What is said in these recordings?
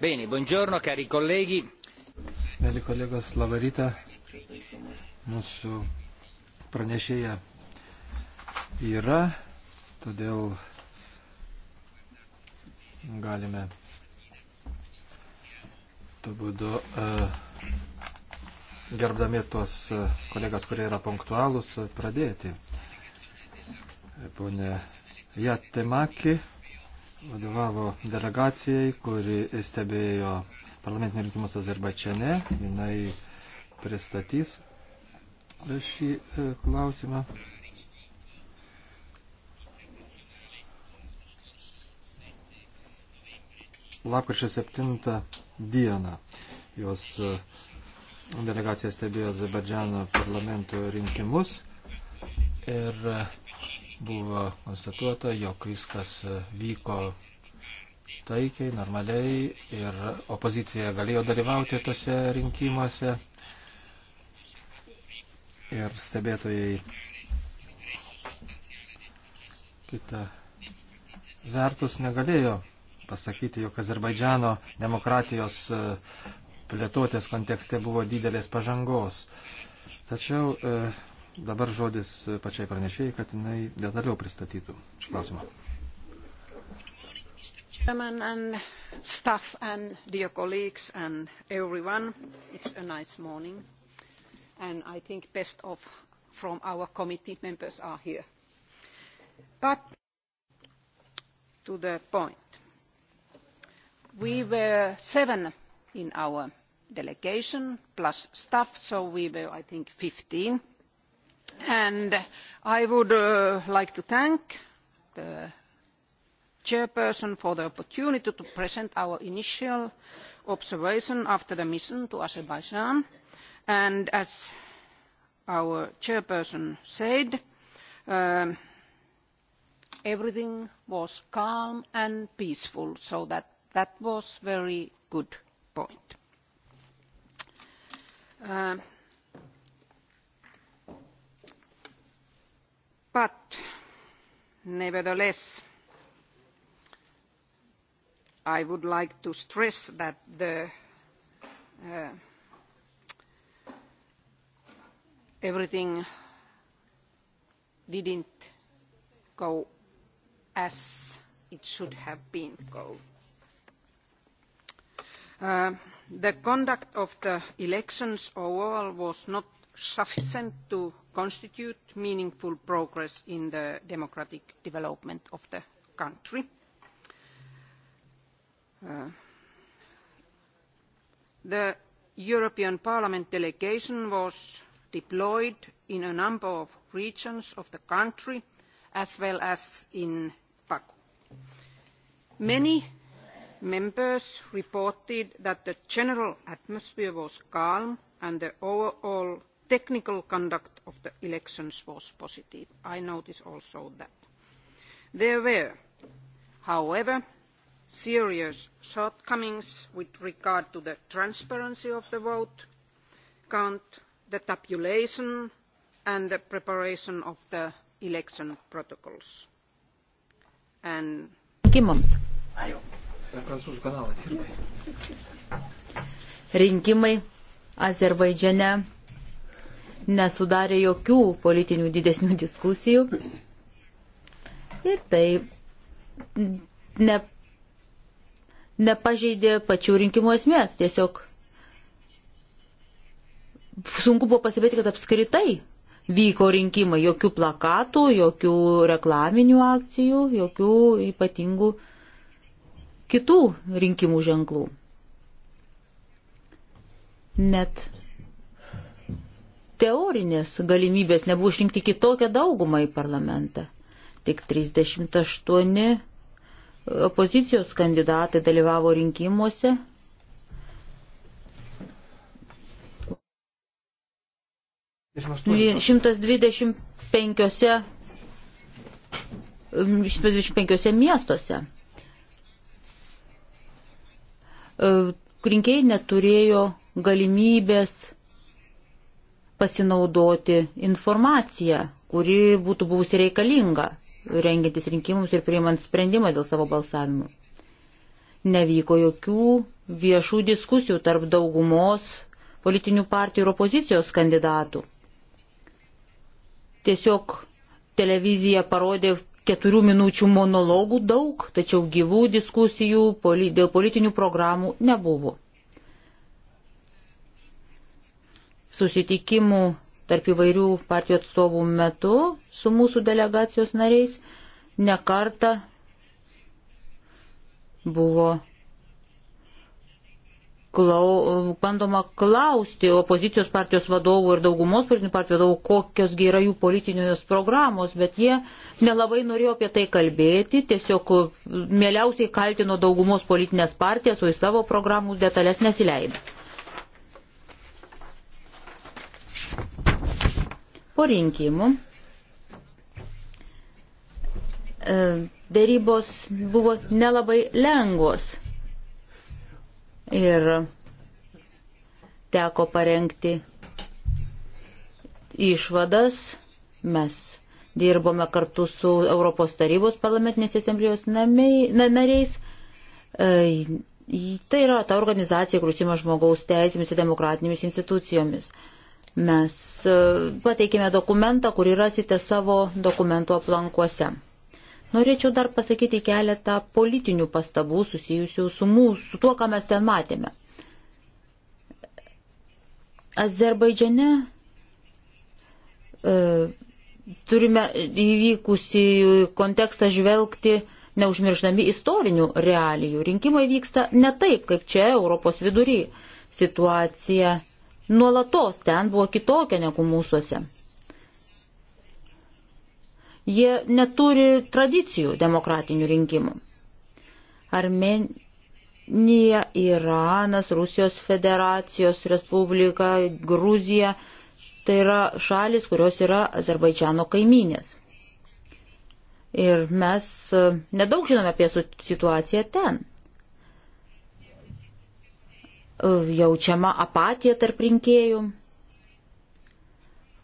Bene, buongiorno, cari colleghi. Mėly kolegos, labą rytą. Mūsų pranešėja yra, todėl galime tuo būdu e, gerbdami tuos e, kolegas, kurie yra punktualūs, pradėti. Pone Jatemaki vadovavo delegacijai, kuri stebėjo parlamentinį rinkimus Azerbaidžiane. Jinai pristatys šį e, klausimą. Lapkričio 7 dieną jos e, delegacija stebėjo Azerbaidžiano parlamento rinkimus ir e, Buvo konstatuota, jog viskas e, vyko taikiai, normaliai ir opozicija galėjo dalyvauti tose rinkimuose. Ir stebėtojai kita vertus negalėjo pasakyti, jog Azerbaidžiano demokratijos e, plėtotės kontekste buvo didelės pažangos. Tačiau e, Dabar žodis pačiai pranešėjai, kad jinai detaliau pristatytų šį klausimą. Chairman and staff and dear colleagues and everyone, it's a nice morning and I think best of from our committee members are here. But to the point, we were seven in our delegation plus staff, so we were I think 15 and i would uh, like to thank the chairperson for the opportunity to present our initial observation after the mission to azerbaijan and as our chairperson said um, everything was calm and peaceful so that that was a very good point. Uh, but nevertheless i would like to stress that the, uh, everything did not go as it should have been going. Uh, the conduct of the elections overall was not sufficient to constitute meaningful progress in the democratic development of the country. Uh, the european parliament delegation was deployed in a number of regions of the country as well as in baku. many members reported that the general atmosphere was calm and the overall technical conduct of the elections was positive. i noticed also that. there were however serious shortcomings with regard to the transparency of the vote count the tabulation and the preparation of the election protocols. And rinkimams. Rinkimai Azerbaidžiane nesudarė jokių politinių didesnių diskusijų. Ir tai ne, nepažeidė pačių rinkimų esmės. Tiesiog sunku buvo pasibėti, kad apskritai vyko rinkimai. Jokių plakatų, jokių reklaminių akcijų, jokių ypatingų kitų rinkimų ženklų. Net teorinės galimybės nebuvo išrinkti kitokią daugumą į parlamentą. Tik 38 e, opozicijos kandidatai dalyvavo rinkimuose. Vien 125 125 miestuose. E, rinkėjai neturėjo galimybės pasinaudoti informaciją, kuri būtų buvusi reikalinga rengintis rinkimams ir priimant sprendimą dėl savo balsavimų. Nevyko jokių viešų diskusijų tarp daugumos politinių partijų ir opozicijos kandidatų. Tiesiog televizija parodė keturių minučių monologų daug, tačiau gyvų diskusijų dėl politinių programų nebuvo. susitikimų tarp įvairių partijų atstovų metu su mūsų delegacijos nariais nekarta buvo klau, bandoma klausti opozicijos partijos vadovų ir daugumos politinių partijų vadovų, kokios yra jų politinės programos, bet jie nelabai norėjo apie tai kalbėti, tiesiog mieliausiai kaltino daugumos politinės partijas, o į savo programų detalės nesileido. Po rinkimų e, dėrybos buvo nelabai lengvos ir teko parengti išvadas. Mes dirbome kartu su Europos tarybos parlamentinės asamblėjos nariais. E, tai yra ta organizacija, kur užsima žmogaus teisėmis ir demokratinėmis institucijomis. Mes e, pateikėme dokumentą, kurį rasite savo dokumentų aplankuose. Norėčiau dar pasakyti keletą politinių pastabų susijusių su mūsų, su tuo, ką mes ten matėme. Azerbaidžiane e, turime įvykusi kontekstą žvelgti neužmirždami istorinių realijų. Rinkimai vyksta ne taip, kaip čia Europos vidury. Situacija nuolatos ten buvo kitokia negu mūsųse. Jie neturi tradicijų demokratinių rinkimų. Armenija, Iranas, Rusijos federacijos Respublika, Gruzija - tai yra šalis, kurios yra Azerbaidžiano kaiminės. Ir mes e, nedaug žinome apie situaciją ten jaučiama apatija tarp rinkėjų.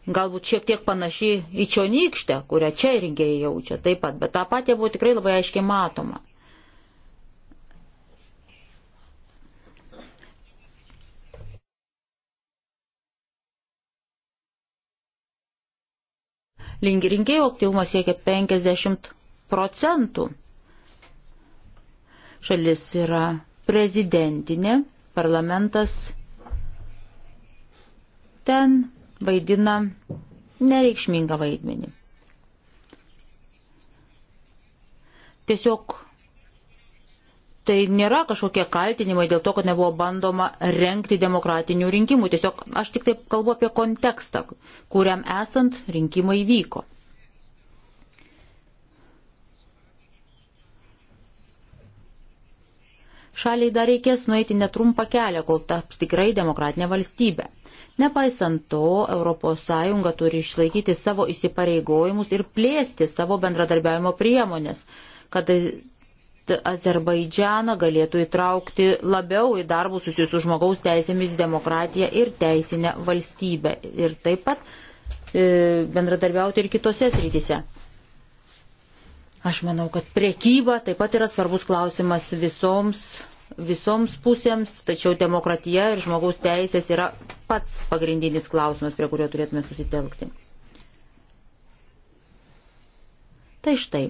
Galbūt šiek tiek panaši į čionykštę, kurią čia rinkėjai jaučia taip pat, bet ta apatija buvo tikrai labai aiškiai matoma. Rinkėjų aktyvumas siekia 50 procentų. Šalis yra prezidentinė parlamentas ten vaidina nereikšmingą vaidmenį. Tiesiog tai nėra kažkokie kaltinimai dėl to, kad nebuvo bandoma renkti demokratinių rinkimų. Tiesiog aš tik taip kalbu apie kontekstą, kuriam esant rinkimai vyko. Šaliai dar reikės nueiti netrumpą kelią, kol taps tikrai demokratinė valstybė. Nepaisant to, ES turi išlaikyti savo įsipareigojimus ir plėsti savo bendradarbiavimo priemonės, kad Azerbaidžianą galėtų įtraukti labiau į darbus susijusius žmogaus teisėmis, demokratiją ir teisinę valstybę. Ir taip pat e, bendradarbiauti ir kitose srityse. Aš manau, kad priekyba taip pat yra svarbus klausimas visoms, visoms pusėms, tačiau demokratija ir žmogaus teisės yra pats pagrindinis klausimas, prie kurio turėtume susitelkti. Tai štai,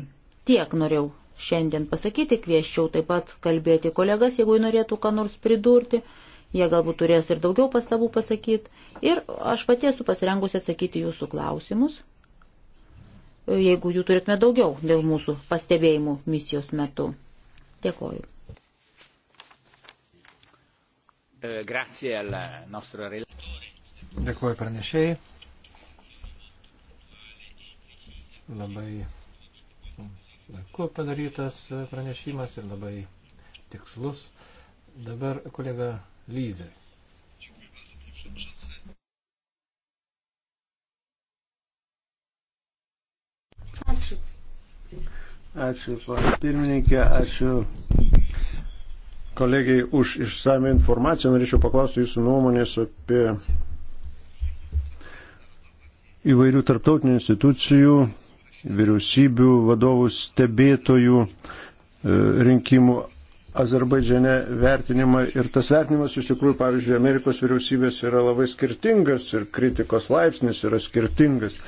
tiek norėjau šiandien pasakyti, kvieščiau taip pat kalbėti kolegas, jeigu jie norėtų ką nors pridurti, jie galbūt turės ir daugiau pastabų pasakyti ir aš pati esu pasirengusi atsakyti jūsų klausimus jeigu jų turėtume daugiau dėl mūsų pastebėjimų misijos metu. Dėkoju. E, Dėkuoju pranešėjai. Labai laiku padarytas pranešimas ir labai tikslus. Dabar kolega Lyzė. Ačiū, pana pirmininkė, ačiū kolegiai už išsame informaciją. Norėčiau paklausti jūsų nuomonės apie įvairių tarptautinių institucijų, vyriausybių, vadovų stebėtojų e, rinkimų Azerbaidžiane vertinimą. Ir tas vertinimas iš tikrųjų, pavyzdžiui, Amerikos vyriausybės yra labai skirtingas ir kritikos laipsnis yra skirtingas.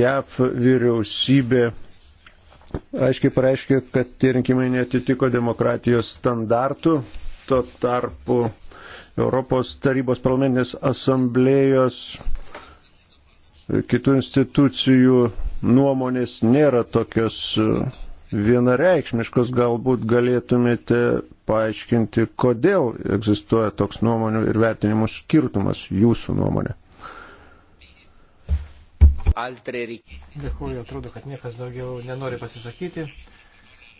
JAF vyriausybė aiškiai pareiškė, kad tie rinkimai netitiko demokratijos standartų. Tuo tarpu Europos tarybos parlamentinės asamblėjos kitų institucijų nuomonės nėra tokios e, vienareikšmiškos. Galbūt galėtumėte paaiškinti, kodėl egzistuoja toks nuomonių ir vertinimų skirtumas jūsų nuomonė. Altreri. Dėkuoju, atrodo, kad niekas daugiau nenori pasisakyti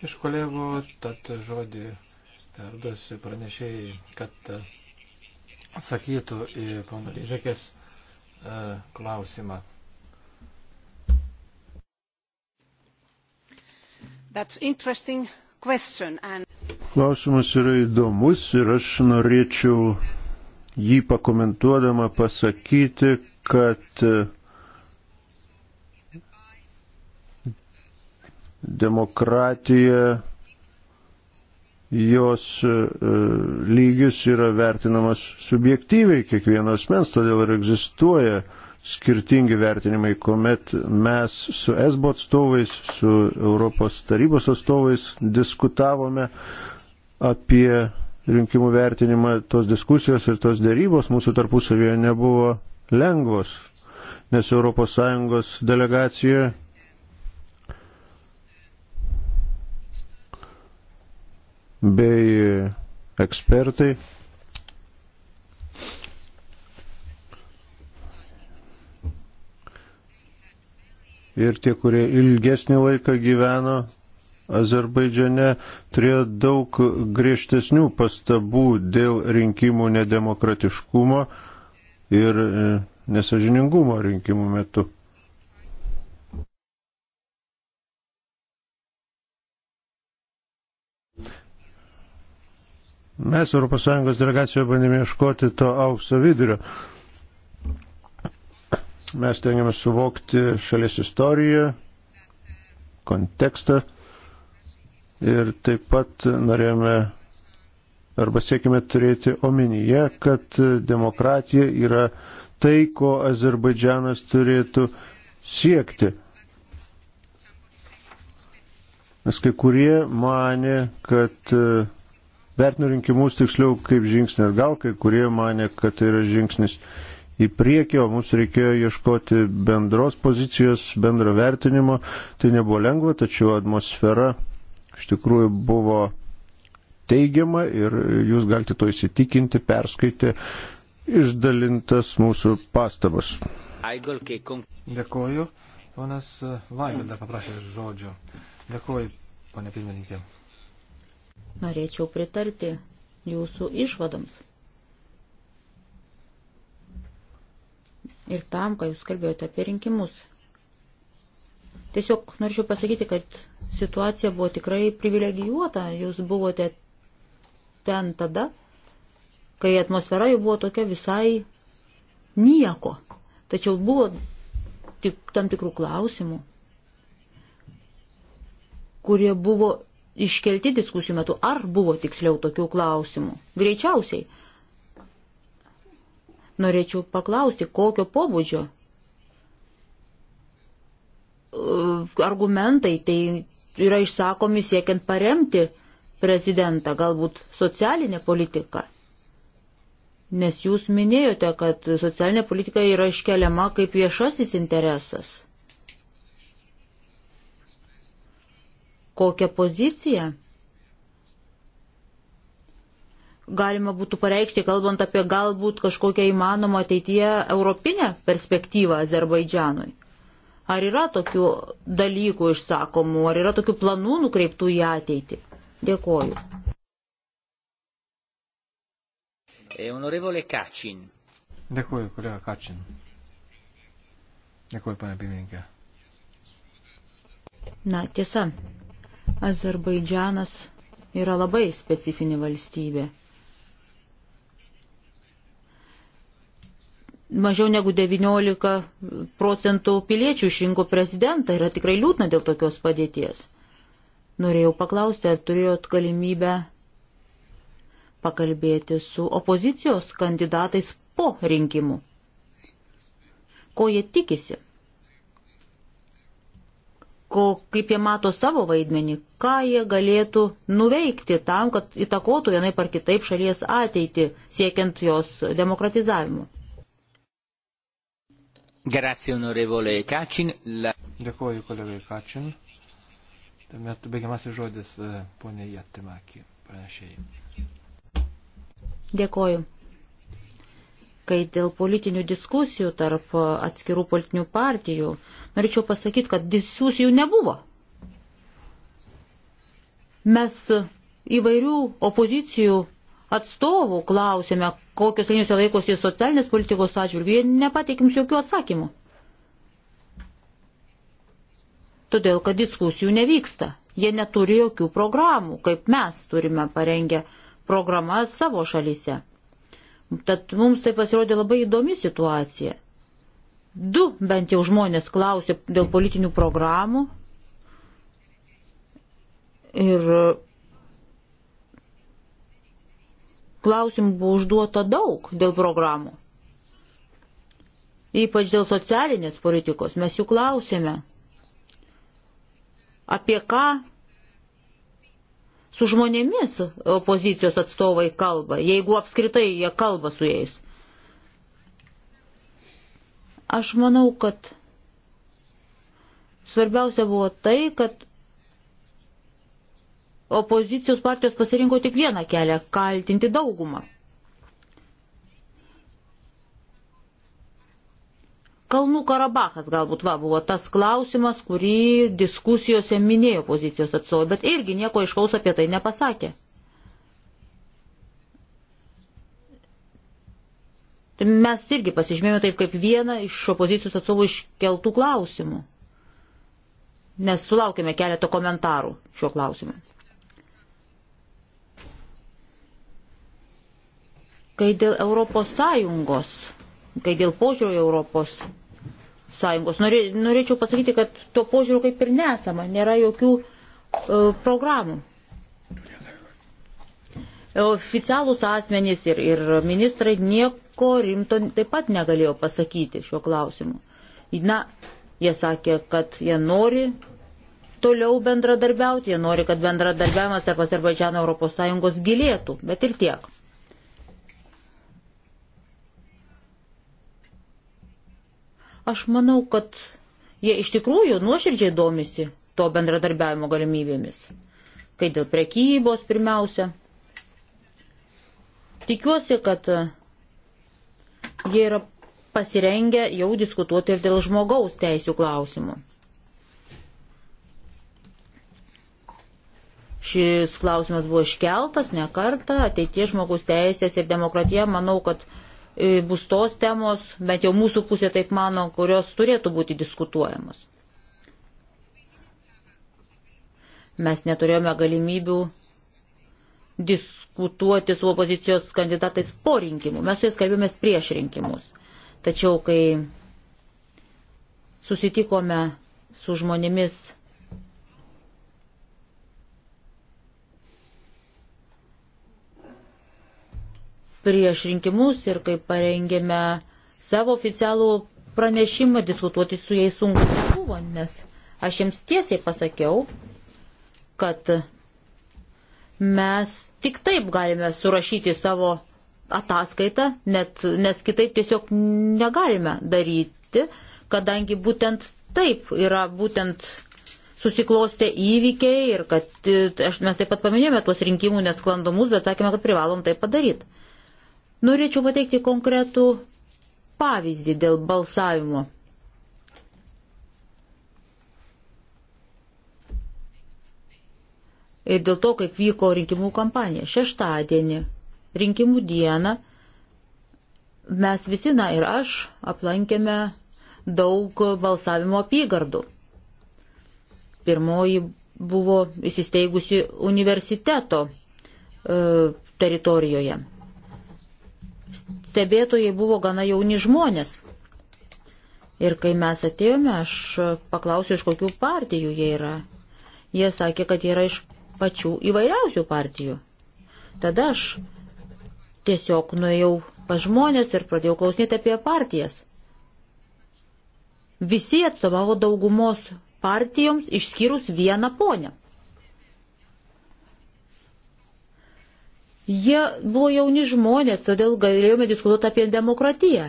iš kolegų, tad žodį perduosiu pranešėjai, kad e, atsakytų į pono Lyžekės e, klausimą. And... Klausimas yra įdomus ir aš norėčiau jį pakomentuodama pasakyti, kad uh, demokratija, jos e, e, lygis yra vertinamas subjektyviai kiekvienos mens, todėl ir egzistuoja skirtingi vertinimai, kuomet mes su ESBO atstovais, su Europos tarybos atstovais diskutavome apie rinkimų vertinimą, tos diskusijos ir tos dėrybos mūsų tarpusavėje nebuvo lengvos, nes ES delegacija bei ekspertai. Ir tie, kurie ilgesnį laiką gyveno Azerbaidžiane, turėjo daug griežtesnių pastabų dėl rinkimų nedemokratiškumo ir e, nesažiningumo rinkimų metu. Mes ES delegacijoje bandėme ieškoti to aukso vidurio. Mes tengiamės suvokti šalies istoriją, kontekstą ir taip pat norėjome arba siekime turėti omenyje, kad demokratija yra tai, ko Azerbaidžianas turėtų siekti. Nes kai kurie mane, kad vertinu rinkimus tiksliau kaip žingsnį ir gal kai kurie mane, kad tai yra žingsnis į priekį, o mums reikėjo ieškoti bendros pozicijos, bendro vertinimo. Tai nebuvo lengva, tačiau atmosfera iš tikrųjų buvo teigiama ir jūs galite to įsitikinti, perskaitę išdalintas mūsų pastabas. Dėkoju. Ponas Laimė dar paprašė žodžio. Dėkoju, ponė pirmininkė. Norėčiau pritarti jūsų išvadoms. Ir tam, ką jūs kalbėjote apie rinkimus. Tiesiog norėčiau pasakyti, kad situacija buvo tikrai privilegijuota. Jūs buvote ten tada, kai atmosfera jau buvo tokia visai nieko. Tačiau buvo tik tam tikrų klausimų, kurie buvo iškelti diskusijų metu, ar buvo tiksliau tokių klausimų. Greičiausiai. Norėčiau paklausti, kokio pobūdžio uh, argumentai tai yra išsakomi siekiant paremti prezidentą, galbūt socialinę politiką. Nes jūs minėjote, kad socialinė politika yra iškeliama kaip viešasis interesas. kokią poziciją galima būtų pareikšti, kalbant apie galbūt kažkokią įmanomą ateityje europinę perspektyvą Azerbaidžianui. Ar yra tokių dalykų išsakomų, ar yra tokių planų nukreiptų į ateitį? Dėkoju. Honorevole e, Kačin. Dėkoju, kolega Kačin. Dėkoju, pane pirmininkė. Na, tiesa, Azerbaidžianas yra labai specifinė valstybė. Mažiau negu 19 procentų piliečių išrinko prezidentą, yra tikrai liūdna dėl tokios padėties. Norėjau paklausti, ar turėjot galimybę pakalbėti su opozicijos kandidatais po rinkimų. Ko jie tikisi? ko, kaip jie mato savo vaidmenį, ką jie galėtų nuveikti tam, kad įtakotų vienai par kitaip šalies ateitį, siekiant jos demokratizavimo. Grazie, onorevole Kačin. La... Dėkuoju, kolegai Kačin. Tuomet baigiamasis žodis e, ponė Jatimaki, pranešėjai. Dėkuoju kai dėl politinių diskusijų tarp atskirų politinių partijų, norėčiau pasakyti, kad diskusijų nebuvo. Mes įvairių opozicijų atstovų klausėme, kokios linijos laikosi socialinės politikos atžvilgių, jie nepateikims jokių atsakymų. Todėl, kad diskusijų nevyksta. Jie neturi jokių programų, kaip mes turime parengę programas savo šalyse. Tad mums tai pasirodė labai įdomi situacija. Du bent jau žmonės klausė dėl politinių programų. Ir klausimų buvo užduota daug dėl programų. Ypač dėl socialinės politikos. Mes jų klausėme. Apie ką su žmonėmis opozicijos atstovai kalba, jeigu apskritai jie kalba su jais. Aš manau, kad svarbiausia buvo tai, kad opozicijos partijos pasirinko tik vieną kelią - kaltinti daugumą. Kalnų Karabachas galbūt va, buvo tas klausimas, kurį diskusijose minėjo pozicijos atstovai, bet irgi nieko iškaus apie tai nepasakė. Tai mes irgi pasižymėjome taip kaip vieną iš opozicijos atstovų iškeltų klausimų, nes sulaukėme keletą komentarų šiuo klausimu. Kai dėl Europos Sąjungos kai dėl požiūrio Europos Sąjungos. Norė, norėčiau pasakyti, kad to požiūrio kaip ir nesama, nėra jokių e, programų. E, oficialūs asmenys ir, ir ministrai nieko rimto taip pat negalėjo pasakyti šiuo klausimu. Na, jie sakė, kad jie nori toliau bendradarbiauti, jie nori, kad bendradarbiavimas tarp Azerbaidžiano Europos Sąjungos gilėtų, bet ir tiek. Aš manau, kad jie iš tikrųjų nuoširdžiai domisi to bendradarbiavimo galimybėmis. Kai dėl prekybos pirmiausia. Tikiuosi, kad jie yra pasirengę jau diskutuoti ir dėl žmogaus teisų klausimų. Šis klausimas buvo iškeltas ne kartą, ateitie žmogus teisės ir demokratija, manau, kad E, bus tos temos, bent jau mūsų pusė taip mano, kurios turėtų būti diskutuojamos. Mes neturėjome galimybių diskutuoti su opozicijos kandidatais po rinkimų. Mes su jais kalbėjomės prieš rinkimus. Tačiau, kai susitikome su žmonėmis prieš rinkimus ir kai parengėme savo oficialų pranešimą, diskutuoti su jais sunku nebuvo, nes aš jiems tiesiai pasakiau, kad mes tik taip galime surašyti savo ataskaitą, net, nes kitaip tiesiog negalime daryti, kadangi būtent taip yra būtent susiklostė įvykiai ir kad e, aš, mes taip pat paminėjome tuos rinkimų nesklandumus, bet sakėme, kad privalom tai padaryti. Norėčiau pateikti konkretų pavyzdį dėl balsavimo. Ir dėl to, kaip vyko rinkimų kampanija. Šeštadienį, rinkimų dieną, mes visi, na ir aš, aplankėme daug balsavimo apygardų. Pirmoji buvo įsisteigusi universiteto e, teritorijoje stebėtojai buvo gana jauni žmonės. Ir kai mes atėjome, aš paklausiau, iš kokių partijų jie yra. Jie sakė, kad jie yra iš pačių įvairiausių partijų. Tada aš tiesiog nuėjau pas žmonės ir pradėjau klausinėti apie partijas. Visi atstovavo daugumos partijoms, išskyrus vieną ponę. Jie buvo jauni žmonės, todėl galėjome diskutuoti apie demokratiją.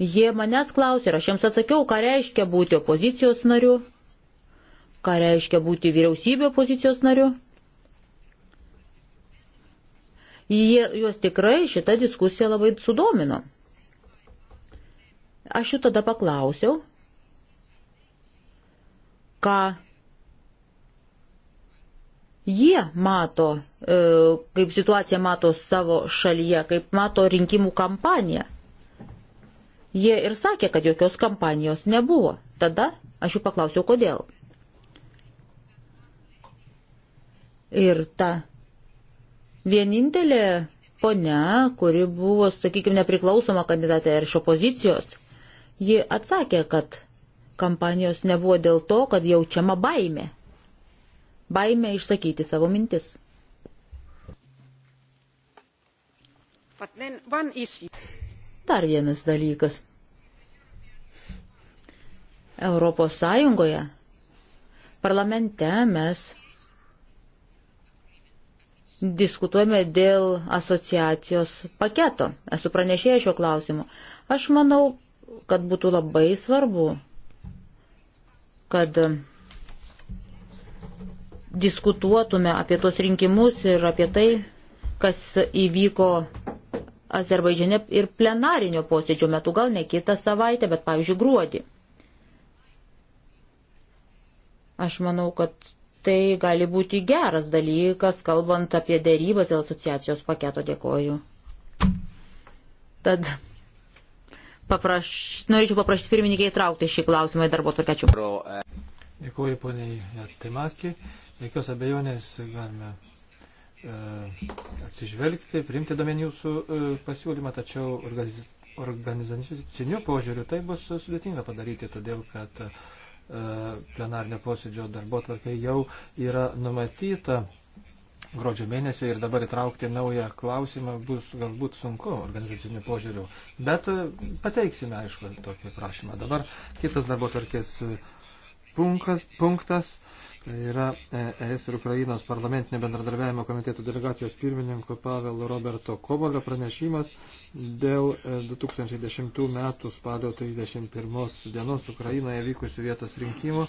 Jie manęs klausė ir aš jiems atsakiau, ką reiškia būti opozicijos nariu, ką reiškia būti vyriausybė opozicijos nariu. Jie, juos tikrai šita diskusija labai sudomino. Aš jų tada paklausiau, ką jie mato E, kaip situaciją mato savo šalyje, kaip mato rinkimų kampaniją. Jie ir sakė, kad jokios kampanijos nebuvo. Tada aš jų paklausiau, kodėl. Ir ta vienintelė ponia, kuri buvo, sakykime, nepriklausoma kandidatė ir iš opozicijos, ji atsakė, kad kampanijos nebuvo dėl to, kad jaučiama baime. Baime išsakyti savo mintis. Dar vienas dalykas. Europos Sąjungoje parlamente mes diskutuojame dėl asociacijos paketo. Esu pranešėjęs šio klausimu. Aš manau, kad būtų labai svarbu, kad diskutuotume apie tuos rinkimus ir apie tai, kas įvyko Azerbaidžiane ir plenarinio posėdžio metu, gal ne kitą savaitę, bet pavyzdžiui gruodį. Aš manau, kad tai gali būti geras dalykas, kalbant apie dėrybas dėl asociacijos paketo. Dėkoju. Tad papraš... norėčiau paprašyti pirmininkai įtraukti šį klausimą į darbo tvarkačių. Dėkuoju poniai Temaki. Jokios abejonės galime E, atsižvelgti, priimti domen jūsų e, pasiūlymą, tačiau organizaciniu požiūriu tai bus sudėtinga padaryti, todėl kad e, plenarnio posėdžio darbo tvarkai jau yra numatyta gruodžio mėnesio ir dabar įtraukti naują klausimą bus galbūt sunku organizaciniu požiūriu, bet pateiksime, aišku, tokį prašymą. Dabar kitas darbo tvarkės punktas. punktas Tai yra ES ir Ukrainos parlamentinio bendradarbiavimo komiteto delegacijos pirmininko Pavel Roberto Kovalio pranešimas dėl 2010 e, metų spalio 31 dienos Ukrainoje vykusių vietos rinkimų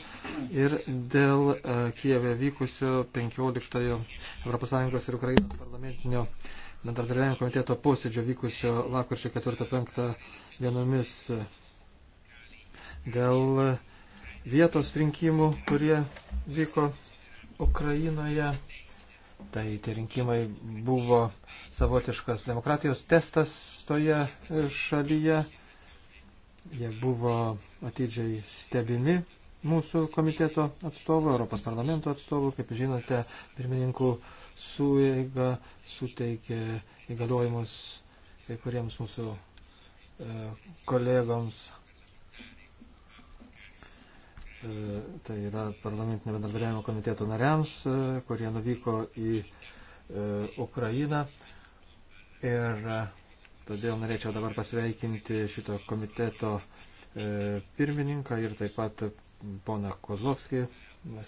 ir dėl e, Kijeve vykusio 15 ES ir Ukrainos parlamentinio bendradarbiavimo komiteto posėdžio vykusio lakurčio 4-5 dienomis dėl vietos rinkimų, kurie vyko Ukrainoje. Tai tie rinkimai buvo savotiškas demokratijos testas toje šalyje. Jie buvo atidžiai stebimi mūsų komiteto atstovų, Europos parlamento atstovų. Kaip žinote, pirmininkų sueiga suteikė įgaliojimus kai kuriems mūsų e, kolegoms E, tai yra parlamentinio bendradarbiavimo komiteto nariams, e, kurie nuvyko į e, Ukrainą. Ir todėl norėčiau dabar pasveikinti šito komiteto pirmininką ir taip pat poną Kozlovskį,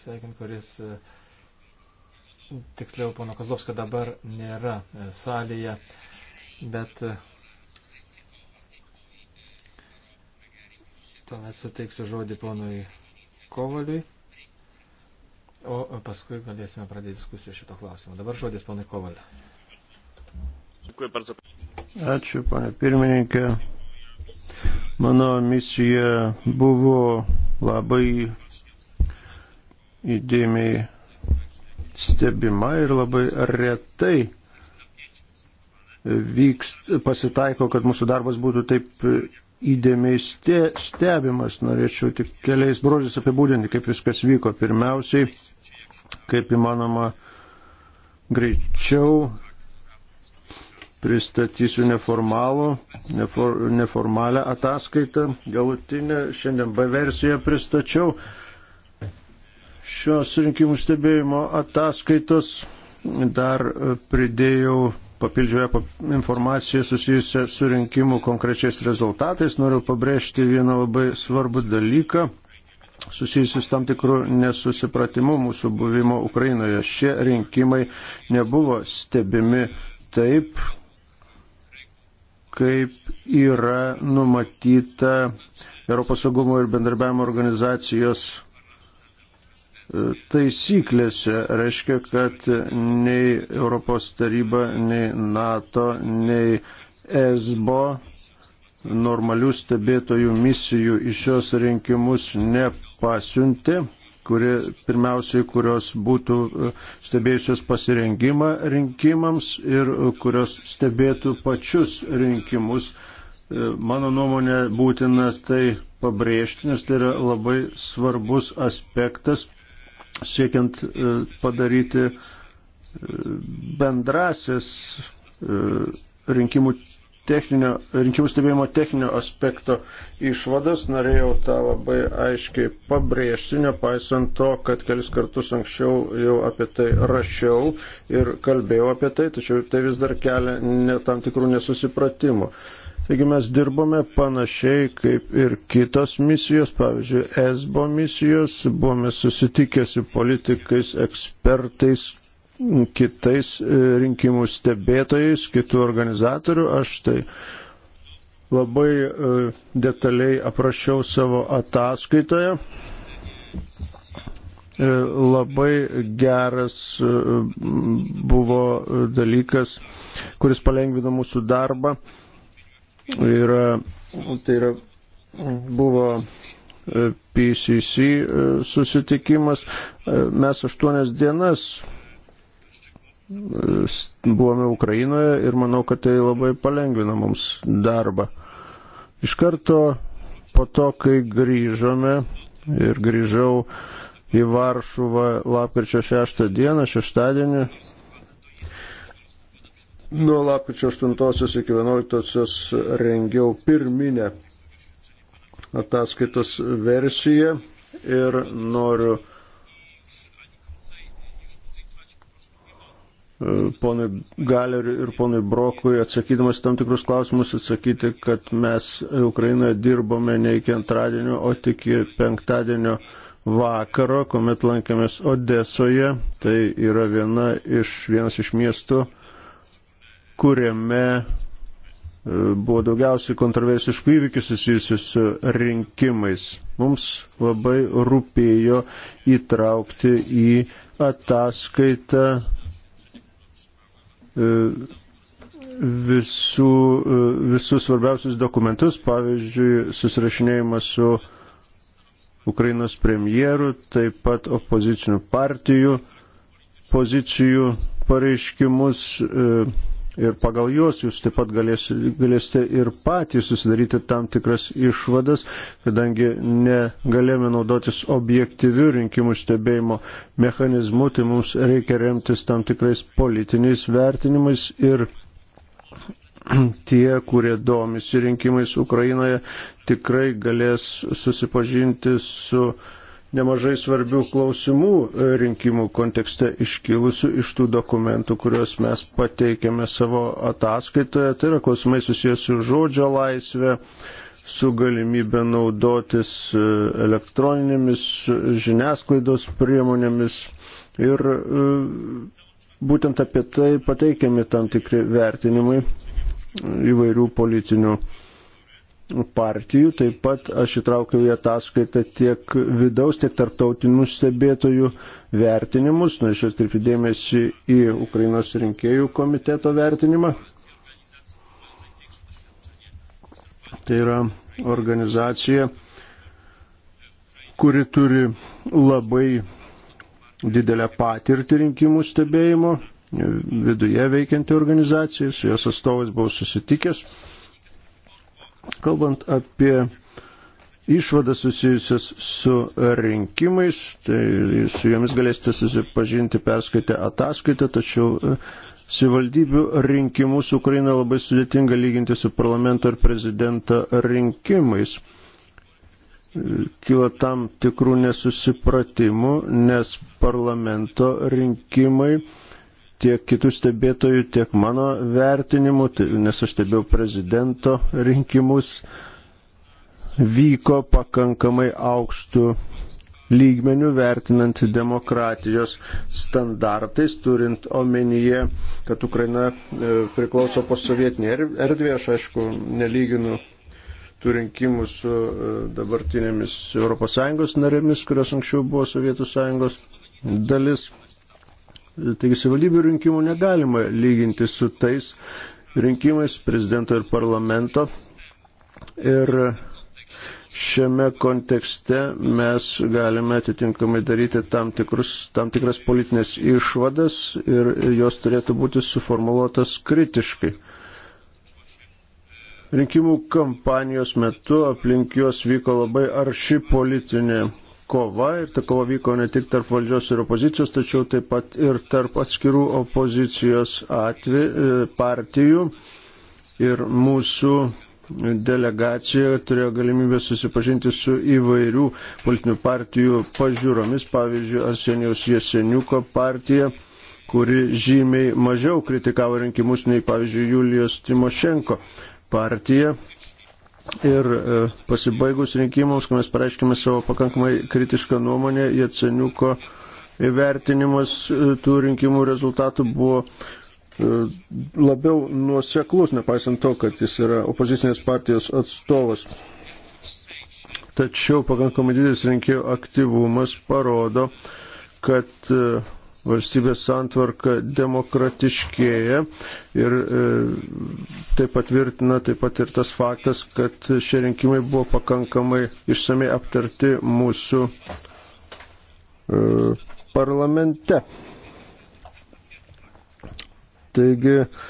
sveikint, kuris, tiksliau, pono Kozlovskio dabar nėra salėje, bet tuomet suteiksiu žodį ponui Kovaliui, o paskui galėsime pradėti diskusiją šito klausimo. Dabar žodis ponai Kovaliu. Ačiū, pane pirmininkė. Mano misija buvo labai įdėmiai stebima ir labai retai vyks, pasitaiko, kad mūsų darbas būtų taip įdėmiai ste, stebimas. Norėčiau tik keliais brožys apibūdinti, kaip viskas vyko. Pirmiausiai, kaip įmanoma, greičiau pristatysiu neformalų, nefor, neformalią ataskaitą, galutinę, šiandien B versiją pristačiau šios rinkimų stebėjimo ataskaitos, dar pridėjau papildžioje informaciją susijusią su rinkimų konkrečiais rezultatais. Noriu pabrėžti vieną labai svarbų dalyką susijusius tam tikrų nesusipratimų mūsų buvimo Ukrainoje. Šie rinkimai nebuvo stebimi taip, kaip yra numatyta Europos saugumo ir bendarbiavimo organizacijos taisyklėse. Reiškia, kad nei Europos taryba, nei NATO, nei ESBO normalių stebėtojų misijų iš šios rinkimus nepasiuntė, kuri, pirmiausiai, kurios būtų e, stebėjusios pasirengimą rinkimams ir kurios stebėtų pačius rinkimus. E, mano nuomonė būtina tai pabrėžti, nes tai yra labai svarbus aspektas siekiant e, padaryti e, bendrasis e, rinkimų, techninio, rinkimų stebėjimo techninio aspekto išvadas. Norėjau tą labai aiškiai pabrėžti, nepaisant to, kad kelis kartus anksčiau jau apie tai rašiau ir kalbėjau apie tai, tačiau tai vis dar kelia ne tam tikrų nesusipratimų. Taigi mes dirbome panašiai kaip ir kitos misijos, pavyzdžiui, ESBO misijos, buvome susitikę su politikais, ekspertais, kitais e, rinkimų stebėtojais, kitų organizatorių. Aš tai labai e, detaliai aprašiau savo ataskaitoje. E, labai geras buvo dalykas, kuris palengvino mūsų darbą yra, tai yra, buvo e, PCC e, susitikimas. E, mes aštuonias dienas buvome Ukrainoje ir manau, kad tai labai palengvina mums darbą. Iš karto po to, kai grįžome ir grįžau į Varšuvą lapkričio 6 dieną, šeštadienį, Nuo lapkričio 8 iki 11 rengiau pirminę ataskaitos versiją ir noriu e, ponui Galeriui ir ponui Brokui atsakydamas tam tikrus klausimus atsakyti, kad mes Ukrainoje dirbome ne iki antradienio, o tik iki penktadienio vakaro, kuomet lankėmės Odesoje. Tai yra viena iš, vienas iš miestų, kuriame e, buvo daugiausiai kontroversiškų įvykių susijusių su rinkimais. Mums labai rūpėjo įtraukti į ataskaitą e, visų, e, visus svarbiausius dokumentus, pavyzdžiui, susirašinėjimą su Ukrainos premjeru, taip pat opozicinių partijų pozicijų pareiškimus. E, ir pagal juos jūs taip pat galės, galėsite ir patys susidaryti tam tikras išvadas, kadangi negalėjome naudotis objektyvių rinkimų stebėjimo mechanizmų, tai mums reikia remtis tam tikrais politiniais vertinimais ir tie, kurie domisi rinkimais Ukrainoje, tikrai galės susipažinti su uh, nemažai svarbių klausimų e, rinkimų kontekste iškilusių iš tų dokumentų, kuriuos mes pateikėme savo ataskaitoje. Tai yra klausimai susijęs su žodžio laisvė, su galimybė naudotis e, elektroninėmis žiniasklaidos priemonėmis ir e, būtent apie tai pateikiami tam tikri vertinimai įvairių politinių partijų. Taip pat aš įtraukiau į ataskaitą tiek vidaus, tiek tarptautinių stebėtojų vertinimus. Norėčiau atkreipti dėmesį į Ukrainos rinkėjų komiteto vertinimą. Tai yra organizacija, kuri turi labai didelę patirtį rinkimų stebėjimo viduje veikianti organizacija, su jos atstovais buvau susitikęs. Kalbant apie išvadas susijusias su rinkimais, tai su jomis galėsite susipažinti perskaitę ataskaitę, tačiau e, savivaldybių rinkimus Ukraina labai sudėtinga lyginti su parlamento ir prezidento rinkimais. E, Kilo tam tikrų nesusipratimų, nes parlamento rinkimai tiek kitų stebėtojų, tiek mano vertinimų, tai nes aš stebėjau prezidento rinkimus, vyko pakankamai aukštų lygmenių vertinant demokratijos standartais, turint omenyje, kad Ukraina e, priklauso posovietiniai er-, erdvė, aš aišku, nelyginu tų rinkimų su e, dabartinėmis ES narėmis, kurios anksčiau buvo Sovietų sąjungos dalis. Taigi savivaldybių rinkimų negalima lyginti su tais rinkimais prezidento ir parlamento. Ir šiame kontekste mes galime atitinkamai daryti tam, tikrus, tam tikras politinės išvadas ir jos turėtų būti suformuoluotas kritiškai. Rinkimų kampanijos metu aplink juos vyko labai arši politinė kova ir ta kova vyko ne tik tarp valdžios ir opozicijos, tačiau taip pat ir tarp atskirų opozicijos atvi, e, partijų. Ir mūsų delegacija turėjo galimybę susipažinti su įvairių politinių partijų pažiūromis, pavyzdžiui, Arsenijos Jeseniuko partija, kuri žymiai mažiau kritikavo rinkimus nei, pavyzdžiui, Julijos Timošenko partija. Ir e, pasibaigus rinkimams, kai mes pareiškime savo pakankamai kritišką nuomonę, Jatseniuko vertinimas e, tų rinkimų rezultatų buvo e, labiau nuoseklus, nepaisant to, kad jis yra opozicinės partijos atstovas. Tačiau pakankamai didelis rinkėjų aktyvumas parodo, kad valstybės santvarka demokratiškėja ir e, tai patvirtina taip pat ir tas faktas, kad šie rinkimai buvo pakankamai išsamei aptarti mūsų e, parlamente. Taigi, e,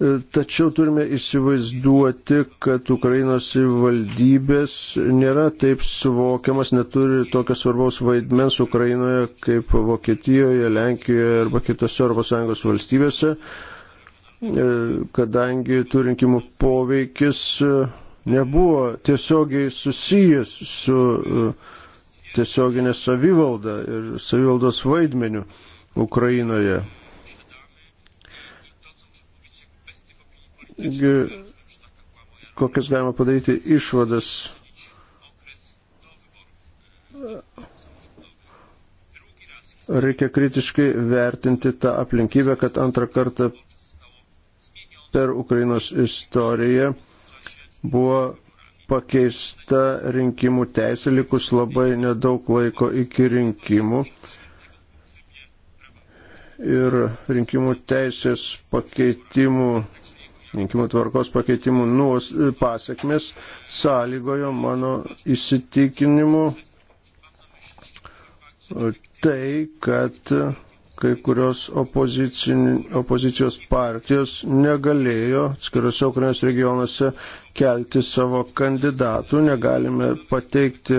E, tačiau turime įsivaizduoti, kad Ukrainos valdybės nėra taip suvokiamas, neturi tokio svarbaus vaidmens Ukrainoje kaip Vokietijoje, Lenkijoje arba kitose ES valstybėse, e, kadangi tų rinkimų poveikis e, nebuvo tiesiogiai susijęs su tiesioginė savivalda ir savivaldos vaidmeniu Ukrainoje. kokias galima padaryti išvadas. Reikia kritiškai vertinti tą aplinkybę, kad antrą kartą per Ukrainos istoriją buvo pakeista rinkimų teisė, likus labai nedaug laiko iki rinkimų. Ir rinkimų teisės pakeitimų rinkimų tvarkos pakeitimų nuos e, pasiekmes sąlygojo mano įsitikinimu e, tai, kad e, kai kurios opozicijos partijos negalėjo atskirose Ukrainos regionuose kelti savo kandidatų, negalime pateikti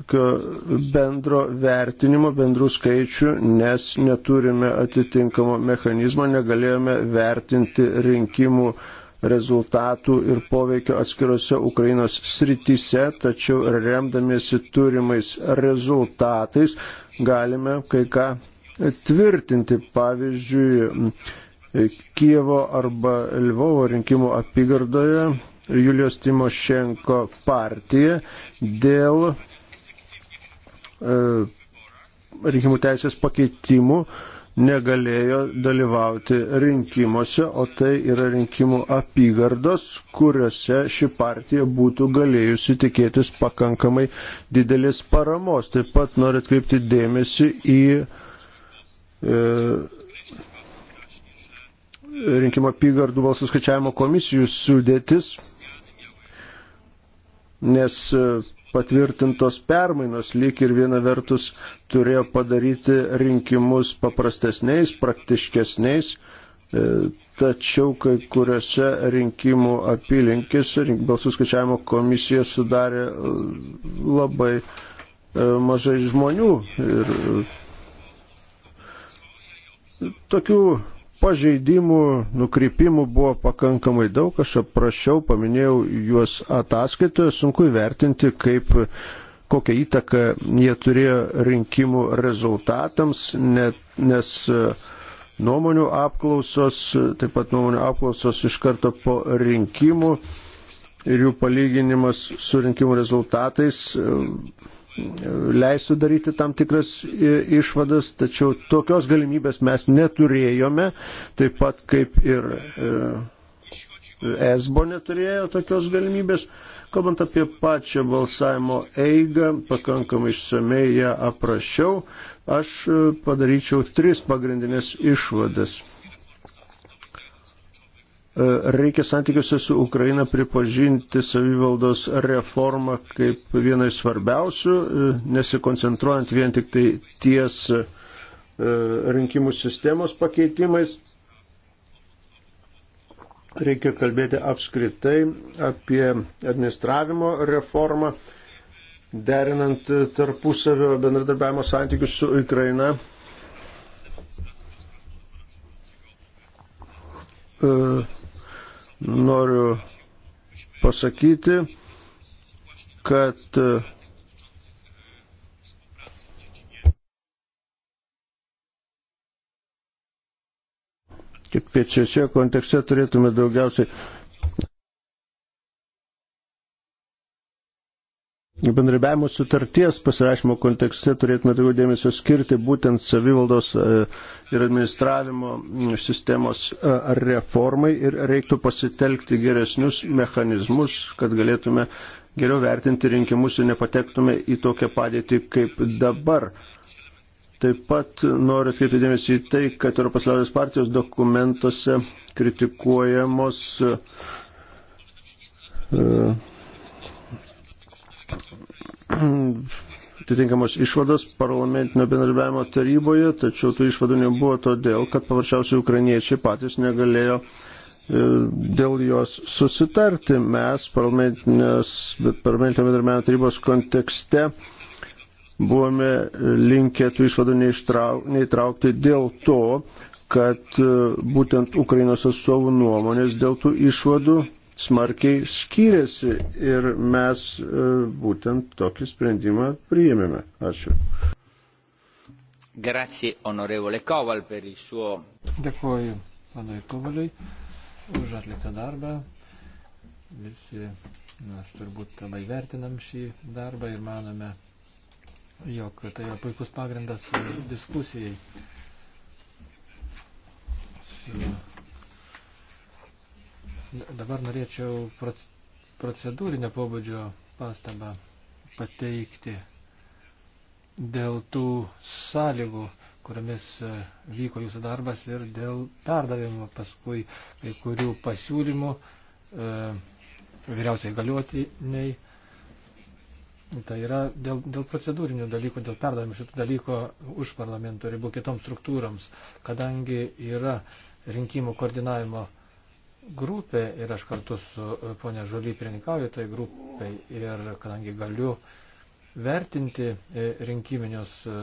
tokio bendro vertinimo, bendrų skaičių, nes neturime atitinkamo mechanizmo, negalėjome vertinti rinkimų rezultatų ir poveikio atskirose Ukrainos srityse, tačiau remdamiesi turimais rezultatais galime kai ką tvirtinti. Pavyzdžiui, Kievo arba Lvovo rinkimų apygardoje Julijos Timošenko partija dėl E, rinkimų teisės pakeitimų negalėjo dalyvauti rinkimuose, o tai yra rinkimų apygardos, kuriuose ši partija būtų galėjusi tikėtis pakankamai didelis paramos. Taip pat noriu atkreipti dėmesį į e, rinkimų apygardų balsų skaičiavimo komisijų sudėtis, nes e, patvirtintos permainos lyg ir viena vertus turėjo padaryti rinkimus paprastesniais, praktiškesniais, e, tačiau kai kuriuose rinkimų apylinkėse rink, balsų skaičiavimo komisija sudarė e, labai e, mažai žmonių ir tokių pažeidimų, nukrypimų buvo pakankamai daug, aš aprašiau, paminėjau juos ataskaitoje, sunku įvertinti, kaip kokią įtaką jie turėjo rinkimų rezultatams, net, nes e, nuomonių apklausos, taip pat nuomonių apklausos iš karto po rinkimų ir jų palyginimas su rinkimų rezultatais e, leistų daryti tam tikras išvadas, tačiau tokios galimybės mes neturėjome, taip pat kaip ir e, ESBO neturėjo tokios galimybės. Kalbant apie pačią balsavimo eigą, pakankamai išsamei ją aprašiau, aš e, padaryčiau tris pagrindinės išvadas. E, reikia santykiuose su Ukraina pripažinti savivaldos reformą kaip vieną iš svarbiausių, e, nesikoncentruojant vien tik tai ties e, rinkimų sistemos pakeitimais. Reikia kalbėti apskritai apie administravimo reformą, derinant tarpusavio bendradarbiavimo santykius su Ukraina E, noriu pasakyti, kad kaip e, piečiuose kontekste turėtume daugiausiai bendrabiavimo sutarties pasirašymo kontekste turėtume daugiau dėmesio skirti būtent savivaldos e, ir administravimo sistemos e, reformai ir reiktų pasitelkti geresnius mechanizmus, kad galėtume geriau vertinti rinkimus ir nepatektume į tokią padėtį kaip dabar. Taip pat noriu atkreipti dėmesį į tai, kad Europos liaudės partijos dokumentuose kritikuojamos uh, atitinkamos išvados parlamentinio bendradarbiavimo taryboje, tačiau tų išvadų nebuvo todėl, kad paprasčiausiai ukrainiečiai patys negalėjo e, dėl jos susitarti. Mes parlamentinio bendradarbiavimo tarybos kontekste buvome linkę tų išvadų neįtraukti dėl to, kad e, būtent Ukrainos atstovų nuomonės dėl tų išvadų smarkiai skiriasi ir mes e, būtent tokį sprendimą priėmėme. Ačiū. Grazie, onorevole Koval, per il suo. Dėkuoju, panui Kovaliui, už atliktą darbą. Visi mes turbūt labai vertinam šį darbą ir manome, jog tai yra puikus pagrindas diskusijai. Su Dabar norėčiau procedūrinę pobūdžio pastabą pateikti dėl tų sąlygų, kuriamis e, vyko jūsų darbas ir dėl perdavimo paskui kai kurių pasiūlymų e, vyriausiai galiuotiniai. Tai yra dėl, dėl procedūrinių dalykų, dėl perdavimo šitų dalykų už parlamento ribų kitoms struktūroms, kadangi yra rinkimų koordinavimo e, grupė ir aš kartu su e, ponia Žuly pirmininkauju tai grupiai ir kadangi galiu vertinti e, rinkiminius e,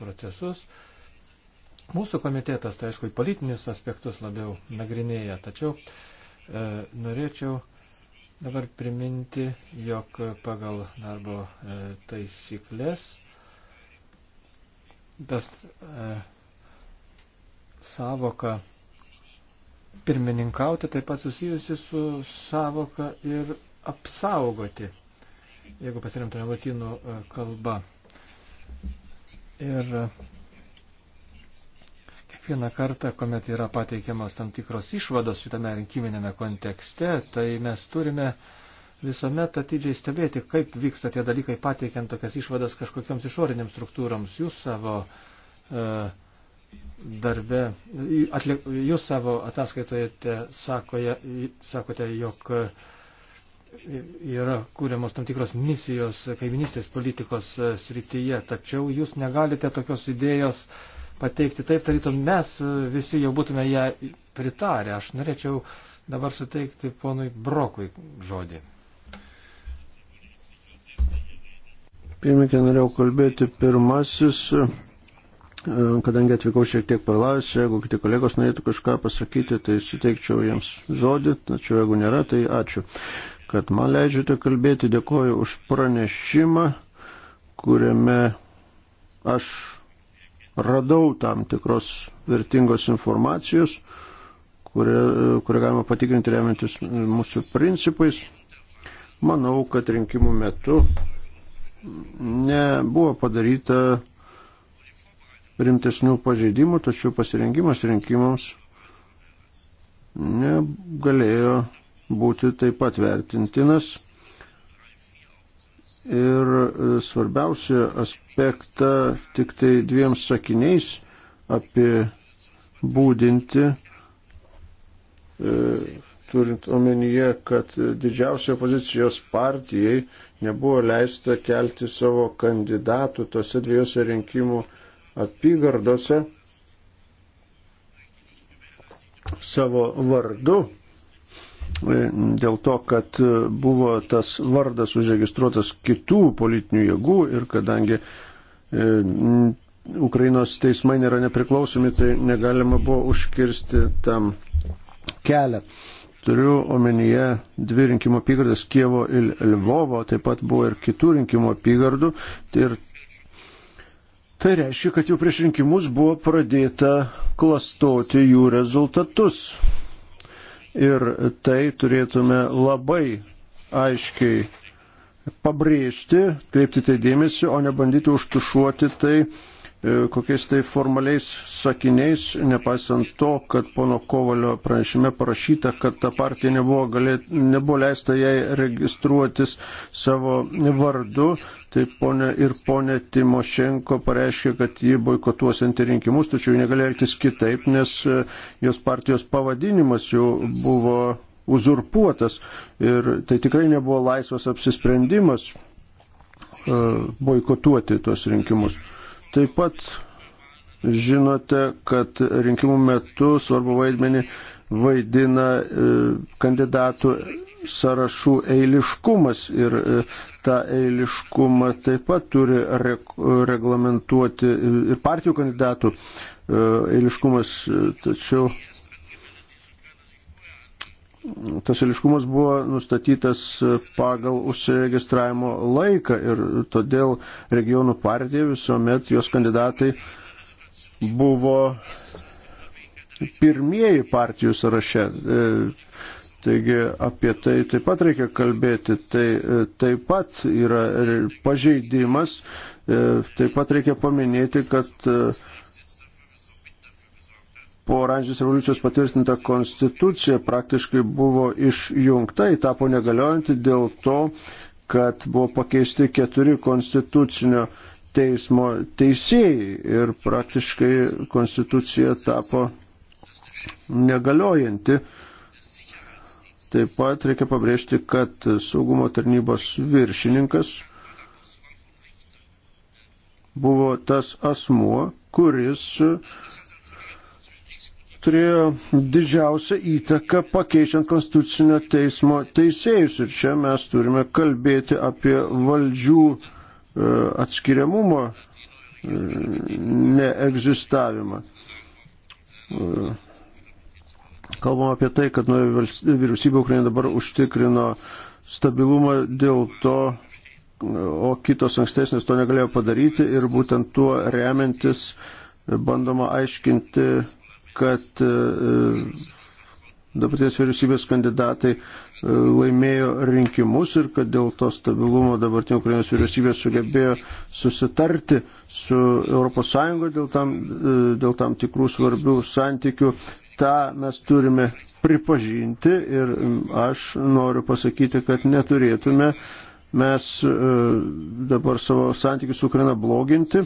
procesus, mūsų komitetas, tai aišku, politinius aspektus labiau nagrinėja, tačiau e, norėčiau dabar priminti, jog pagal darbo e, taisyklės tas e, savoka pirmininkauti taip pat susijusi su savoka ir apsaugoti, jeigu pasirinktume latino e, kalbą. Ir e, kiekvieną kartą, kuomet yra pateikiamos tam tikros išvados šitame rinkiminėme kontekste, tai mes turime visuomet atidžiai stebėti, kaip vyksta tie dalykai pateikiant tokias išvadas kažkokiams išoriniams struktūrams. Jūs savo uh, darbe, atlik, jūs savo ataskaitoje sakoje, sakote, jog e, yra kūriamos tam tikros misijos kaiminystės politikos e, srityje, tačiau jūs negalite tokios idėjos pateikti taip, tarytum mes e, visi jau būtume ją pritarę. Aš norėčiau dabar suteikti ponui Brokui žodį. Pirmininkė, norėjau kalbėti pirmasis. E, kadangi atvykau šiek tiek pavėlavęs, jeigu kiti kolegos norėtų kažką pasakyti, tai suteikčiau jiems žodį, tačiau jeigu nėra, tai ačiū, kad man leidžiate kalbėti. Dėkoju už pranešimą, kuriame aš radau tam tikros vertingos informacijos, kurią, kurią galima patikrinti remiantis mūsų principais. Manau, kad rinkimų metu nebuvo padaryta rimtesnių pažeidimų, tačiau pasirengimas rinkimams negalėjo būti taip pat vertintinas. Ir e, svarbiausia aspektą tik tai dviem sakiniais apie būdinti, e, turint omenyje, kad didžiausia opozicijos partijai nebuvo leista kelti savo kandidatų tose dviejose rinkimų apygardose savo vardu e, dėl to, kad buvo tas vardas užregistruotas kitų politinių jėgų ir kadangi e, Ukrainos teismai nėra nepriklausomi, tai negalima buvo užkirsti tam kelią. Turiu omenyje dvi rinkimo apygardas Kievo ir Lvovo, taip pat buvo ir kitų rinkimo apygardų ir Tai reiškia, kad jau prieš rinkimus buvo pradėta klastoti jų rezultatus. Ir tai turėtume labai aiškiai pabrėžti, kreipti tai dėmesį, o ne bandyti užtušuoti tai E, kokiais tai formaliais sakiniais, nepaisant to, kad pono Kovalio pranešime parašyta, kad ta partija nebuvo, galėt, nebuvo leista jai registruotis savo vardu, tai ponė ir ponė Timošenko pareiškė, kad ji boikotuos antirinkimus, tačiau negalėjo elgtis kitaip, nes e, jos partijos pavadinimas jau buvo uzurpuotas ir tai tikrai nebuvo laisvas apsisprendimas e, boikotuoti tuos rinkimus. Taip pat žinote, kad rinkimų metu svarbu vaidmenį vaidina e, kandidatų sąrašų eiliškumas ir e, tą eiliškumą taip pat turi reglamentuoti ir partijų kandidatų e, eiliškumas, tačiau tas eiliškumas buvo nustatytas pagal užsiregistravimo laiką ir todėl regionų partija visuomet jos kandidatai buvo pirmieji partijų sąraše. E, taigi apie tai taip pat reikia kalbėti. Tai e, taip pat yra pažeidimas. E, taip pat reikia paminėti, kad po Oranžės revoliucijos patvirtinta konstitucija praktiškai buvo išjungta, ji tapo negaliojanti dėl to, kad buvo pakeisti keturi konstitucinio teismo teisėjai ir praktiškai konstitucija tapo negaliojanti. Taip pat reikia pabrėžti, kad saugumo tarnybos viršininkas buvo tas asmuo, kuris turėjo didžiausią įtaką pakeičiant konstitucinio teismo teisėjus. Ir čia mes turime kalbėti apie valdžių e, atskiriamumo e, neegzistavimą. E, kalbam apie tai, kad nu, vyriausybė Ukraina dabar užtikrino stabilumą dėl to, o kitos ankstesnės to negalėjo padaryti ir būtent tuo remiantis bandoma aiškinti kad e, e, dabartinės vyriausybės kandidatai e, laimėjo rinkimus ir kad dėl to stabilumo dabartinė Ukrainos vyriausybė sugebėjo susitarti su ES dėl tam, dėl tam tikrų svarbių santykių. Ta mes turime pripažinti ir aš noriu pasakyti, kad neturėtume mes dabar savo santykius su Ukraina bloginti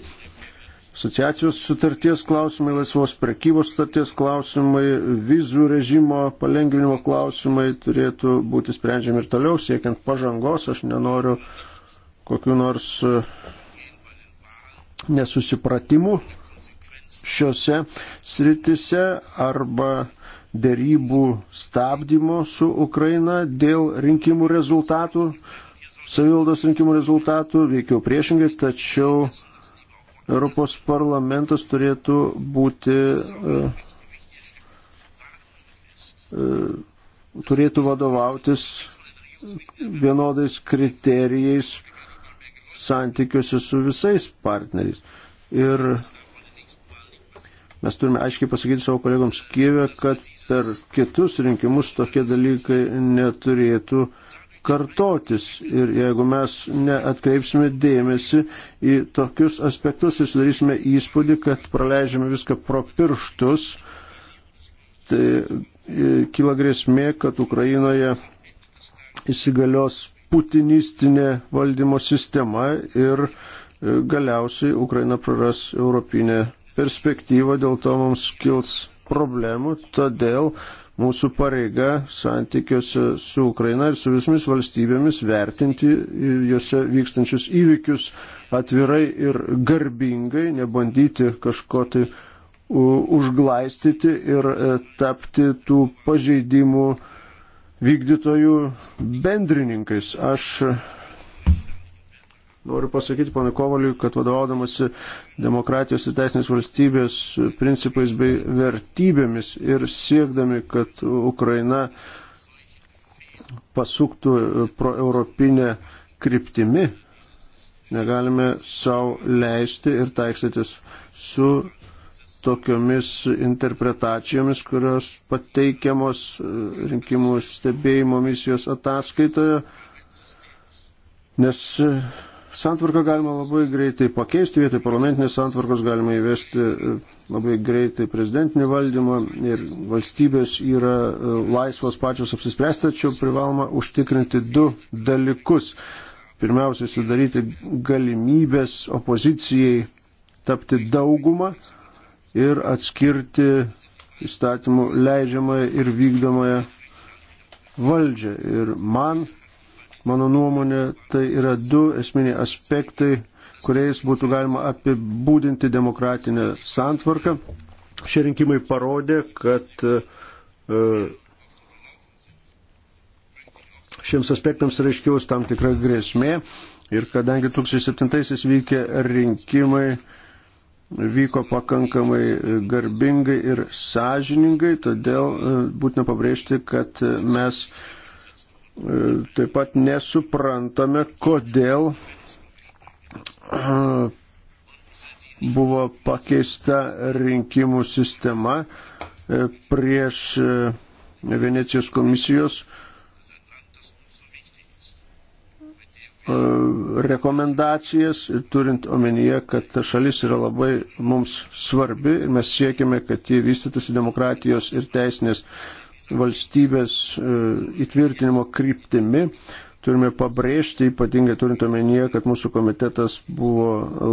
asociacijos sutarties klausimai, laisvos prekybos sutarties klausimai, vizų režimo palengvinimo klausimai turėtų būti sprendžiami ir toliau, siekiant pažangos. Aš nenoriu kokiu nors e, nesusipratimu šiuose sritise arba dėrybų stabdymo su Ukraina dėl rinkimų rezultatų, savivaldos rinkimų rezultatų, veikiau priešingai, tačiau Europos parlamentas turėtų būti, e, e, turėtų vadovautis vienodais kriterijais santykiuose su visais partneriais. Ir mes turime aiškiai pasakyti savo kolegoms Kievę, kad per kitus rinkimus tokie dalykai neturėtų uh, kartotis. Ir jeigu mes neatkreipsime dėmesį į tokius aspektus ir tai sudarysime įspūdį, kad praleidžiame viską pro pirštus, tai e, kyla grėsmė, kad Ukrainoje įsigalios putinistinė valdymo sistema ir e, galiausiai Ukraina praras europinę perspektyvą, dėl to mums kils problemų, todėl mūsų pareiga santykiuose su Ukraina ir su visomis valstybėmis vertinti juose vykstančius įvykius atvirai ir garbingai, nebandyti kažko tai užglaistyti ir e, tapti tų pažeidimų vykdytojų bendrininkais. Aš Noriu pasakyti, pana Kovaliui, kad vadovaudamasi demokratijos ir teisinės valstybės principais bei vertybėmis ir siekdami, kad Ukraina pasuktų proeuropinę kryptimi, negalime savo leisti ir taiksytis su tokiomis interpretacijomis, kurios pateikiamos rinkimų stebėjimo misijos ataskaitoje, nes Santvarką galima labai greitai pakeisti, vietoj parlamentinės santvarkos galima įvesti e, labai greitai prezidentinį valdymą ir valstybės yra e, laisvos pačios apsispręsti, tačiau privaloma užtikrinti du dalykus. Pirmiausiai sudaryti galimybės opozicijai tapti daugumą ir atskirti įstatymų leidžiamąją ir vykdomąją valdžią. Ir man Mano nuomonė, tai yra du esminiai aspektai, kuriais būtų galima apibūdinti demokratinę santvarką. Šie rinkimai parodė, kad e, šiems aspektams reiškiaus tam tikra grėsmė ir kadangi 2007-aisiais vykė rinkimai, vyko pakankamai garbingai ir sąžiningai, todėl e, būtina pabrėžti, kad mes Taip pat nesuprantame, kodėl buvo pakeista rinkimų sistema e, prieš e, Venecijos komisijos e, rekomendacijas ir turint omenyje, kad ta šalis yra labai mums svarbi ir mes siekime, kad jie vystytųsi demokratijos ir teisinės valstybės e, įtvirtinimo kryptimi. Turime pabrėžti, ypatingai turint omenyje, kad mūsų komitetas buvo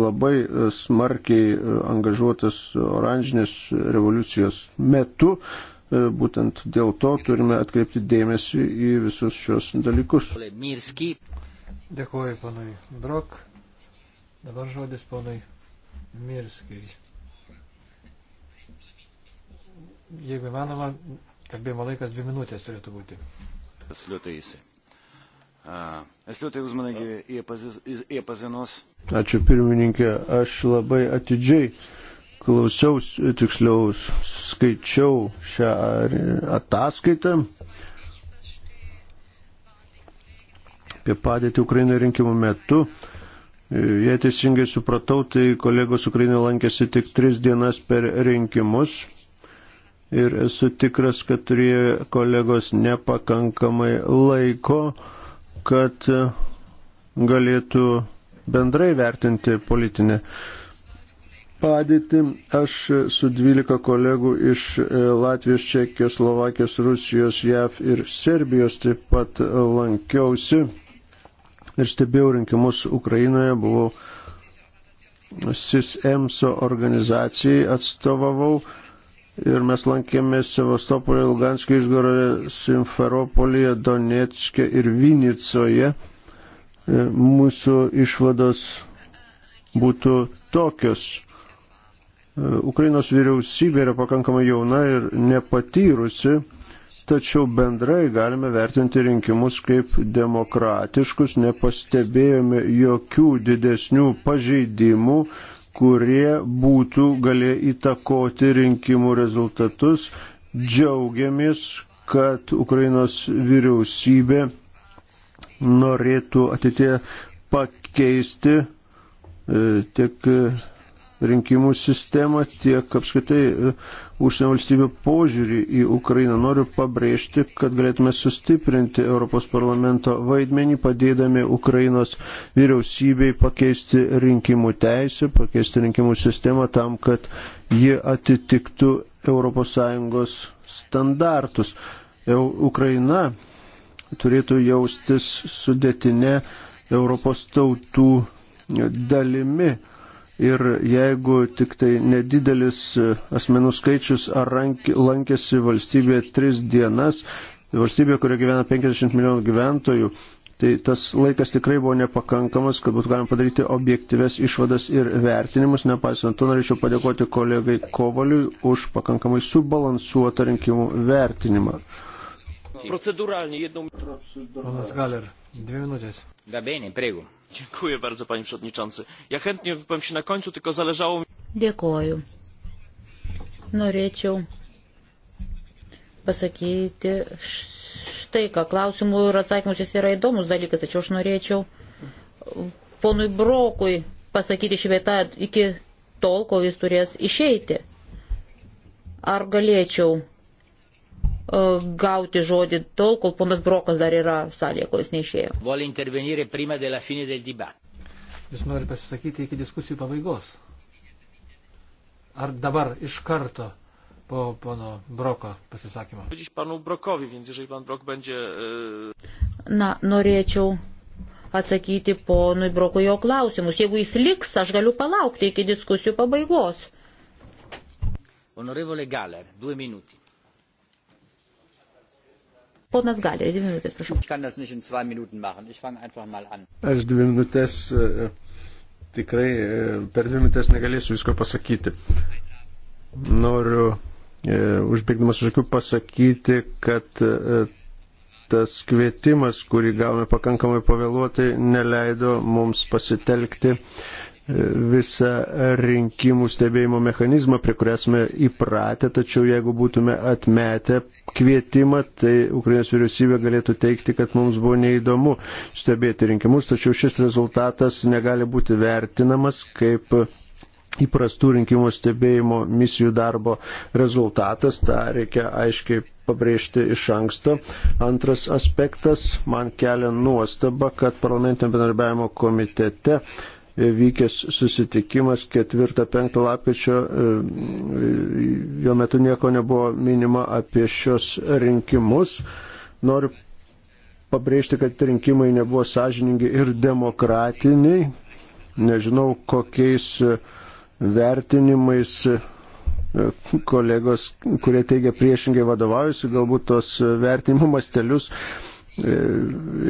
labai e, smarkiai e, angažuotas oranžinės revoliucijos metu. Būtent dėl to turime atkreipti dėmesį į visus šios dalykus. Dėkuoju, panai Brok. Dabar žodis ponai Mirskiai. Jeigu įmanoma, Kalbėjimo laikas dvi minutės turėtų būti. Ačiū pirmininkė, aš labai atidžiai klausiausi, tiksliau skaičiau šią ataskaitą apie padėtį Ukrainoje rinkimų metu. Jei teisingai supratau, tai kolegos Ukrainoje lankėsi tik tris dienas per rinkimus ir esu tikras, kad turėjo kolegos nepakankamai laiko, kad galėtų bendrai vertinti politinę padėtį. Aš su 12 kolegų iš e, Latvijos, Čekijos, Slovakijos, Rusijos, JAV ir Serbijos taip pat lankiausi ir stebėjau rinkimus Ukrainoje, buvau SISEMSO organizacijai atstovavau Ir mes lankėmės Sevastopolį, Ilganskį, Išgorą, Simferopolį, Donetskį ir Vinicoje. E, mūsų išvados būtų tokios. E, Ukrainos vyriausybė yra pakankamai jauna ir nepatyrusi, tačiau bendrai galime vertinti rinkimus kaip demokratiškus, nepastebėjome jokių didesnių pažeidimų kurie būtų galė įtakoti rinkimų rezultatus. Džiaugiamės, kad Ukrainos vyriausybė norėtų ateitie pakeisti e, tiek e, rinkimų sistemą, tiek apskaitai e, užsienio valstybių požiūrį į Ukrainą. Noriu pabrėžti, kad galėtume sustiprinti Europos parlamento vaidmenį, padėdami Ukrainos vyriausybei pakeisti rinkimų teisę, pakeisti rinkimų sistemą tam, kad ji atitiktų ES standartus. Ukraina turėtų jaustis sudėtinė Europos tautų dalimi ir jeigu tik tai nedidelis e, asmenų skaičius ar lankėsi valstybėje tris dienas, valstybėje, kurioje gyvena 50 milijonų gyventojų, tai tas laikas tikrai buvo nepakankamas, kad būtų galima padaryti objektyves išvadas ir vertinimus. Nepaisant to, norėčiau padėkoti kolegai Kovaliui už pakankamai subalansuotą rinkimų vertinimą. Proceduralnie jedną minutę. Dvi minutės. Gabėnė, prieigų. Dziękuję bardzo, panie przewodniczący. Ja chętnie wypowiem się na końcu, tylko zależało mi... Dėkoju. Norėčiau pasakyti štai ką. Klausimų ir atsakymų šis yra įdomus dalykas, tačiau aš norėčiau ponui Brokui pasakyti šveitą iki tol, kol jis turės išeiti. Ar galėčiau E, gauti žodį tol, kol ponas Brokas dar yra salėje, kol jis neišėjo. Jūs norite pasisakyti iki diskusijų pabaigos? Ar dabar iš karto po pono Broko pasisakymo? E, Na, norėčiau atsakyti ponui Broko jo klausimus. Jeigu jis liks, aš galiu palaukti iki diskusijų pabaigos. Honorevole Galer, du minutį. Ponas Galerė, dvi minutės, prašau. Aš dvi minutės e, tikrai e, per dvi minutės negalėsiu visko pasakyti. Noriu e, užbėgdamas už akių pasakyti, kad tas kvietimas, kurį gavome pakankamai pavėluotai, neleido mums pasitelkti uh, visą rinkimų stebėjimo mechanizmą, prie kurio esame įpratę, tačiau jeigu būtume atmetę kvietimą, tai Ukrainos vyriausybė galėtų teikti, kad mums buvo neįdomu stebėti rinkimus, tačiau šis rezultatas negali būti vertinamas kaip įprastų rinkimų stebėjimo misijų darbo rezultatas, tą reikia aiškiai pabrėžti iš anksto. Antras aspektas man kelia nuostaba, kad parlamentinio bendarbiavimo komitete vykęs susitikimas 4-5 lapkričio, e, jo metu nieko nebuvo minima apie šios rinkimus. Noriu pabrėžti, kad rinkimai nebuvo sąžiningi ir demokratiniai. Nežinau, kokiais e, vertinimais e, kolegos, kurie teigia priešingai vadovaujasi, galbūt tos vertinimo mastelius E,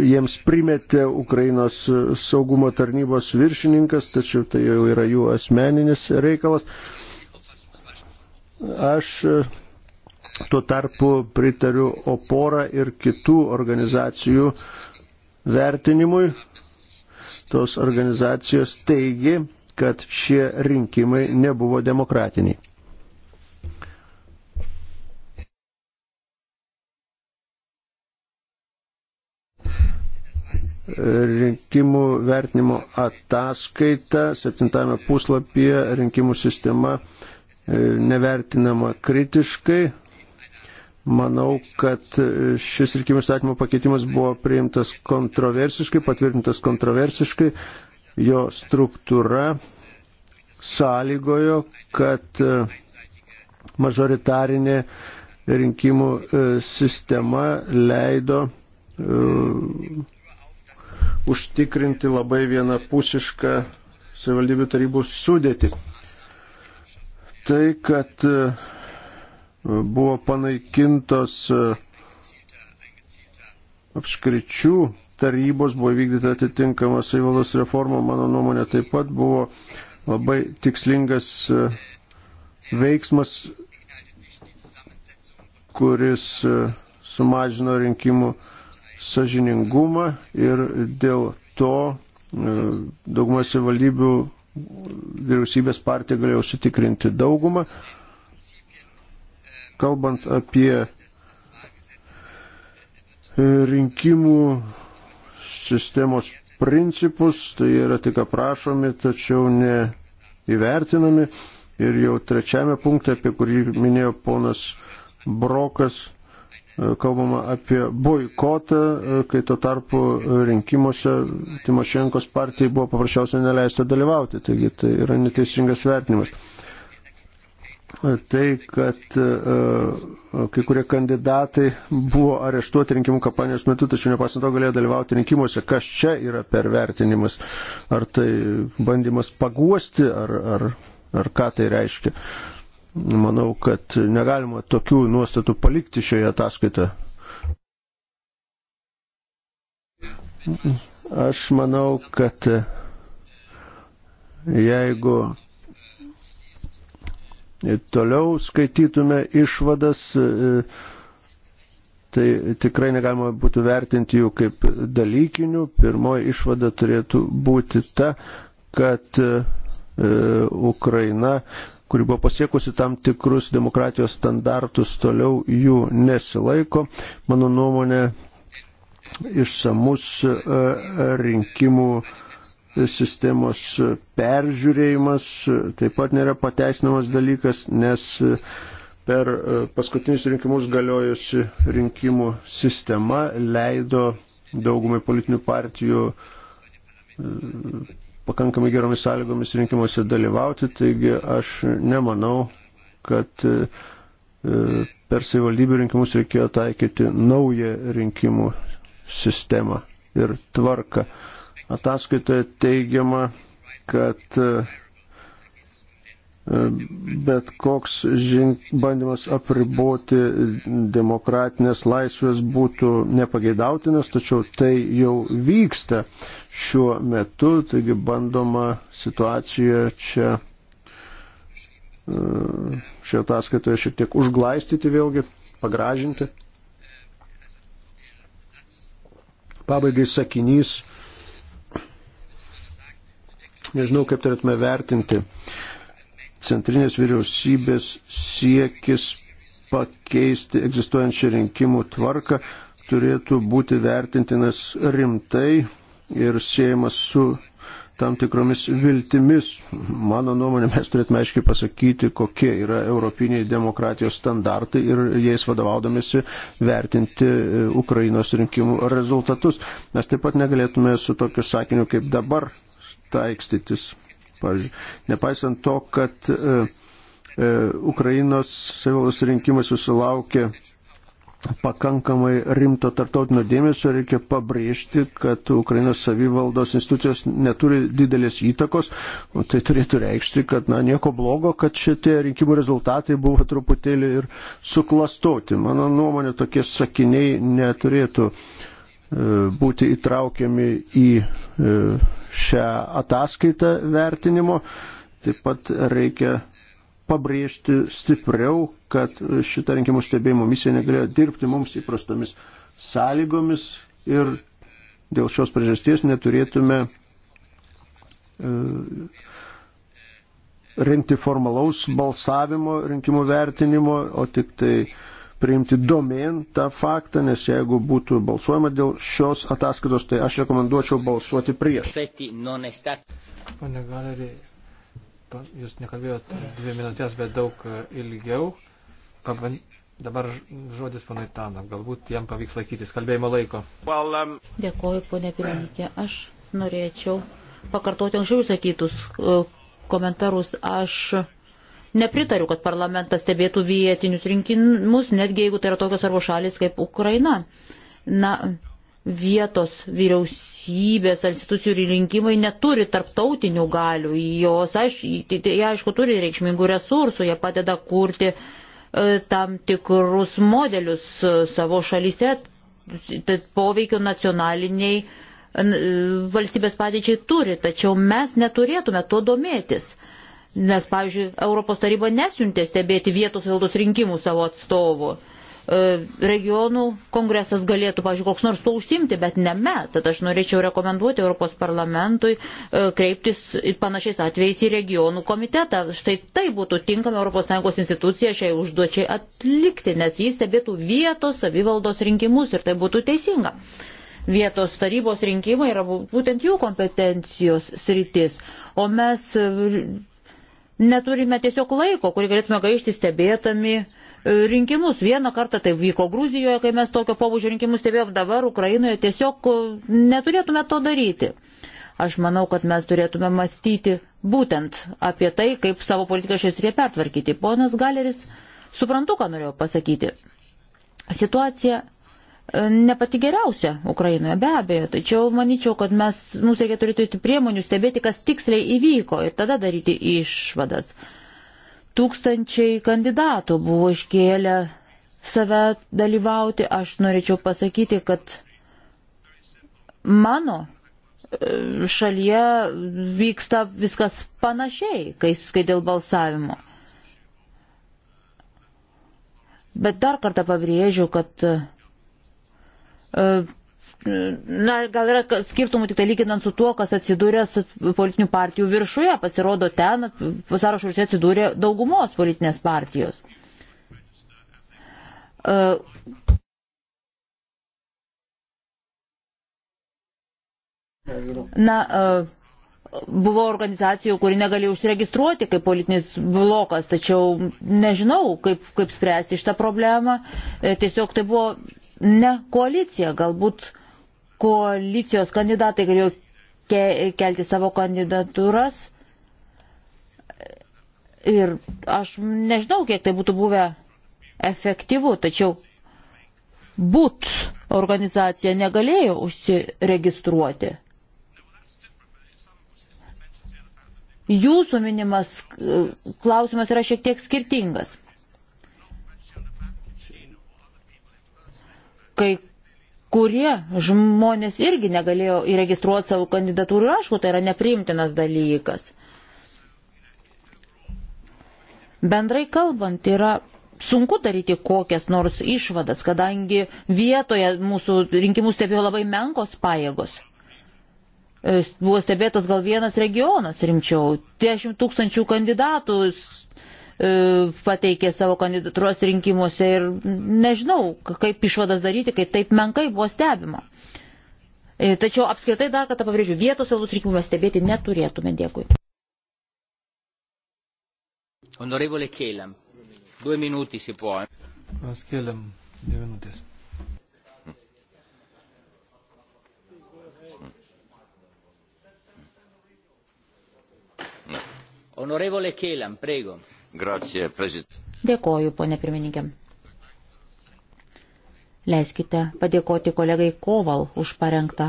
jiems primetė Ukrainos saugumo tarnybos viršininkas, tačiau tai jau yra jų asmeninis reikalas. Aš e, tuo tarpu pritariu oporą ir kitų organizacijų vertinimui. Tos organizacijos teigi, kad šie rinkimai nebuvo demokratiniai. rinkimų vertinimo ataskaita, septintame puslapyje rinkimų sistema e, nevertinama kritiškai. Manau, kad šis rinkimų statymo pakeitimas buvo priimtas kontroversiškai, patvirtintas kontroversiškai. Jo struktūra sąlygojo, kad e, mažoritarinė rinkimų e, sistema leido užtikrinti labai vienapusišką savivaldybių tarybų sudėtį. Tai, kad e, buvo panaikintos e, apskričių tarybos, buvo vykdyta atitinkama savivaldos reforma, mano nuomonė taip pat buvo labai tikslingas e, veiksmas, kuris sumažino rinkimų uh, sažiningumą ir dėl to e, daugumas įvaldybių vyriausybės partija galėjo sutikrinti daugumą. Kalbant apie rinkimų sistemos principus, tai yra tik aprašomi, tačiau neįvertinami. Ir jau trečiame punkte, apie kurį minėjo ponas Brokas, kalbama apie boikotą, kai tuo tarpu rinkimuose Timošenkos partijai buvo paprasčiausiai neleista dalyvauti, taigi tai yra neteisingas vertinimas. Tai, kad e, kai kurie kandidatai buvo areštuoti rinkimų kampanijos metu, tačiau nepasant to galėjo dalyvauti rinkimuose, kas čia yra pervertinimas, ar tai bandymas paguosti, ar, ar, ar ką tai reiškia. Manau, kad negalima tokių nuostatų palikti šioje ataskaitoje. Aš manau, kad jeigu toliau skaitytume išvadas, tai tikrai negalima būtų vertinti jų kaip dalykinių. Pirmoji išvada turėtų būti ta, kad e, Ukraina kuri buvo pasiekusi tam tikrus demokratijos standartus, toliau jų nesilaiko. Mano nuomonė, išsamus e, rinkimų sistemos peržiūrėjimas e, taip pat nėra pateisinamas dalykas, nes e, per paskutinius rinkimus galiojusi rinkimų sistema leido daugumai politinių partijų pakankamai geromis sąlygomis rinkimuose dalyvauti, taigi aš nemanau, kad e, e, per savivaldybių rinkimus reikėjo taikyti naują rinkimų sistemą ir tvarką. Ataskaitoje teigiama, kad e, bet koks žink, bandymas apriboti demokratinės laisvės būtų nepageidautinas, tačiau tai jau vyksta šiuo metu, taigi bandoma situacija čia e, šio ataskaitoje šiek tiek užglaistyti vėlgi, pagražinti. Pabaigai sakinys, nežinau kaip turėtume vertinti centrinės vyriausybės siekis pakeisti egzistuojančią rinkimų tvarką turėtų būti vertintinas rimtai ir siejamas su tam tikromis viltimis. Mano nuomonė, mes turėtume aiškiai pasakyti, kokie yra europiniai demokratijos standartai ir jais vadovaudomėsi vertinti e, Ukrainos rinkimų rezultatus. Mes taip pat negalėtume su tokiu sakiniu kaip dabar taikstytis. Pavyzdžiui, nepaisant to, kad e, e, Ukrainos savivalos rinkimai susilaukė pakankamai rimto tartautinio dėmesio, reikia pabrėžti, kad Ukrainos savivaldos institucijos neturi didelės įtakos, o tai turėtų reikšti, kad na, nieko blogo, kad šitie rinkimų rezultatai buvo truputėlį ir suklastoti. Mano nuomonė, tokie sakiniai neturėtų uh, E, būti įtraukiami į e, šią ataskaitą vertinimo. Taip pat reikia pabrėžti stipriau, kad šita rinkimų stebėjimo misija negalėjo dirbti mums įprastomis sąlygomis ir dėl šios priežasties neturėtume e, rengti formalaus balsavimo rinkimų vertinimo, o tik tai uh, priimti domėn tą faktą, nes jeigu būtų balsuojama dėl šios ataskaitos, tai aš rekomenduočiau balsuoti prieš. Pane Galerį, jūs nekalbėjote dvi minutės, bet daug e, ilgiau. Paban... Dabar žodis ponai Tano, galbūt jam pavyks laikytis kalbėjimo laiko. Well, um... Dėkoju, ponė pirmininkė. Aš norėčiau pakartoti anksčiau sakytus e, komentarus. Aš Nepritariu, kad parlamentas stebėtų vietinius rinkimus, netgi jeigu tai yra tokios arvo šalis kaip Ukraina. Na, vietos vyriausybės institucijų rinkimai neturi tarptautinių galių, jos, aiš, tai, tai, jie aišku turi reikšmingų resursų, jie padeda kurti e, tam tikrus modelius e, savo šalyse, tai poveikio nacionaliniai e, valstybės padėčiai turi, tačiau mes neturėtume tuo domėtis. E, Nes, pavyzdžiui, Europos taryba nesiuntė stebėti vietos valdos rinkimų savo atstovų. E, regionų kongresas galėtų, pažiūrėjau, koks nors to užsimti, bet ne mes. Tad aš norėčiau rekomenduoti Europos parlamentui e, kreiptis panašiais atvejais į regionų komitetą. Štai tai būtų tinkama ES institucija šiai užduočiai atlikti, nes jis stebėtų vietos savivaldos rinkimus ir tai būtų teisinga vietos tarybos rinkimai yra būtent jų kompetencijos sritis. O mes neturime tiesiog laiko, kurį galėtume gaišti stebėtami e, rinkimus. Vieną kartą tai vyko Gruzijoje, kai mes tokio pobūdžio rinkimus stebėjom, dabar Ukrainoje tiesiog e, neturėtume to daryti. Aš manau, kad mes turėtume mąstyti būtent apie tai, kaip savo politiką šiais reikia pertvarkyti. Ponas Galeris, suprantu, ką norėjau pasakyti. Situacija ne pati geriausia Ukrainoje, be abejo, tačiau manyčiau, kad mes, mums reikia turėti priemonių stebėti, kas tiksliai įvyko ir tada daryti išvadas. Tūkstančiai kandidatų buvo iškėlę save dalyvauti, aš norėčiau pasakyti, kad mano e, šalyje vyksta viskas panašiai, kai, kai dėl balsavimo. Bet dar kartą pabrėžiu, kad Na, gal yra skirtumų tik tai lyginant su tuo, kas atsidūrė politinių partijų viršuje, pasirodo ten, sąrašuose atsidūrė daugumos politinės partijos. E, Na, e, buvo organizacijų, kuri negalėjo užsiregistruoti kaip politinis blokas, tačiau nežinau, kaip, kaip spręsti šitą problemą. E, tiesiog tai buvo ne koalicija, galbūt koalicijos kandidatai galėjo kelti savo kandidatūras. Ir aš nežinau, kiek tai būtų buvę efektyvu, tačiau būt organizacija negalėjo užsiregistruoti. Jūsų minimas klausimas yra šiek tiek skirtingas. kai kurie žmonės irgi negalėjo įregistruoti savo kandidatūrų ir aišku, tai yra nepriimtinas dalykas. Bendrai kalbant, yra sunku daryti kokias nors išvadas, kadangi vietoje mūsų rinkimus stebėjo labai menkos pajėgos. E, buvo stebėtas gal vienas regionas rimčiau, 10 tūkstančių kandidatų E, pateikė savo kandidatūros rinkimuose ir nežinau, kaip išvadas daryti, kai taip menkai buvo stebima. E, tačiau apskritai dar kartą pabrėžiu, vietos saulus rinkimų mes stebėti neturėtume. Dėkui. Onorevole Kelam, du minutai si può. Mes Kelam, dvi minutės. Onorevole Kelam, prego. Grazie, Dėkoju, ponė pirmininkė. Leiskite padėkoti kolegai Koval už parengtą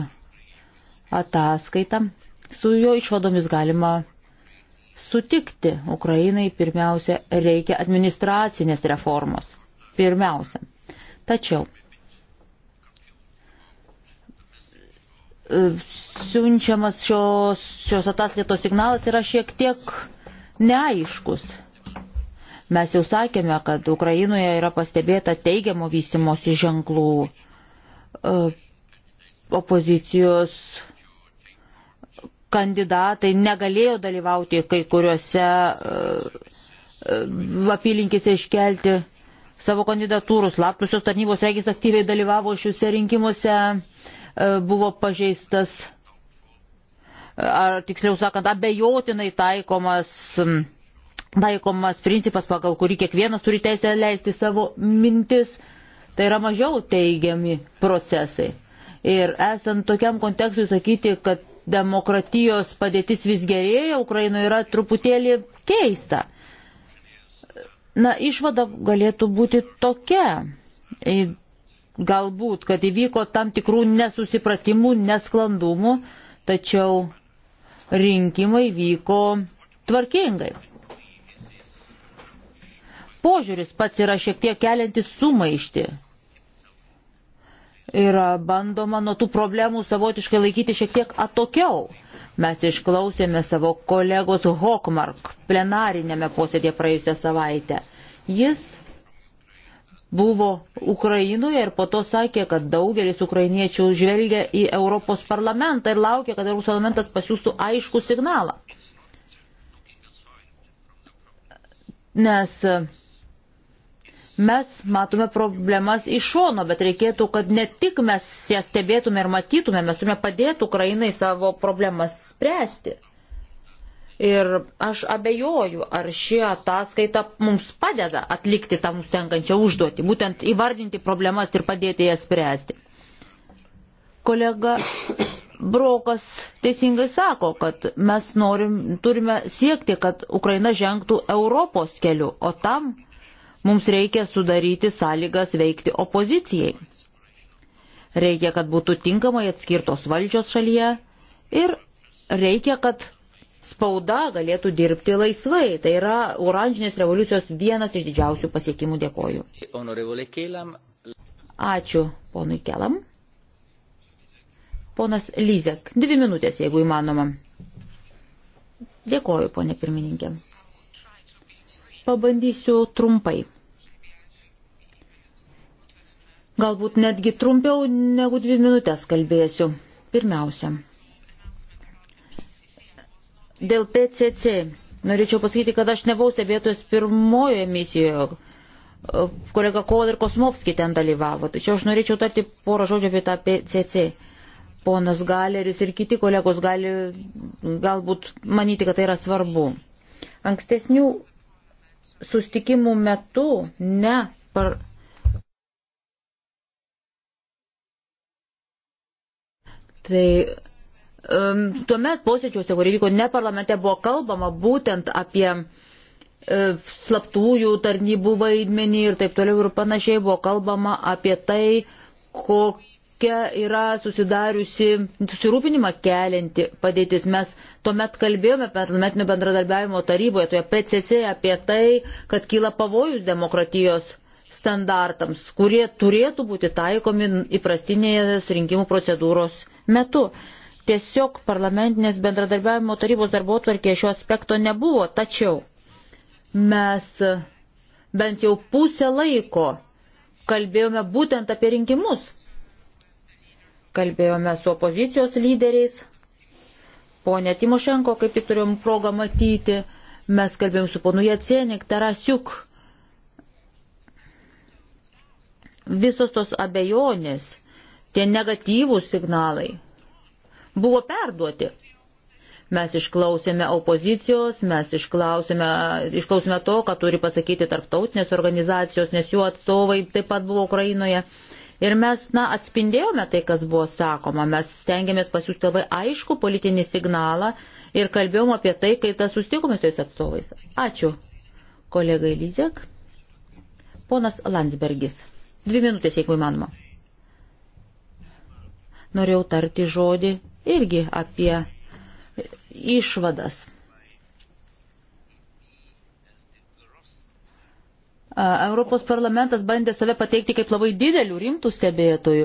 ataskaitą. Su jo išvadomis galima sutikti. Ukrainai pirmiausia reikia administracinės reformos. Pirmiausia. Tačiau e, siunčiamas šios, šios ataskaitos signalas yra šiek tiek neaiškus. Mes jau sakėme, kad Ukrainoje yra pastebėta teigiamo vystimosi ženklų e, opozicijos kandidatai negalėjo dalyvauti kai kuriuose e, e, apylinkėse iškelti savo kandidatūrų. Slaptusios tarnybos regis aktyviai dalyvavo šiuose rinkimuose, buvo pažeistas, ar tiksliau sakant, abejotinai taikomas taikomas principas, pagal kurį kiekvienas turi teisę leisti savo mintis, tai yra mažiau teigiami procesai. Ir esant tokiam kontekstui sakyti, kad demokratijos padėtis vis gerėja, Ukrainoje yra truputėlį keista. Na, išvada galėtų būti tokia. Galbūt, kad įvyko tam tikrų nesusipratimų, nesklandumų, tačiau rinkimai vyko tvarkingai požiūris pats yra šiek tiek keliantis sumaišti. Yra bandoma nuo tų problemų savotiškai laikyti šiek tiek atokiau. Mes išklausėme savo kolegos Hokmark plenarinėme posėdėje praėjusią savaitę. Jis buvo Ukrainoje ir po to sakė, kad daugelis ukrainiečių žvelgia į Europos parlamentą ir laukia, kad Europos parlamentas pasiūstų aišku signalą. Nes Mes matome problemas iš šono, bet reikėtų, kad ne tik mes jas stebėtume ir matytume, mes turime padėti Ukrainai savo problemas spręsti. Ir aš abejoju, ar ši ataskaita mums padeda atlikti tą mums tenkančią užduotį, būtent įvardinti problemas ir padėti jas spręsti. Kolega Brokas teisingai sako, kad mes norim, turime siekti, kad Ukraina žengtų Europos keliu, o tam Mums reikia sudaryti sąlygas veikti opozicijai. Reikia, kad būtų tinkamai atskirtos valdžios šalyje ir reikia, kad spauda galėtų dirbti laisvai. Tai yra oranžinės revoliucijos vienas iš didžiausių pasiekimų. Dėkoju. Ačiū ponui Kelam. Ponas Lyzek, dvi minutės, jeigu įmanoma. Dėkoju, ponė pirmininkė. Pabandysiu trumpai. Galbūt netgi trumpiau negu dvi minutės kalbėsiu. Pirmiausia. Dėl PCC. Norėčiau pasakyti, kad aš nebuvau stebėtojas pirmojoje misijoje. Kolega Kohl ir Kosmovski ten dalyvavo. Tačiau aš norėčiau tarti porą žodžių apie tą PCC. Ponas Galeris ir kiti kolegos gali galbūt manyti, kad tai yra svarbu. Ankstesnių sustikimų metu ne par. Tai um, tuomet posėdžiuose, kurie vyko ne parlamente, buvo kalbama būtent apie um, slaptųjų tarnybų vaidmenį ir taip toliau ir panašiai buvo kalbama apie tai, kokie tokia yra susidariusi, susirūpinimą kelianti padėtis. Mes tuomet kalbėjome parlamentinio bendradarbiavimo taryboje, toje PCC, apie tai, kad kyla pavojus demokratijos standartams, kurie turėtų būti taikomi įprastinės rinkimų procedūros metu. Tiesiog parlamentinės bendradarbiavimo tarybos darbo atvarkė šio aspekto nebuvo, tačiau mes bent jau pusę laiko kalbėjome būtent apie rinkimus kalbėjome su opozicijos lyderiais. Pone Timošenko, kaip tik turėjom progą matyti, mes kalbėjom su ponu Jacenik, Tarasiuk. Visos tos abejonės, tie negatyvūs signalai buvo perduoti. Mes išklausėme opozicijos, mes išklausėme, išklausėme to, ką turi pasakyti tarptautinės organizacijos, nes jų atstovai taip pat buvo Ukrainoje. Uh, Ir mes, na, atspindėjome tai, kas buvo sakoma. Mes stengiamės pasiūsti labai aišku politinį signalą ir kalbėjom apie tai, kai tas sustikome su tais atstovais. Ačiū, kolegai Lyzek. Ponas Landsbergis. Dvi minutės, jeigu įmanoma. Norėjau tarti žodį irgi apie išvadas Europos parlamentas bandė save pateikti kaip labai didelių rimtų stebėtojų.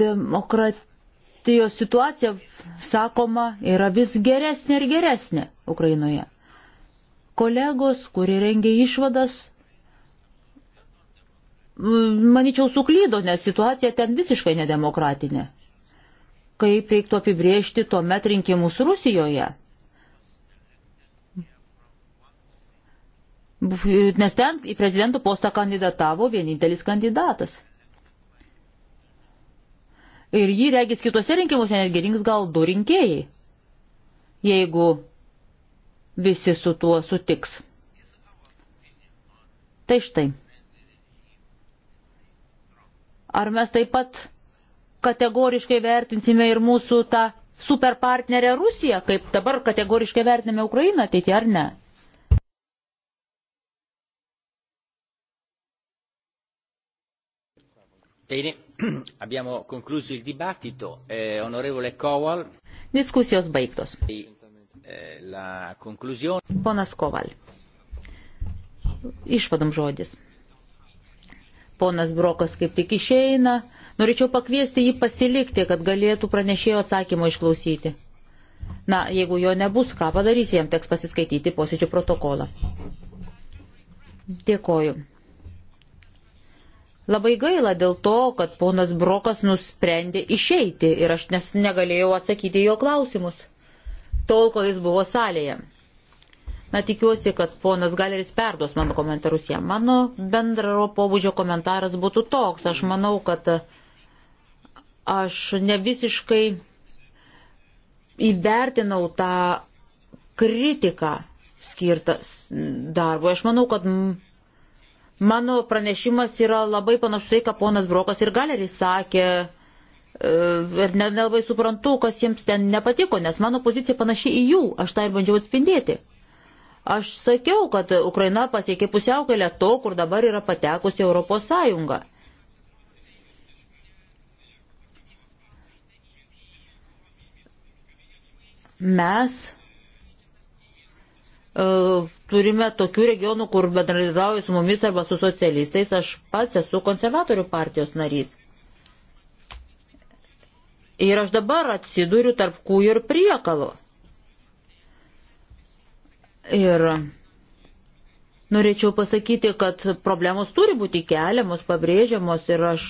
Demokratijos situacija, sakoma, yra vis geresnė ir geresnė Ukrainoje. Kolegos, kurie rengia išvadas, manyčiau, suklydo, nes situacija ten visiškai nedemokratinė. Kaip reiktų apibriežti tuomet rinkimus Rusijoje? nes ten į prezidento postą kandidatavo vienintelis kandidatas. Ir jį regis kitose rinkimuose netgi rinks gal du rinkėjai, jeigu visi su tuo sutiks. Tai štai. Ar mes taip pat kategoriškai vertinsime ir mūsų tą superpartnerę Rusiją, kaip dabar kategoriškai vertiname Ukrainą ateitį ar ne? Bene, abbiamo concluso il dibattito. Eh, onorevole Kowal. Diskusijos baigtos. Eh, la conclusione. Ponas Koval. Išvadom žodis. Ponas Brokas kaip tik išeina. Norėčiau pakviesti jį pasilikti, kad galėtų pranešėjo atsakymo išklausyti. Na, jeigu jo nebus, ką padarys, jam teks pasiskaityti posėdžio protokolą. Dėkoju. Labai gaila dėl to, kad ponas Brokas nusprendė išeiti ir aš nes negalėjau atsakyti jo klausimus, tol, kol jis buvo salėje. Na, tikiuosi, kad ponas Galeris perduos mano komentarus jam. Mano bendro pobūdžio komentaras būtų toks. Aš manau, kad aš ne visiškai įvertinau tą kritiką skirtas darbui. Aš manau, kad Mano pranešimas yra labai panašus tai, ką ponas Brokas ir Galeris sakė. E, ir nelabai suprantu, kas jiems ten nepatiko, nes mano pozicija panaši į jų, aš tą tai ir bandžiau atspindėti. Aš sakiau, kad Ukraina pasiekė pusiaukelę to, kur dabar yra patekusi Europos Sąjunga. Mes E, turime tokių regionų, kur bendradarbiauju su mumis arba su socialistais, aš pats esu konservatorių partijos narys. Ir aš dabar atsiduriu tarp kūjų ir priekalo. Ir norėčiau pasakyti, kad problemos turi būti keliamos, pabrėžiamos ir aš